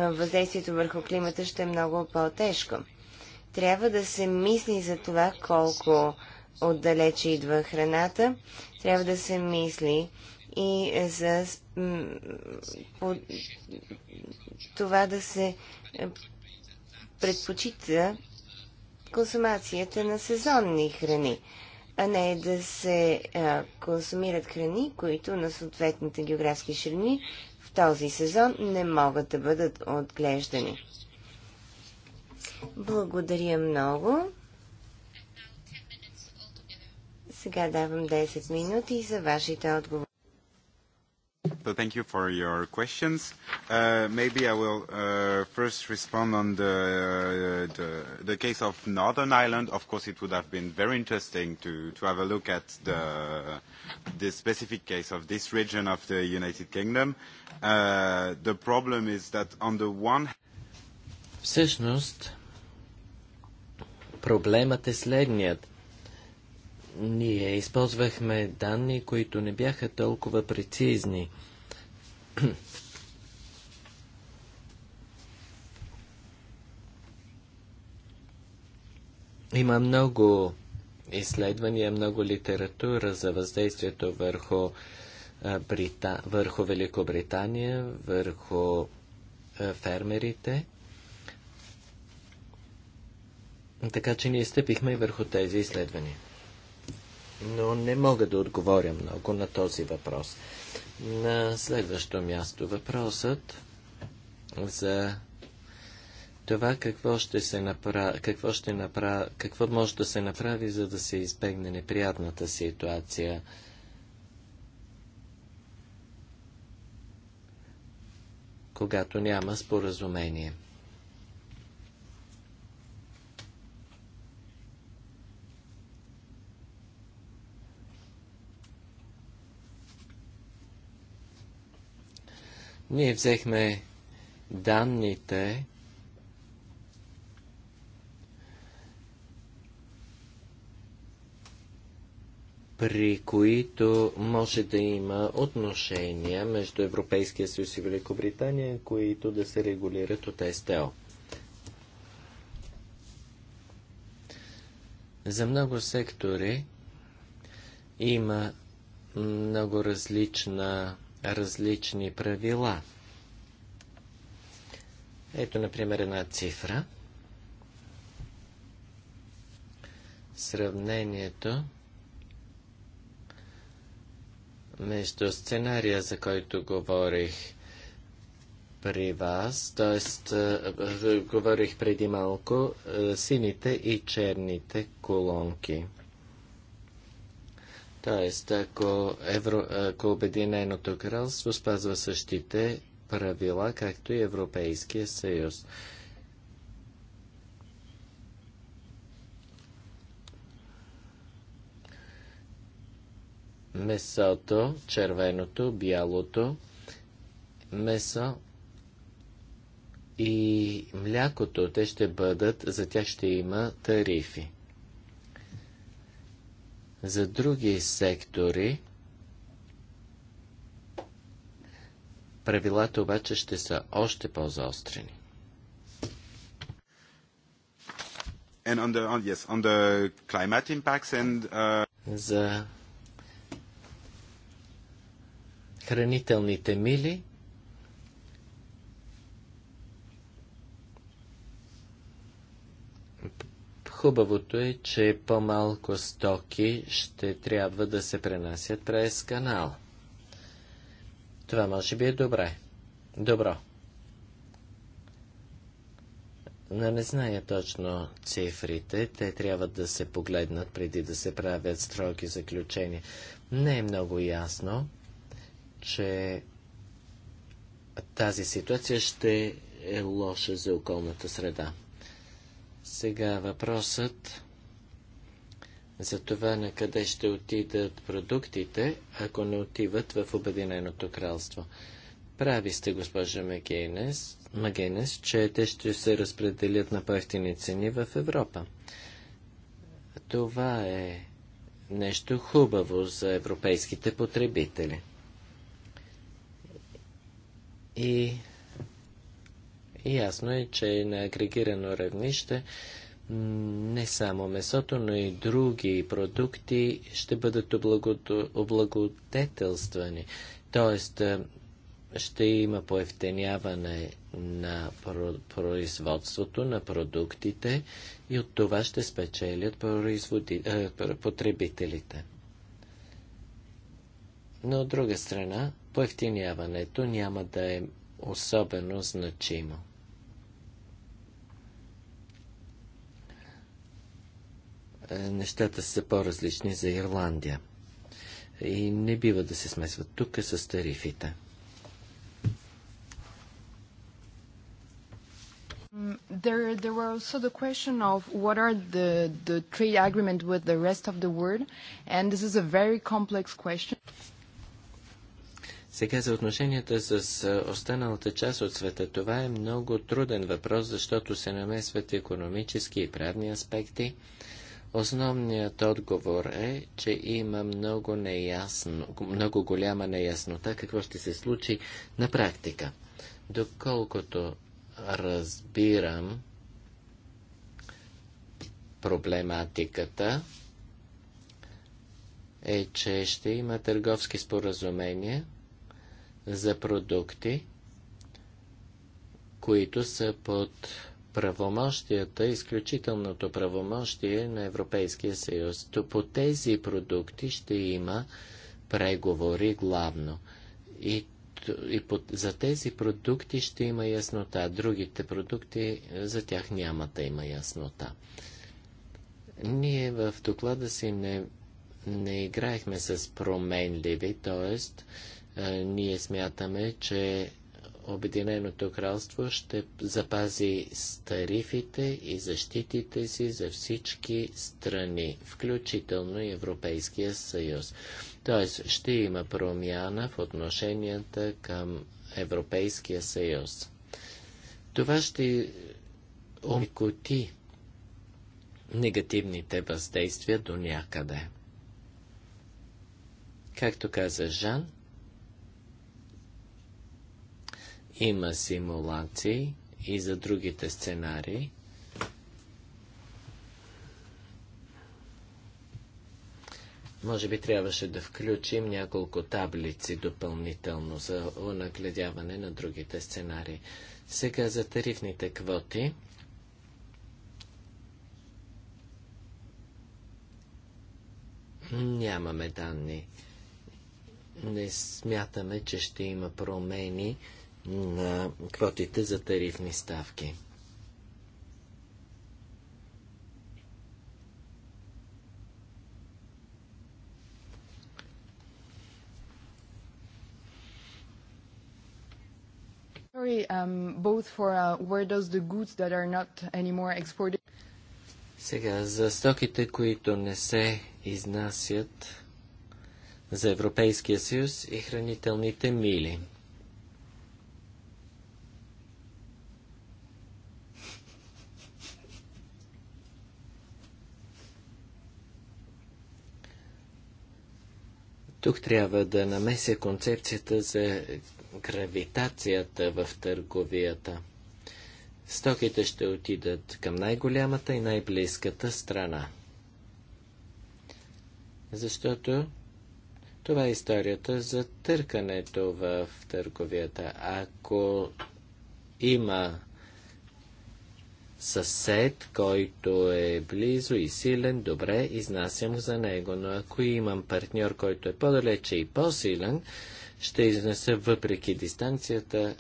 въздействието върху климата ще е много по-тежко. Трябва да се мисли за това колко отдалече идва храната, трябва да се мисли и за по, това да се е, предпочита консумацията на сезонни храни, а не да се а, е, консумират храни, които на съответните географски ширини в този сезон не могат да бъдат отглеждани. Благодаря много. Сега давам 10 минути за вашите отговори. Thank you for your questions. Maybe I will first respond on the case of Northern Ireland. Of course, it would have been very interesting to have a look at the specific case of this region of the United Kingdom. The problem is that on the one- Всъщност, проблемът е следният ние използвахме данни, които не бяха толкова прецизни. Има много изследвания, много литература за въздействието върху, Брита... върху Великобритания, върху фермерите. Така че ние стъпихме и върху тези изследвания но не мога да отговоря много на този въпрос. На следващо място въпросът за това какво ще, се направи, какво, ще направи, какво може да се направи, за да се избегне неприятната ситуация. когато няма споразумение. Ние взехме данните при които може да има отношения между Европейския съюз и Великобритания, които да се регулират от СТО. За много сектори има много различна различни правила. Ето, например, една цифра. Сравнението между сценария, за който говорих при вас, т.е. говорих преди малко, сините и черните колонки – Тоест, ако, Евро, ако Обединеното кралство спазва същите правила, както и Европейския съюз. Месото, червеното, бялото, месо и млякото, те ще бъдат, за тях ще има тарифи. За други сектори правилата обаче ще са още по-заострени. On the, on, yes, on and, uh... За хранителните мили Хубавото е, че по-малко стоки ще трябва да се пренасят през канал. Това може би е добре. Добро. Но не зная точно цифрите. Те трябва да се погледнат преди да се правят строги заключения. Не е много ясно, че тази ситуация ще е лоша за околната среда. Сега въпросът за това на къде ще отидат продуктите, ако не отиват в Обединеното кралство. Прави сте, госпожа Магенес, Магенес, че те ще се разпределят на по-ефтини цени в Европа. Това е нещо хубаво за европейските потребители. И и ясно е, че е на агрегирано равнище не само месото, но и други продукти ще бъдат облагодетелствани. Тоест, ще има поевтеняване на производството, на продуктите и от това ще спечелят производи... потребителите. Но от друга страна, поевтиняването няма да е особено значимо. Е, нещата са по-различни за Ирландия. И не бива да се смесват тук с тарифите. There, there were also the question of what are the, the trade agreement with the rest of the world, and this is a very complex question. Сега за отношенията с е, останалата част от света. Това е много труден въпрос, защото се намесват економически и правни аспекти. Uh, Основният отговор е, че има много, неясно, много голяма неяснота какво ще се случи на практика. Доколкото разбирам проблематиката, е, че ще има търговски споразумения за продукти, които са под правомощията, изключителното правомощие на Европейския съюз. То по тези продукти ще има преговори главно. И, и по, за тези продукти ще има яснота. Другите продукти е, за тях няма да има яснота. Ние в доклада си не, не играехме с променливи, т.е. Е, ние смятаме, че Обединеното кралство ще запази тарифите и защитите си за всички страни, включително и Европейския съюз. Т.е. ще има промяна в отношенията към Европейския съюз. Това ще омикоти негативните въздействия до някъде. Както каза Жан, Има симулации и за другите сценарии. Може би трябваше да включим няколко таблици допълнително за нагледяване на другите сценарии. Сега за тарифните квоти. Нямаме данни. Не смятаме, че ще има промени на квотите за тарифни ставки. Um, uh, Сега за стоките, които не се изнасят за Европейския съюз и хранителните мили. Тук трябва да намеся концепцията за гравитацията в търговията. Стоките ще отидат към най-голямата и най-близката страна. Защото това е историята за търкането в търговията. Ако има съсед, който е близо и силен, добре, изнасям за него, но ако имам партньор, който е по-далече и по-силен, ще изнеса въпреки дистанцията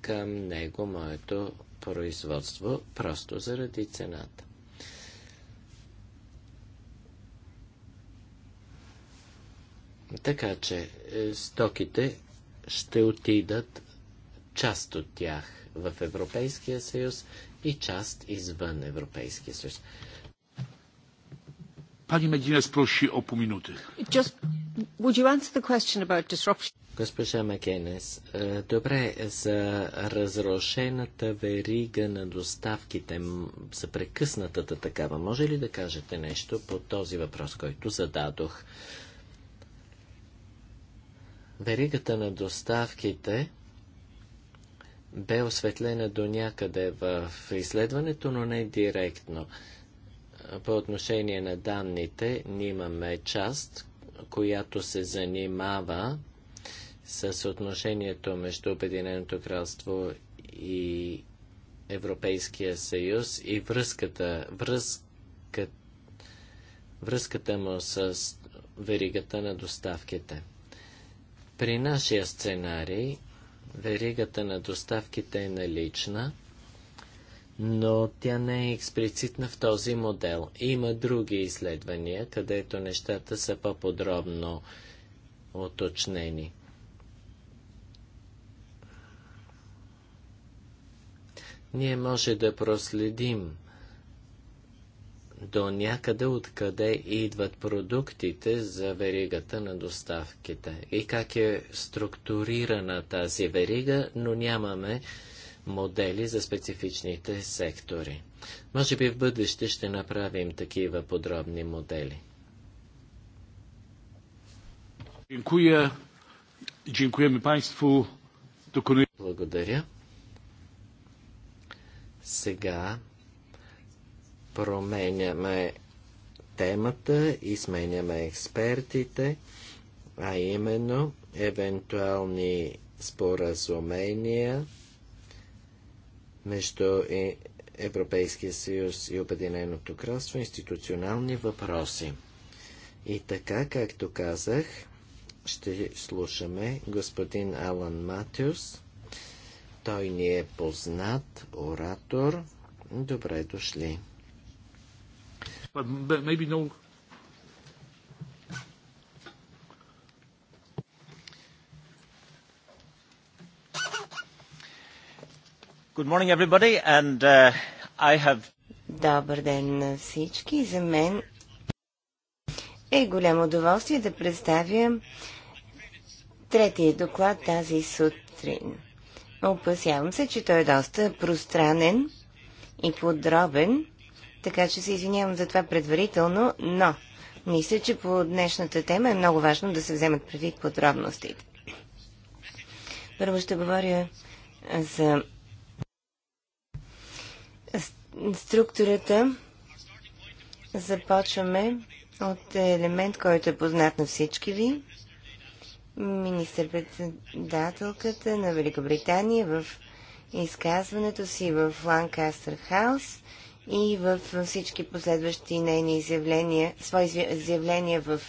към него моето производство, просто заради цената. Така че е, стоките ще отидат част от тях в Европейския съюз и част извън Европейския съюз. Пани Мединес, проши о pół Just, would you answer the question about disruption? Госпожа Макенес, е, добре, за разрушената верига на доставките, за прекъснатата такава, може ли да кажете нещо по този въпрос, който зададох? Веригата на доставките бе осветлена до някъде в изследването, но не директно. По отношение на данните, ние имаме част, която се занимава с отношението между Обединеното кралство и Европейския съюз и връзката, връзката, връзката му с веригата на доставките. При нашия сценарий веригата на доставките е налична, но тя не е експлицитна в този модел. Има други изследвания, където нещата са по-подробно уточнени. Ние може да проследим до някъде откъде идват продуктите за веригата на доставките и как е структурирана тази верига, но нямаме модели за специфичните сектори. Може би в бъдеще ще направим такива подробни модели. Благодаря. Сега променяме темата и сменяме експертите, а именно евентуални споразумения между Европейския съюз и Обединеното кралство институционални въпроси. И така, както казах, ще слушаме господин Алан Матиус. Той ни е познат оратор. Добре дошли. But maybe no. Good morning, everybody, and uh, I have... Добър ден на всички. За мен е голямо удоволствие да представя третия доклад тази сутрин. Опасявам се, че той е доста пространен и подробен. Така че се извинявам за това предварително, но мисля, че по днешната тема е много важно да се вземат предвид подробностите. Първо ще говоря за структурата. Започваме от елемент, който е познат на всички ви. Министър-председателката на Великобритания в изказването си в Ланкастър Хаус – и в всички последващи нейни изявления, свои изявления в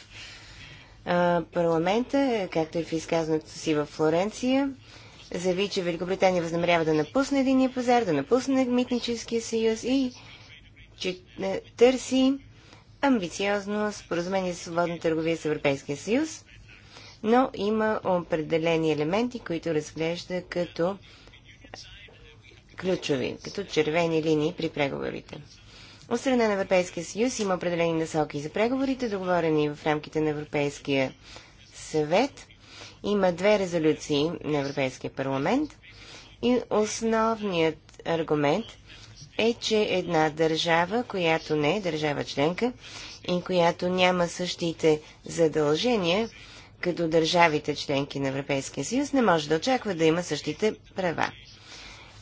парламента, както и в изказването си в Флоренция, заяви, че Великобритания възнамерява да напусне единия пазар, да напусне митническия съюз и че търси амбициозно споразумение за свободна търговия с Европейския съюз, но има определени елементи, които разглежда като ключови, като червени линии при преговорите. От страна на Европейския съюз има определени насоки за преговорите, договорени в рамките на Европейския съвет. Има две резолюции на Европейския парламент и основният аргумент е, че една държава, която не е държава членка и която няма същите задължения, като държавите членки на Европейския съюз, не може да очаква да има същите права.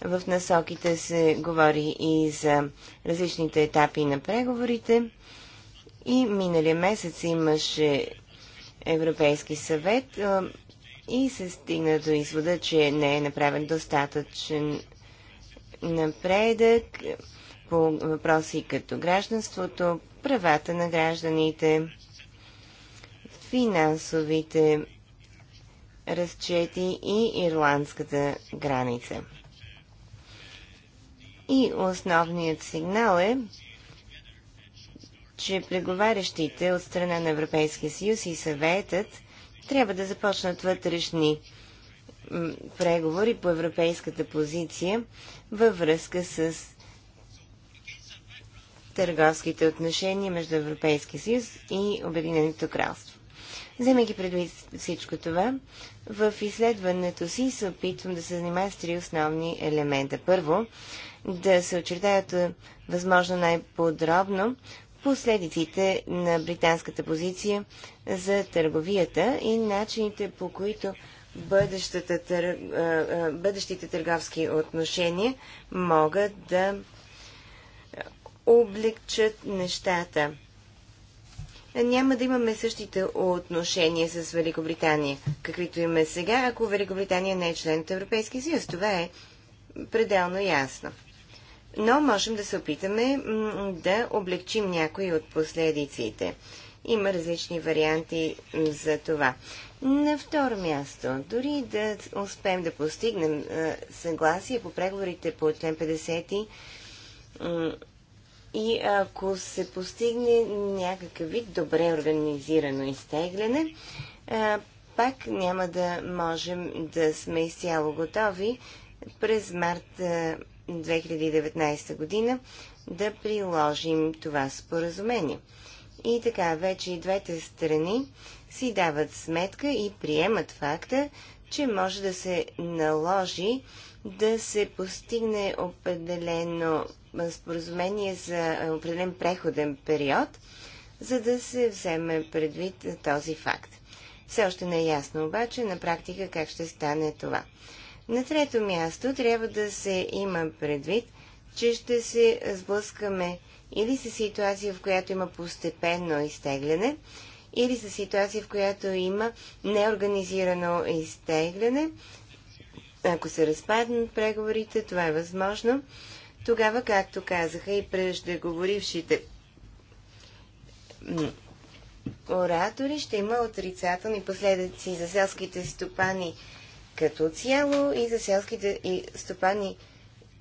В насоките се говори и за различните етапи на преговорите. И миналия месец имаше Европейски съвет и се стигна до извода, че не е направен достатъчен напредък по въпроси като гражданството, правата на гражданите, финансовите разчети и ирландската граница. И основният сигнал е, че преговарящите от страна на Европейския съюз и съветът трябва да започнат вътрешни преговори по европейската позиция във връзка с търговските отношения между Европейския съюз и Обединеното кралство. Вземайки предвид всичко това, в изследването си се опитвам да се занимая с три основни елемента. Първо, да се очертаят възможно най-подробно последиците на британската позиция за търговията и начините по които тър... бъдещите търговски отношения могат да облегчат нещата няма да имаме същите отношения с Великобритания, каквито имаме сега, ако Великобритания не е член от Европейския съюз. Това е пределно ясно. Но можем да се опитаме да облегчим някои от последиците. Има различни варианти за това. На второ място, дори да успеем да постигнем съгласие по преговорите по член 50 и ако се постигне някакъв вид добре организирано изтегляне, пак няма да можем да сме изцяло готови през март 2019 година да приложим това споразумение. И така, вече и двете страни си дават сметка и приемат факта, че може да се наложи да се постигне определено споразумение за е, определен преходен период, за да се вземе предвид този факт. Все още не е ясно обаче на практика как ще стане това. На трето място трябва да се има предвид, че ще се сблъскаме или с ситуация, в която има постепенно изтегляне, или с ситуация, в която има неорганизирано изтегляне, ако се разпаднат преговорите, това е възможно. Тогава, както казаха и преждеговорившите оратори, ще има отрицателни последици за селските стопани като цяло и за селските и стопани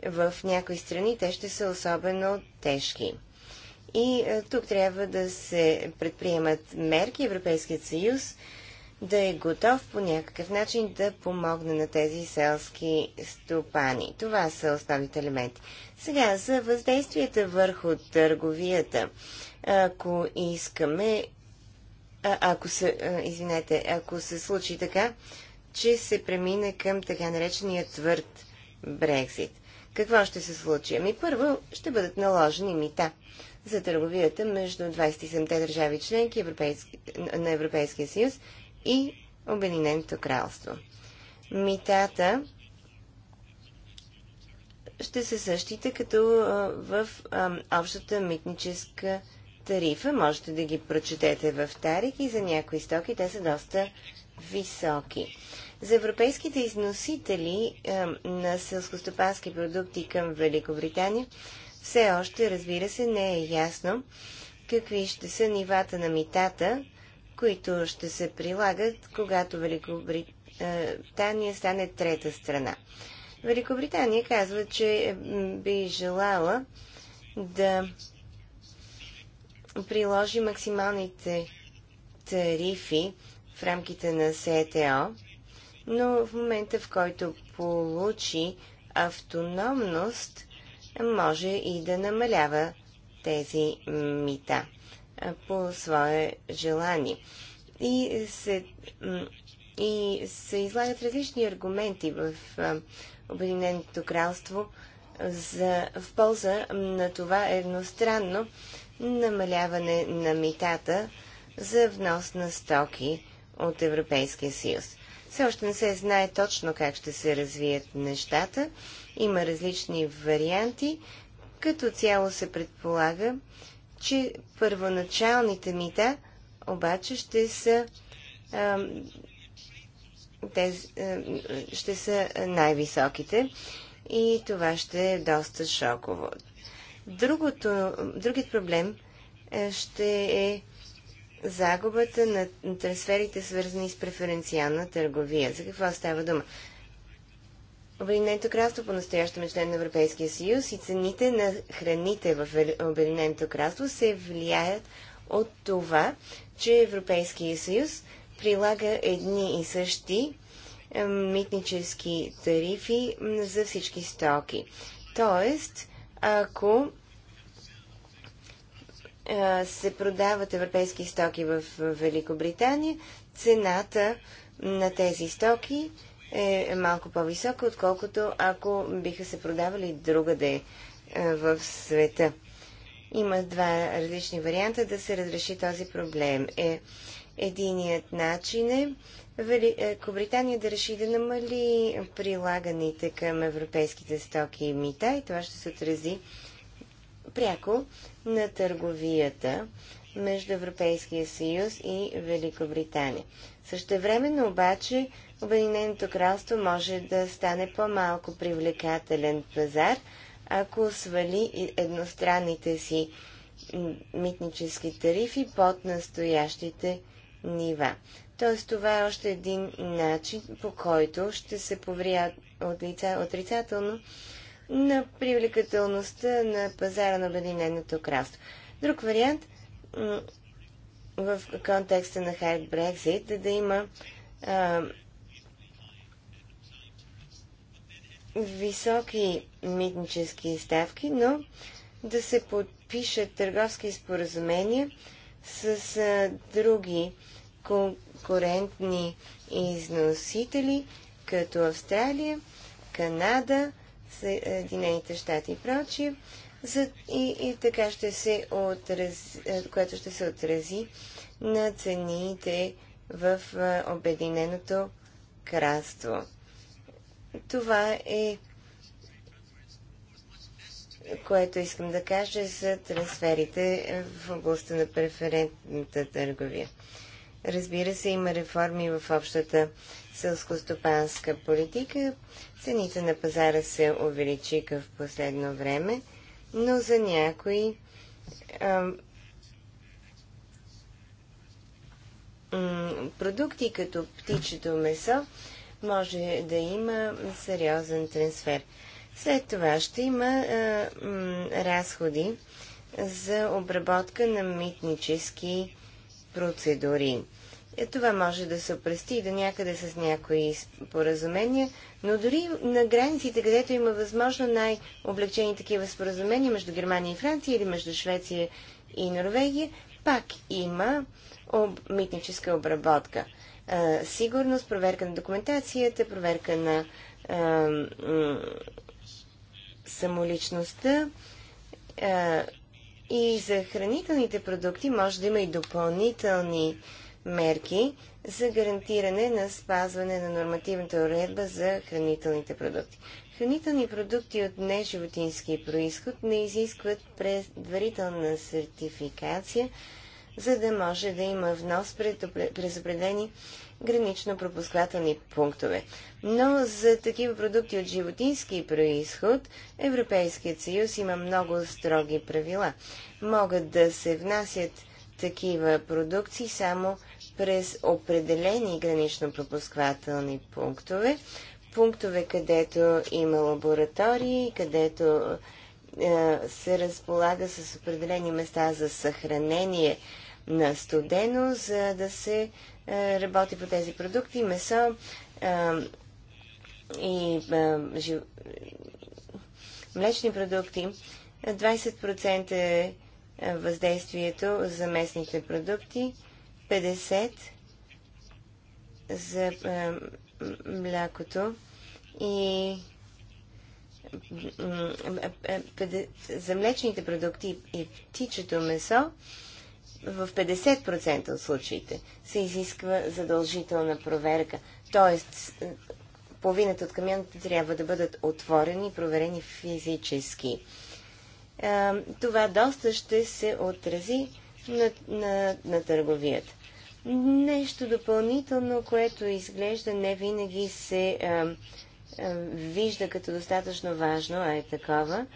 в някои страни. Те ще са особено тежки. И е, тук трябва да се предприемат мерки. Европейският съюз да е готов по някакъв начин да помогне на тези селски стопани. Това са основните елементи. Сега за въздействията върху търговията. Ако искаме, а, ако се, извинете, ако се случи така, че се премине към така наречения твърд Брекзит. Какво ще се случи? Ами първо ще бъдат наложени мита за търговията между 27-те държави членки на Европейския съюз и Обединеното кралство. Митата ще са същите като в общата митническа тарифа. Можете да ги прочетете в Тарик и за някои стоки те са доста високи. За европейските износители на селскостопански продукти към Великобритания все още, разбира се, не е ясно какви ще са нивата на митата които ще се прилагат, когато Великобритания стане трета страна. Великобритания казва, че би желала да приложи максималните тарифи в рамките на СТО, но в момента, в който получи автономност, може и да намалява тези мита по свое желание. И се, и се излагат различни аргументи в Обединеното кралство за, в полза на това едностранно намаляване на митата за внос на стоки от Европейския съюз. Все още не се знае точно как ще се развият нещата. Има различни варианти. Като цяло се предполага, че първоначалните мита обаче ще са тези, ще са най-високите и това ще е доста шоково. Другото, другият проблем е, ще е загубата на трансферите, свързани с преференциална търговия. За какво става дума? Обединеното кралство по-настоящем е член на Европейския съюз и цените на храните в Обединеното кралство се влияят от това, че Европейския съюз прилага едни и същи е, митнически тарифи за всички стоки. Тоест, ако е, се продават европейски стоки в Великобритания, цената на тези стоки е малко по-висока, отколкото ако биха се продавали другаде е, в света. Има два различни варианта да се разреши този проблем. Е, единият начин е Великобритания е, да реши да намали прилаганите към европейските стоки и мита и това ще се отрази пряко на търговията между Европейския съюз и Великобритания. Същевременно обаче Обединеното кралство може да стане по-малко привлекателен пазар, ако свали едностранните си митнически тарифи под настоящите нива. Тоест, това е още един начин, по който ще се повлия отрицателно на привлекателността на пазара на Обединеното кралство. Друг вариант в контекста на Хард Брексит да има а, високи митнически ставки, но да се подпишат търговски споразумения с а, други конкурентни износители, като Австралия, Канада, Съединените щати и прочие, за, и, и така ще се отрази, е, което ще се отрази на цените в е, Обединеното кралство. Това е което искам да кажа за трансферите в областта на преферентната търговия. Разбира се, има реформи в общата сълско-стопанска политика. Цените на пазара се увеличиха в последно време но за някои продукти като птичето месо може да има сериозен трансфер. След това ще има разходи за обработка на митнически процедури. Е, това може да се опрести и до някъде с някои споразумения, но дори на границите, където има възможно най-облегчени такива споразумения между Германия и Франция или между Швеция и Норвегия, пак има об... митническа обработка. А, сигурност, проверка на документацията, проверка на а, самоличността а, и за хранителните продукти може да има и допълнителни а, мерки за гарантиране на спазване на нормативната уредба за хранителните продукти. Хранителни продукти от неживотински происход не изискват предварителна сертификация, за да може да има внос през определени гранично-пропускателни пунктове. Но за такива продукти от животински происход Европейският съюз има много строги правила. Могат да се внасят такива продукции само през определени гранично-пропусквателни пунктове, пунктове, където има лаборатории, където е, се разполага с определени места за съхранение на студено, за да се е, работи по тези продукти, месо е, и е, жив... млечни продукти. 20% е въздействието за местните продукти 50 за е, млякото и е, е, за млечните продукти и птичето месо в 50% от случаите се изисква задължителна проверка. Тоест, половината от камионите трябва да бъдат отворени и проверени физически. Това доста ще се отрази на, на, на търговията. Нещо допълнително, което изглежда не винаги се а, а, вижда като достатъчно важно, а е такова,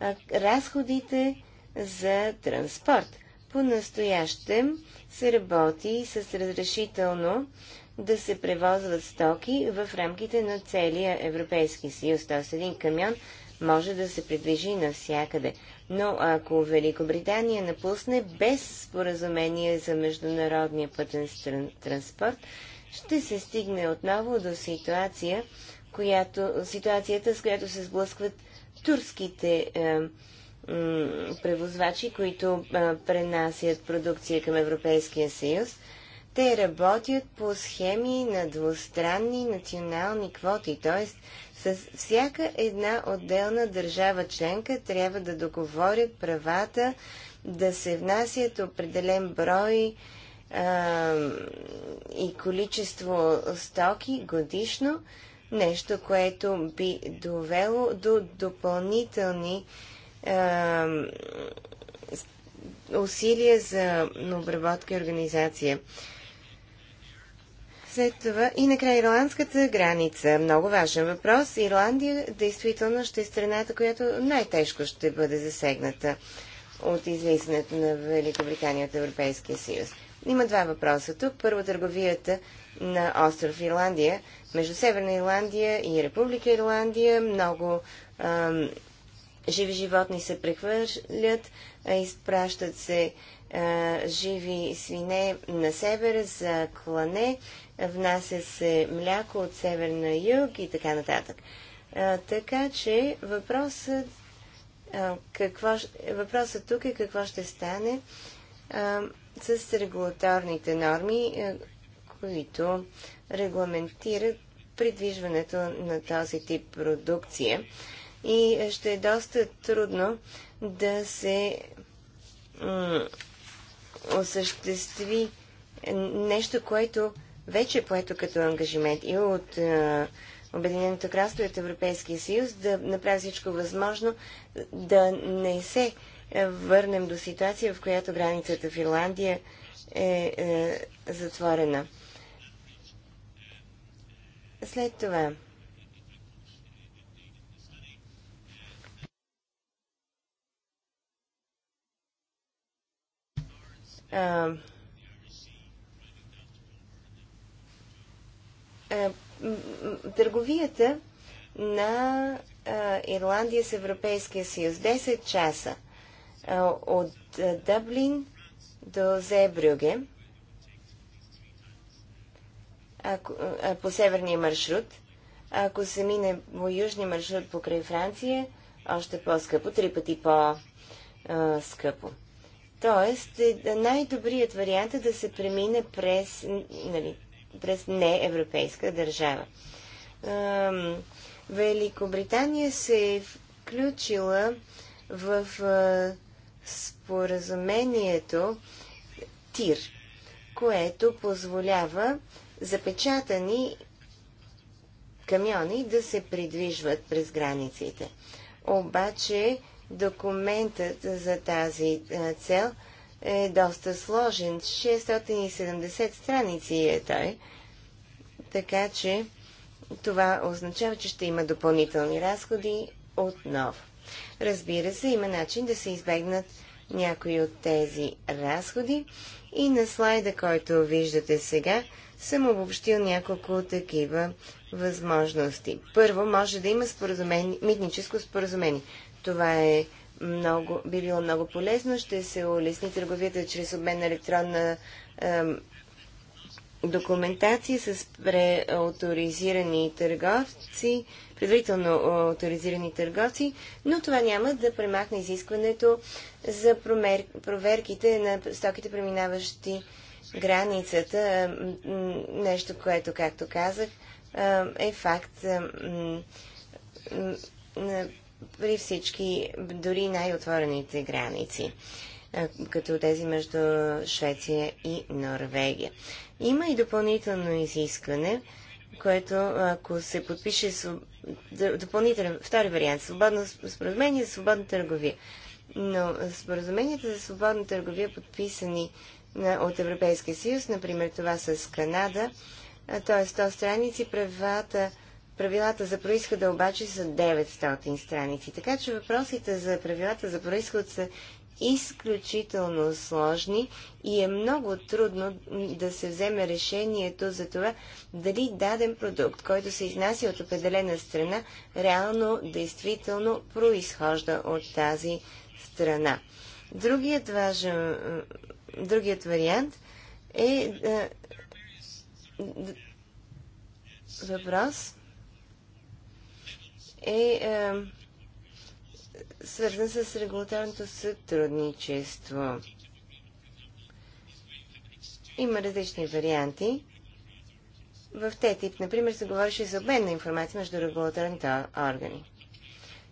а, разходите за транспорт. По-настоящем се работи с разрешително да се превозват стоки в рамките на целия Европейски съюз. Тоест един камион може да се придвижи навсякъде. Но ако Великобритания напусне без споразумение за международния пътен транспорт, ще се стигне отново до ситуация, която, ситуацията, с която се сблъскват турските е, превозвачи, които е, пренасят продукция към Европейския съюз, те работят по схеми на двустранни национални квоти, т.е. С всяка една отделна държава членка трябва да договорят правата да се внасят определен брой а, и количество стоки годишно, нещо, което би довело до допълнителни а, усилия за обработка и организация. След това и накрая ирландската граница. Много важен въпрос. Ирландия действително ще е страната, която най-тежко ще бъде засегната от излизането на Великобритания от Европейския съюз. Има два въпроса тук. Първо търговията на остров Ирландия между Северна Ирландия и Република Ирландия. Много ам, живи животни се прехвърлят, изпращат се а, живи свине на север за клане внася се мляко от север на юг и така нататък. А, така че въпросът, а, какво, въпросът тук е какво ще стане а, с регулаторните норми, а, които регламентират придвижването на този тип продукция. И ще е доста трудно да се осъществи нещо, което вече поето като ангажимент и от е, Обединеното кралство и от Европейския съюз да направи всичко възможно да не се е, върнем до ситуация, в която границата в Ирландия е, е затворена. След това. А, Е, търговията на е, Ирландия с Европейския съюз. 10 часа е, от Дъблин до Зебрюге по северния маршрут. Ако се мине по южния маршрут покрай Франция, още по-скъпо, три пъти по-скъпо. Тоест, най-добрият вариант е да се премине през нали, през неевропейска държава. Великобритания се е включила в споразумението ТИР, което позволява запечатани камиони да се придвижват през границите. Обаче документът за тази цел – е доста сложен. 670 страници е той. Така че това означава, че ще има допълнителни разходи отново. Разбира се, има начин да се избегнат някои от тези разходи и на слайда, който виждате сега, съм обобщил няколко такива възможности. Първо, може да има споразумени, митническо споразумение. Това е много, би било много полезно. Ще се улесни търговията чрез обмен на електронна е, документация с преауторизирани търговци, предварително авторизирани търговци, но това няма да премахне изискването за промер... проверките на стоките, преминаващи границата. Нещо, което, както казах, е факт при всички, дори най-отворените граници, като тези между Швеция и Норвегия. Има и допълнително изискване, което ако се подпише допълнителен втори вариант, свободно споразумение за свободна търговия. Но споразуменията за свободна търговия, подписани от Европейския съюз, например това с Канада, т.е. 100 страници, правата Правилата за происхода обаче са 900 страници, така че въпросите за правилата за происход са изключително сложни и е много трудно да се вземе решението за това дали даден продукт, който се изнася от определена страна, реално, действително произхожда от тази страна. Другият важен, другият вариант е да, е, въпрос е, е, свързан с регулаторното сътрудничество. Има различни варианти. В ТТИП, например, се говореше за обмен на информация между регулаторните органи.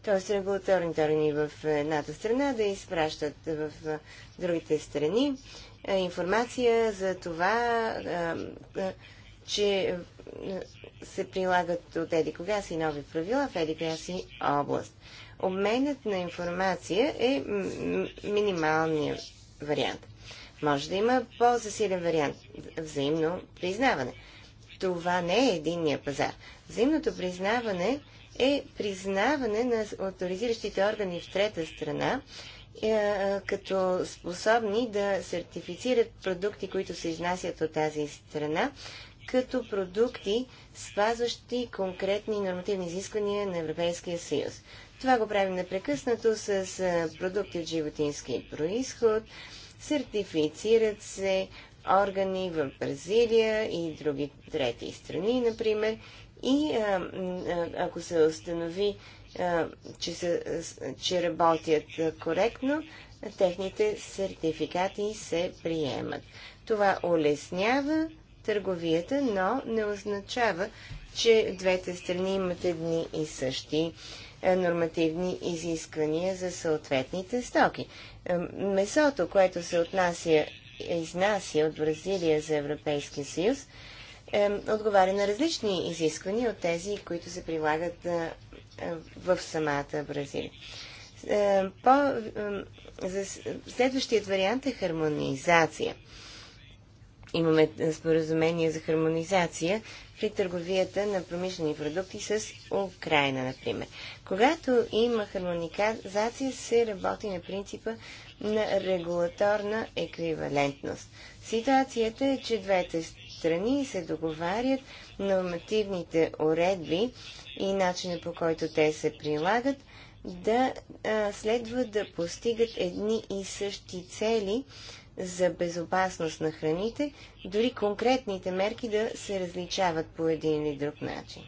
Тоест регулаторните органи в едната страна да изпращат в другите страни е, информация за това, е, че се прилагат от еди кога си нови правила в еди кога си област. Обменът на информация е минималният вариант. Може да има по-засилен вариант – взаимно признаване. Това не е единния пазар. Взаимното признаване е признаване на авторизиращите органи в трета страна, е, е, като способни да сертифицират продукти, които се изнасят от тази страна, като продукти, спазващи конкретни нормативни изисквания на Европейския съюз. Това го правим непрекъснато с продукти от животински происход. Сертифицират се органи в Бразилия и други трети страни, например. И а, ако се установи, а, че, се, че работят коректно, техните сертификати се приемат. Това улеснява търговията, но не означава, че двете страни имат едни и същи е, нормативни изисквания за съответните стоки. Е, месото, което се отнася, изнася от Бразилия за Европейския съюз, е, отговаря на различни изисквания от тези, които се прилагат в самата Бразилия. по, следващият вариант е хармонизация имаме споразумение за хармонизация при търговията на промишлени продукти с Украина, например. Когато има хармонизация, се работи на принципа на регулаторна еквивалентност. Ситуацията е, че двете страни се договарят нормативните уредби и начина по който те се прилагат да а, следва да постигат едни и същи цели за безопасност на храните, дори конкретните мерки да се различават по един или друг начин.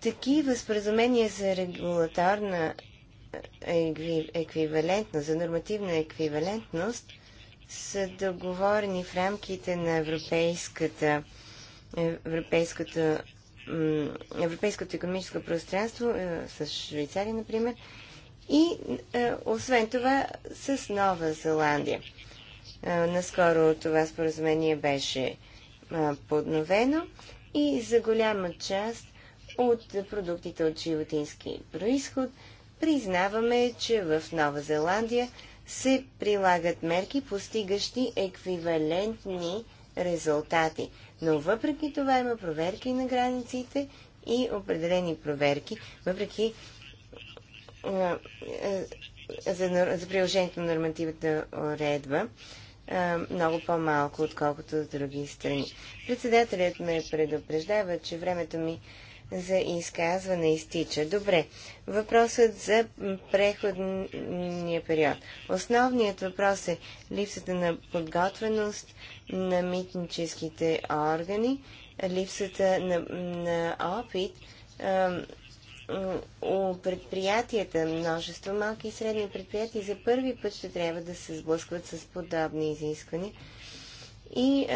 Такива споразумения за регулаторна еквивалентност, за нормативна еквивалентност са договорени в рамките на европейската, европейското, европейското економическо пространство е, с Швейцария, например, и е, освен това с Нова Зеландия. Е, наскоро това споразумение беше е, подновено и за голяма част от продуктите от животински происход признаваме, че в Нова Зеландия се прилагат мерки, постигащи еквивалентни резултати. Но въпреки това има проверки на границите и определени проверки, въпреки за, за приложението на нормативната уредба много по-малко, отколкото от други страни. Председателят ме предупреждава, че времето ми за изказване изтича. Добре, въпросът за преходния период. Основният въпрос е липсата на подготвеност на митническите органи, липсата на, на опит у предприятията, множество малки и средни предприятия за първи път ще трябва да се сблъскват с подобни изисквания. И,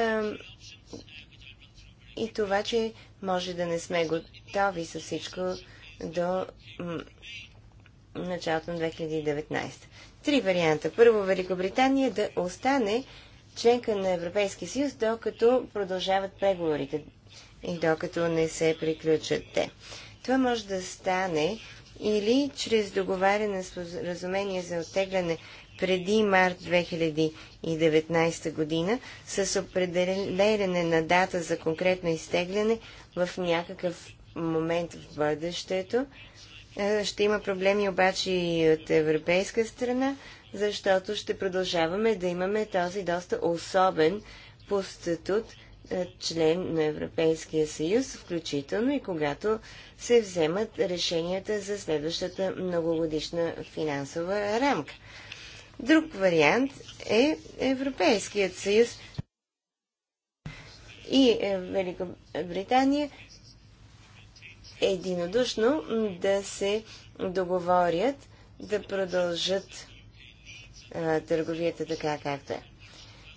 и това, че може да не сме готови с всичко до началото на 2019. Три варианта. Първо, Великобритания да остане членка на Европейския съюз, докато продължават преговорите и докато не се приключат те. Това може да стане или чрез договаряне с разумение за оттегляне преди март 2019 година с определене на дата за конкретно изтегляне в някакъв момент в бъдещето. Е, ще има проблеми обаче и от европейска страна, защото ще продължаваме да имаме този доста особен по статут е, член на Европейския съюз, включително и когато се вземат решенията за следващата многогодишна финансова рамка. Друг вариант е Европейският съюз и е, Великобритания единодушно да се договорят да продължат а, търговията така както е.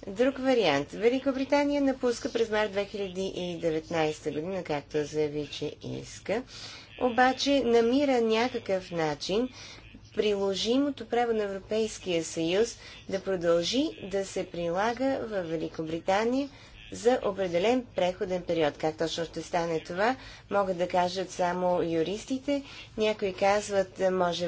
Друг вариант. Великобритания напуска през март 2019 година, както заяви, че иска. Обаче намира някакъв начин приложимото право на Европейския съюз да продължи да се прилага в Великобритания за определен преходен период. Как точно ще стане това, могат да кажат само юристите. Някои казват, може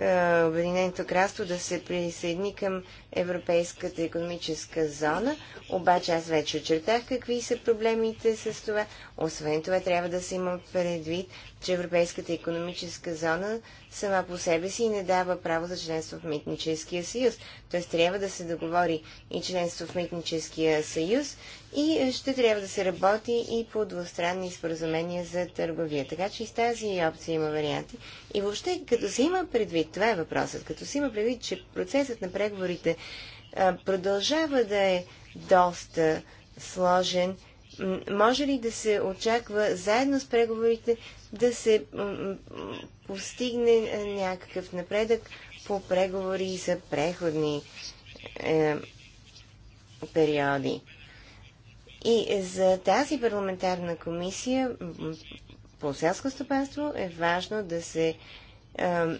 е, Обединеното кралство да се присъедини към Европейската економическа зона, обаче аз вече очертах какви са проблемите с това. Освен това, трябва да се има предвид, че Европейската економическа зона сама по себе си не дава право за членство в Митническия съюз. Т.е. трябва да се договори и членство в Митническия съюз и е, ще трябва да се работи и по двустранни споразумения за търговия. Така че и с тази опция има варианти. И въобще, като се има предвид, това е въпросът, като се има предвид, че процесът на преговорите продължава да е доста сложен – може ли да се очаква заедно с преговорите да се постигне е, някакъв напредък по преговори за преходни е, периоди? И за тази парламентарна комисия по селско стопанство е важно да се е,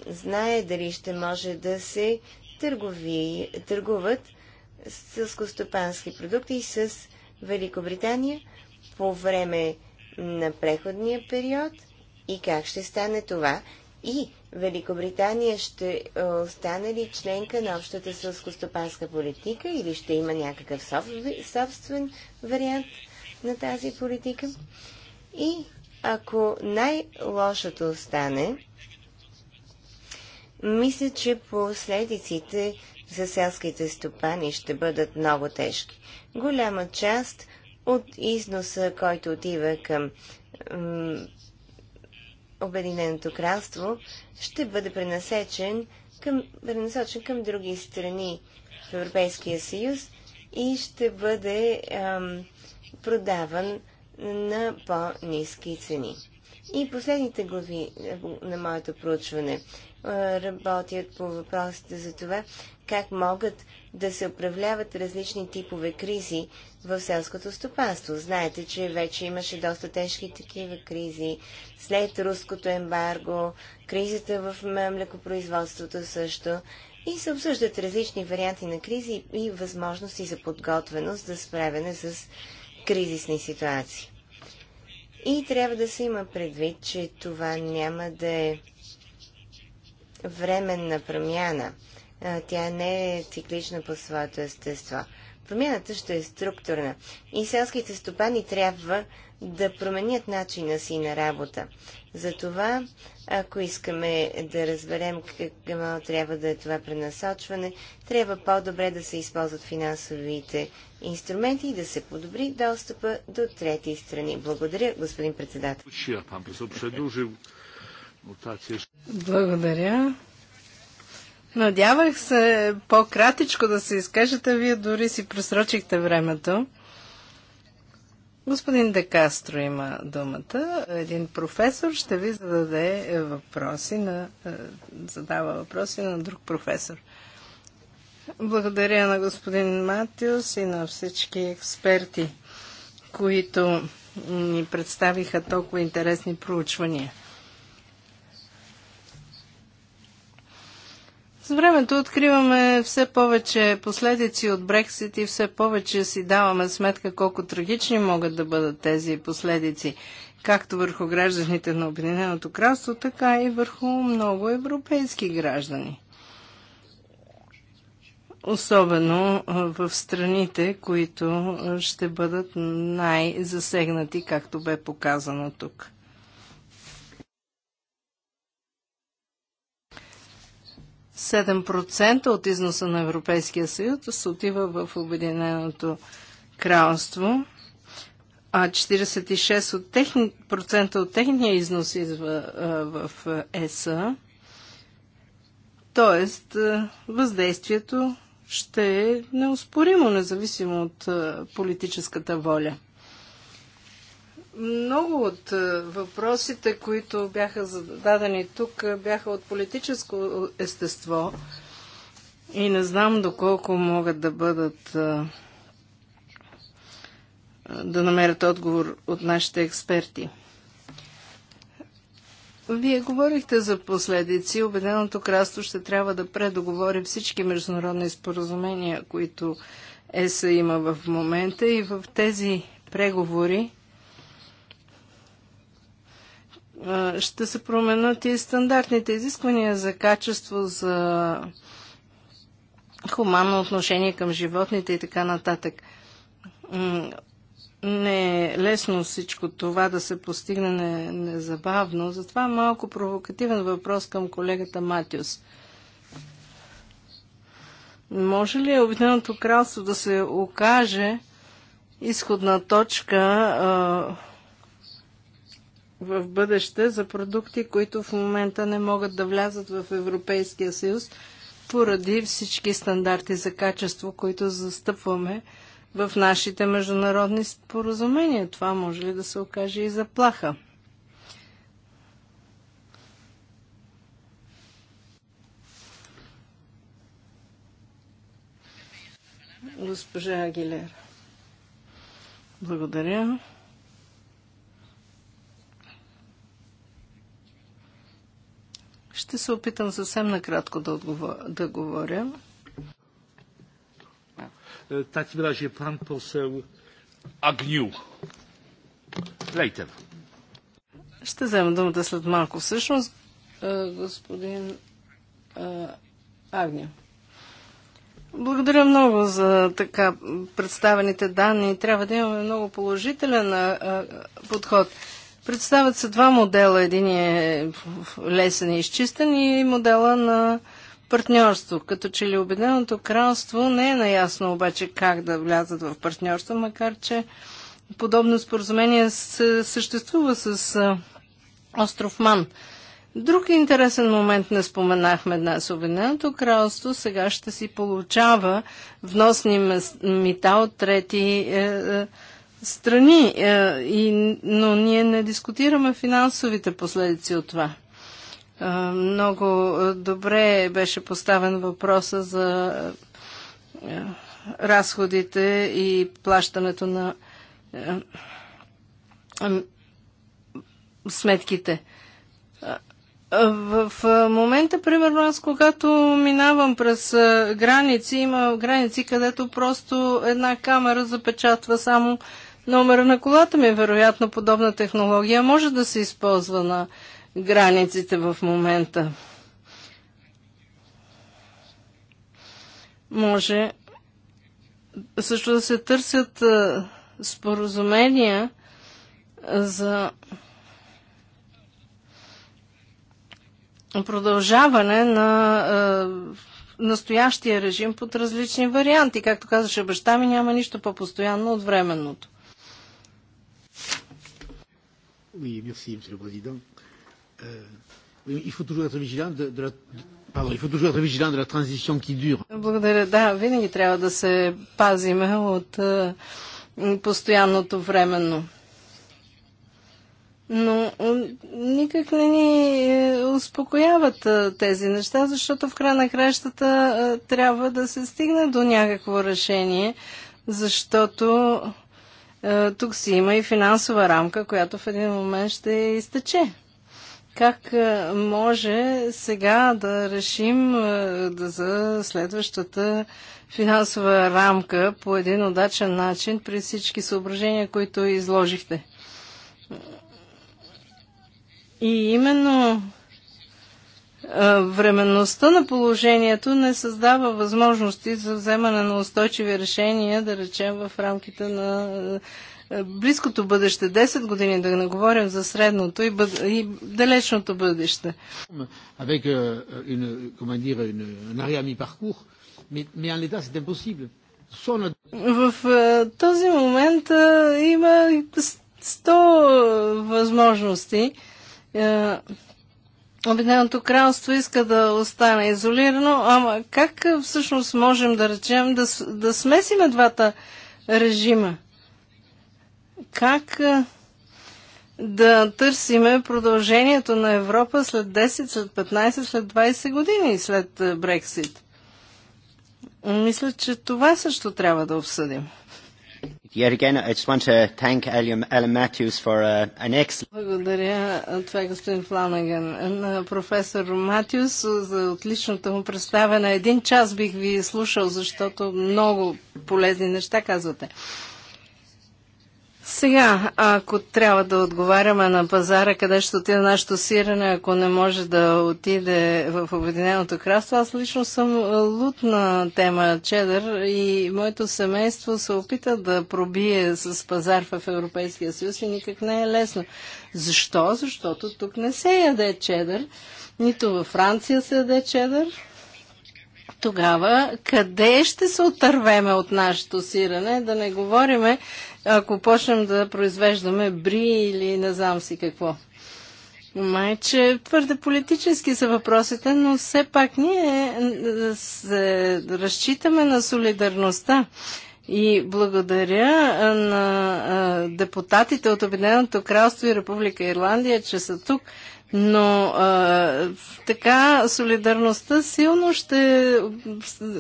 знае дали ще може да се търгови, търгуват селскостопански продукти с Великобритания по време на преходния период и как ще стане това. И Великобритания ще е, остане ли членка на общата сълскостопанска политика или ще има някакъв собствен вариант на тази политика? И ако най-лошото остане, мисля, че последиците за селските стопани ще бъдат много тежки. Голяма част от износа, който отива към Обединеното кралство, ще бъде пренасечен към, пренасочен към други страни в Европейския съюз и ще бъде ам, продаван на по-низки цени. И последните глави на моето проучване работят по въпросите за това как могат да се управляват различни типове кризи в селското стопанство. Знаете, че вече имаше доста тежки такива кризи. След руското ембарго, кризата в млекопроизводството също. И се обсъждат различни варианти на кризи и възможности за подготвеност за справяне с кризисни ситуации. И трябва да се има предвид, че това няма да е временна промяна тя не е циклична по своето естество. Промяната ще е структурна и селските стопани трябва да променят начина си на работа. Затова, ако искаме да разберем какво трябва да е това пренасочване, трябва по-добре да се използват финансовите инструменти и да се подобри достъпа до трети страни. Благодаря, господин председател. Благодаря. Надявах се по-кратичко да се изкажете, вие дори си просрочихте времето. Господин Декастро има думата. Един професор ще ви зададе въпроси на, е, задава въпроси на друг професор. Благодаря на господин Матиус и на всички експерти, които ни представиха толкова интересни проучвания. С времето откриваме все повече последици от Брексит и все повече си даваме сметка колко трагични могат да бъдат тези последици, както върху гражданите на Обединеното кралство, така и върху много европейски граждани. Особено в страните, които ще бъдат най-засегнати, както бе показано тук. 7% от износа на Европейския съюз се отива в Обединеното кралство, а 46% от, техни, процента от техния износ идва в ЕС, Тоест, въздействието ще е неоспоримо, независимо от политическата воля. Много от е, въпросите, които бяха зададени тук, е, бяха от политическо естество и не знам доколко могат да бъдат е, да намерят отговор от нашите експерти. Вие говорихте за последици. Обеденото кралство ще трябва да предоговори всички международни споразумения, които ЕСА има в момента и в тези преговори ще се променят и стандартните изисквания за качество, за хуманно отношение към животните и така нататък. Не е лесно всичко това да се постигне незабавно, затова е малко провокативен въпрос към колегата Матиус. Може ли Обединеното кралство да се окаже изходна точка в бъдеще за продукти, които в момента не могат да влязат в Европейския съюз поради всички стандарти за качество, които застъпваме в нашите международни споразумения. Това може ли да се окаже и заплаха? Госпожа Агилера. Благодаря. Ще се опитам съвсем накратко да, отговор... да говоря. W takim razie pan poseł Лейтер. Ще взема думата след малко. Всъщност, е, господин е, Агня. Благодаря много за така представените данни. Трябва да имаме много положителен е, подход. Представят се два модела. Един е лесен и изчистен и модела на партньорство. Като че ли Обединеното кралство не е наясно обаче как да влязат в партньорство, макар че подобно споразумение съществува с остров Ман. Друг интересен момент не споменахме днес. Обединеното кралство сега ще си получава вносни мита от трети е, е, страни, е, но ние не дискутираме финансовите последици от това. Е, много е, добре беше поставен въпроса за разходите и плащането на сметките. В момента, примерно, аз когато минавам през граници, има граници, където просто една камера запечатва само номера на колата ми. Вероятно, подобна технология може да се използва на границите в момента. Може също да се търсят споразумения за продължаване на настоящия режим под различни варианти. Както казаше баща ми, няма нищо по-постоянно от временното. Oui, merci, Monsieur le Président. Euh, il faut toujours être vigilant de, de la. Pardon, il faut toujours être vigilant de la transition qui dure. Благодаря. Да, винаги трябва да се пазим от е, постоянното временно. Но е, никак не ни е, успокояват тези неща, защото в края на кращата трябва да се стигне до някакво решение, защото е, тук си има и финансова рамка, която в един момент ще изтече. Как е, може сега да решим е, да за следващата финансова рамка по един удачен начин при всички съображения, които изложихте? И именно е, временността на положението не създава възможности за вземане на устойчиви решения, да речем в рамките на е, е, близкото бъдеще, 10 години, да не говорим за средното и, бъд... и далечното бъдеще. Avec une, comment dire, une, un arrière mi-parcours, mais, mais en l'état c'est impossible. В този момент има 100 възможности Обединеното кралство иска да остане изолирано, ама как всъщност можем да речем да, да смесиме двата режима? Как да търсиме продължението на Европа след 10, след 15, след 20 години след Брексит? Мисля, че това също трябва да обсъдим. Yet again, I just want to thank Alan, Alan Matthews for uh, an excellent... Благодаря, това е господин Фланаган, на професор Матюс за отличното му представяне. Един час бих ви слушал, защото много полезни неща казвате. Сега, ако трябва да отговаряме на пазара, къде ще отиде нашето сирене, ако не може да отиде в Обединеното кралство, аз лично съм лут на тема чедър и моето семейство се опита да пробие с пазар в Европейския съюз и никак не е лесно. Защо? Защото тук не се яде чедър, нито във Франция се яде чедър, тогава къде ще се отървеме от нашето сирене, да не говориме, ако почнем да произвеждаме бри или не знам си какво. Май, че твърде политически са въпросите, но все пак ние е, се разчитаме на солидарността. И благодаря на депутатите от Обединеното кралство и Република Ирландия, че са тук. Но а, така солидарността силно ще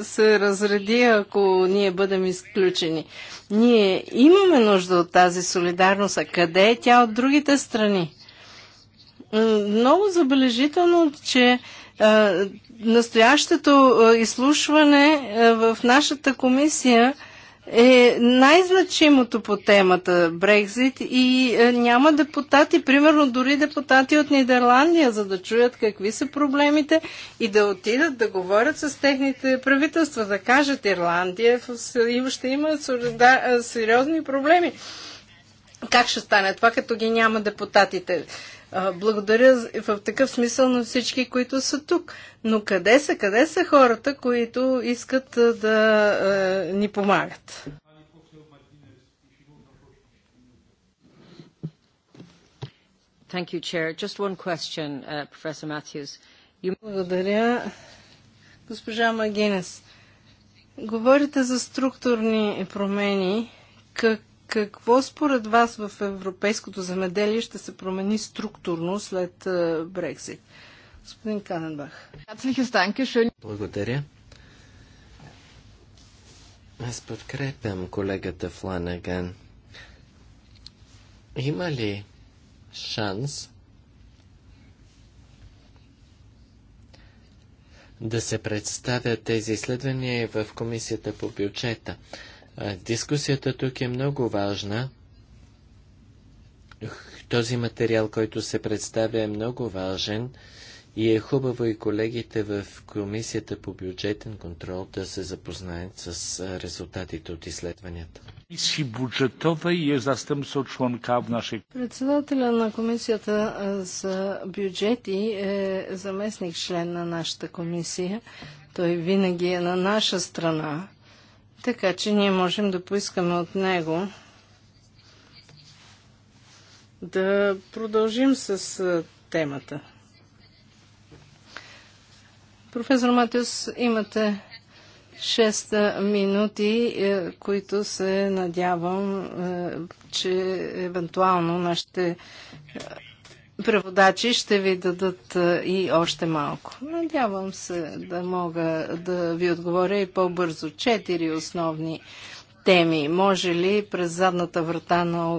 се разреди, ако ние бъдем изключени. Ние имаме нужда от тази солидарност, а къде е тя от другите страни? Много забележително, че а, настоящото изслушване в нашата комисия – е най-значимото по темата Брекзит и е, няма депутати, примерно дори депутати от Нидерландия, за да чуят какви са проблемите и да отидат да говорят с техните правителства, да кажат Ирландия ще има е, сериозни проблеми. Как ще стане това, като ги няма депутатите? Благодаря в такъв смисъл на всички, които са тук. Но къде са, къде са хората, които искат да ни помагат? Thank you, Chair. Just one question, uh, Professor Matthews. You... Благодаря. Госпожа Магинес, говорите за структурни промени. Как какво според вас в европейското замеделие ще се промени структурно след Брексит? Господин Каненбах. Благодаря. Аз подкрепям колегата Фланаган. Има ли шанс да се представят тези изследвания в Комисията по бюджета? Дискусията тук е много важна. Този материал, който се представя, е много важен и е хубаво и колегите в Комисията по бюджетен контрол да се запознаят с резултатите от изследванията. Е Председателя на Комисията за бюджети е заместник член на нашата комисия. Той винаги е на наша страна така че ние можем да поискаме от него да продължим с темата. Професор Матиус, имате 6 минути, е, които се надявам, е, че евентуално нашите е, преводачи ще ви дадат и още малко. Надявам се да мога да ви отговоря и по-бързо. Четири основни теми. Може ли през задната врата на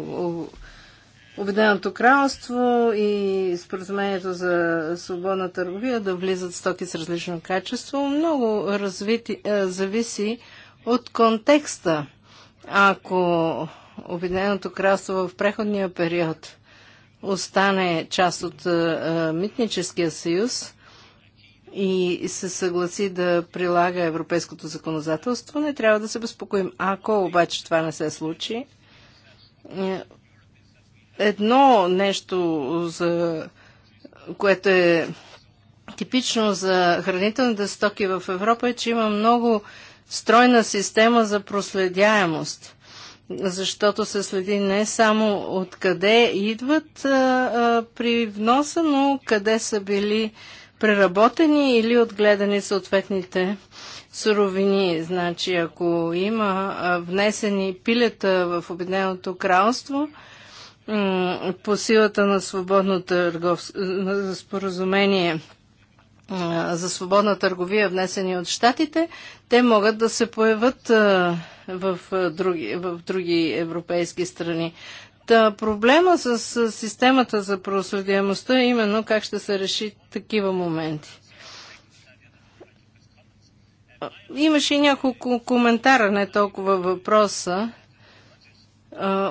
Обеденото кралство и споразумението за свободна търговия да влизат стоки с различно качество, много развити, зависи от контекста. Ако Обединеното кралство в преходния период остане част от е, е, Митническия съюз и се съгласи да прилага европейското законодателство, не трябва да се безпокоим. Ако обаче това не се случи, е, едно нещо, за което е типично за хранителните стоки в Европа е, че има много стройна система за проследяемост защото се следи не само откъде идват а, а, при вноса, но къде са били преработени или отгледани съответните суровини. Значи, ако има внесени пилета в Обединеното кралство, по силата на свободно търговско споразумение за свободна търговия, внесени от щатите, те могат да се появят в други, в други европейски страни. Та проблема с системата за правосъдиемостта е именно как ще се реши такива моменти. Имаше и няколко коментара, не толкова въпроса.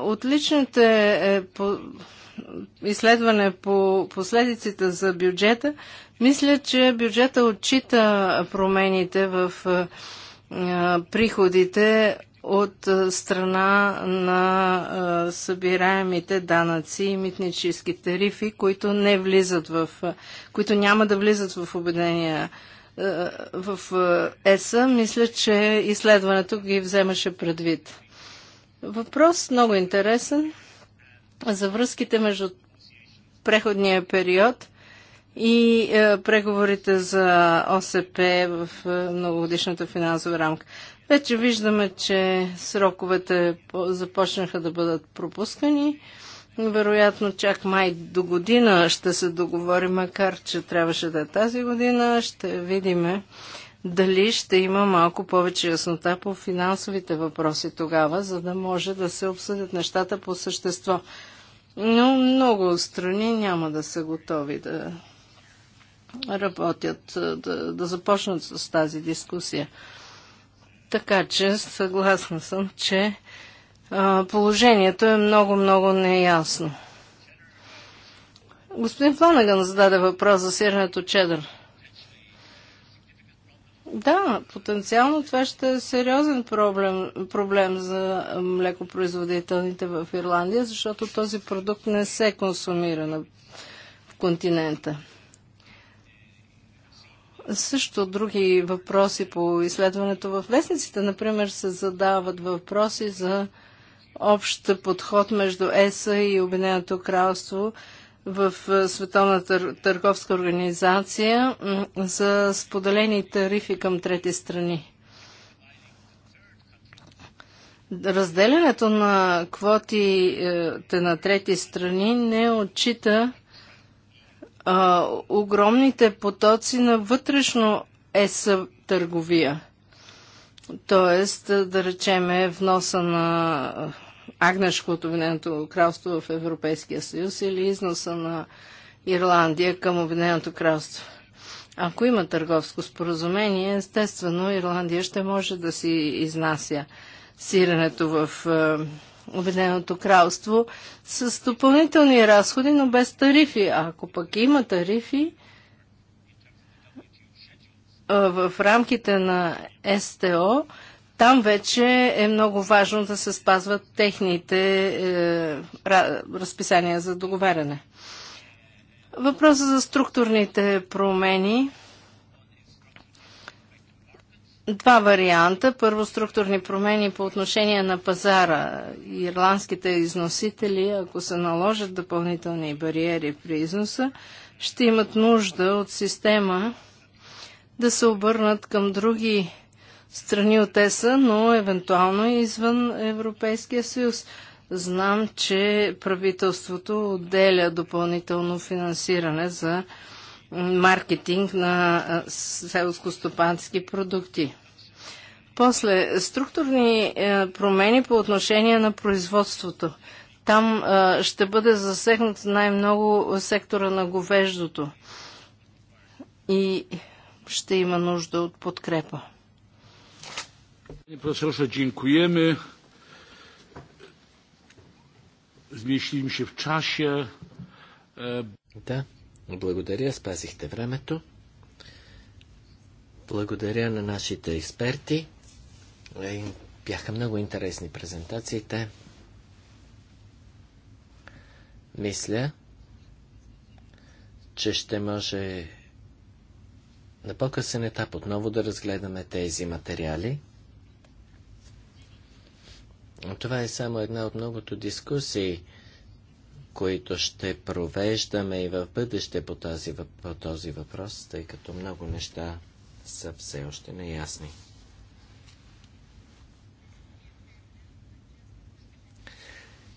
Отличните е, изследване по последиците за бюджета, мисля, че бюджета отчита промените в приходите от страна на събираемите данъци и митнически тарифи, които не влизат в, които няма да влизат в обедения в ЕСА. Мисля, че изследването ги вземаше предвид. Въпрос много интересен за връзките между преходния период и е, преговорите за ОСП в е, многогодишната финансова рамка. Вече виждаме, че сроковете започнаха да бъдат пропускани. Вероятно, чак май до година ще се договори, макар че трябваше да е тази година. Ще видиме дали ще има малко повече яснота по финансовите въпроси тогава, за да може да се обсъдят нещата по същество. Но много страни няма да са готови да работят, да, да започнат с тази дискусия. Така че съгласна съм, че а, положението е много-много неясно. Господин Фланаган зададе въпрос за сирането чедър. Да, потенциално това ще е сериозен проблем, проблем за млекопроизводителните в Ирландия, защото този продукт не се консумира на, в континента също други въпроси по изследването в вестниците. Например, се задават въпроси за общ подход между ЕСА и Обединеното кралство в е, Световната търговска организация за споделени тарифи към трети страни. Разделянето на квотите е, на трети страни не отчита а, огромните потоци на вътрешно ЕС търговия. Тоест, да речеме, вноса на агнешко от Обединеното кралство в Европейския съюз или износа на Ирландия към Обединеното кралство. Ако има търговско споразумение, естествено Ирландия ще може да си изнася сиренето в Обединеното кралство с допълнителни разходи, но без тарифи. А ако пък има тарифи, в рамките на СТО, там вече е много важно да се спазват техните е, разписания за договаряне. Въпросът за структурните промени – два варианта. Първо структурни промени по отношение на пазара. Ирландските износители, ако се наложат допълнителни бариери при износа, ще имат нужда от система да се обърнат към други страни от ЕСА, но евентуално извън Европейския съюз. Знам, че правителството отделя допълнително финансиране за маркетинг на селско-стопански продукти. После, структурни е, промени по отношение на производството. Там ще бъде засегнат най-много сектора на говеждото и ще има нужда от подкрепа. dziękujemy. Zmieściliśmy się w czasie. Е, да, благодаря, спазихте времето. Благодаря на нашите експерти. Е, бяха много интересни презентациите. Мисля, че ще може на по-късен етап отново да разгледаме тези материали. Това е само една от многото дискусии, които ще провеждаме и в бъдеще по, тази, по този въпрос, тъй като много неща са все още неясни.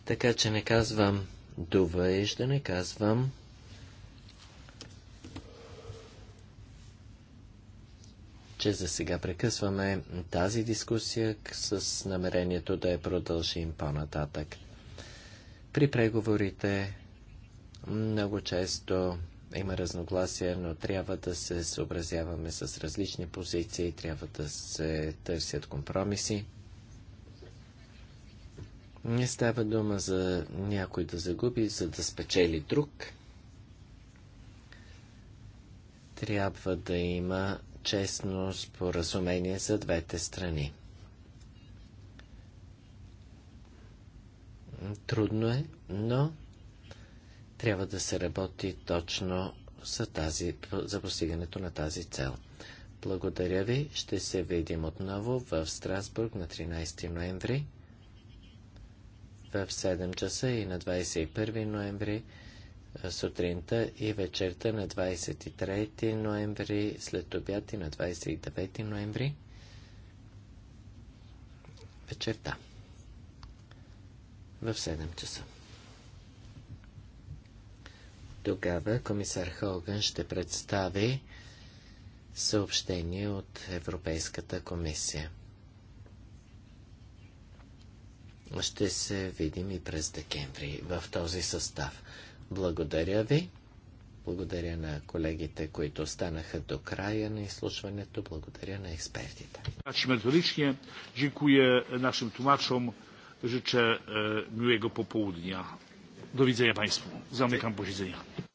Така че не казвам довеждане, казвам че за сега прекъсваме тази дискусия с намерението да я продължим по-нататък. При преговорите много често има разногласия, но трябва да се съобразяваме с различни позиции, трябва да се търсят компромиси. Не става дума за някой да загуби, за да спечели друг. Трябва да има честно споразумение за двете страни. Трудно е, но трябва да се работи точно за, тази, за постигането на тази цел. Благодаря ви. Ще се видим отново в Страсбург на 13 ноември в 7 часа и на 21 ноември сутринта и вечерта на 23 ноември, след обяд и на 29 ноември вечерта в 7 часа. Тогава комисар Хоган ще представи съобщение от Европейската комисия. Ще се видим и през декември в този състав. Благодаря ви. Благодаря на колегите, които останаха до края на изслушването. Благодаря на експертите. Значи нашим тумачам życzę miłego popołudnia. Do widzenia Państwu. Zamykam posiedzenie.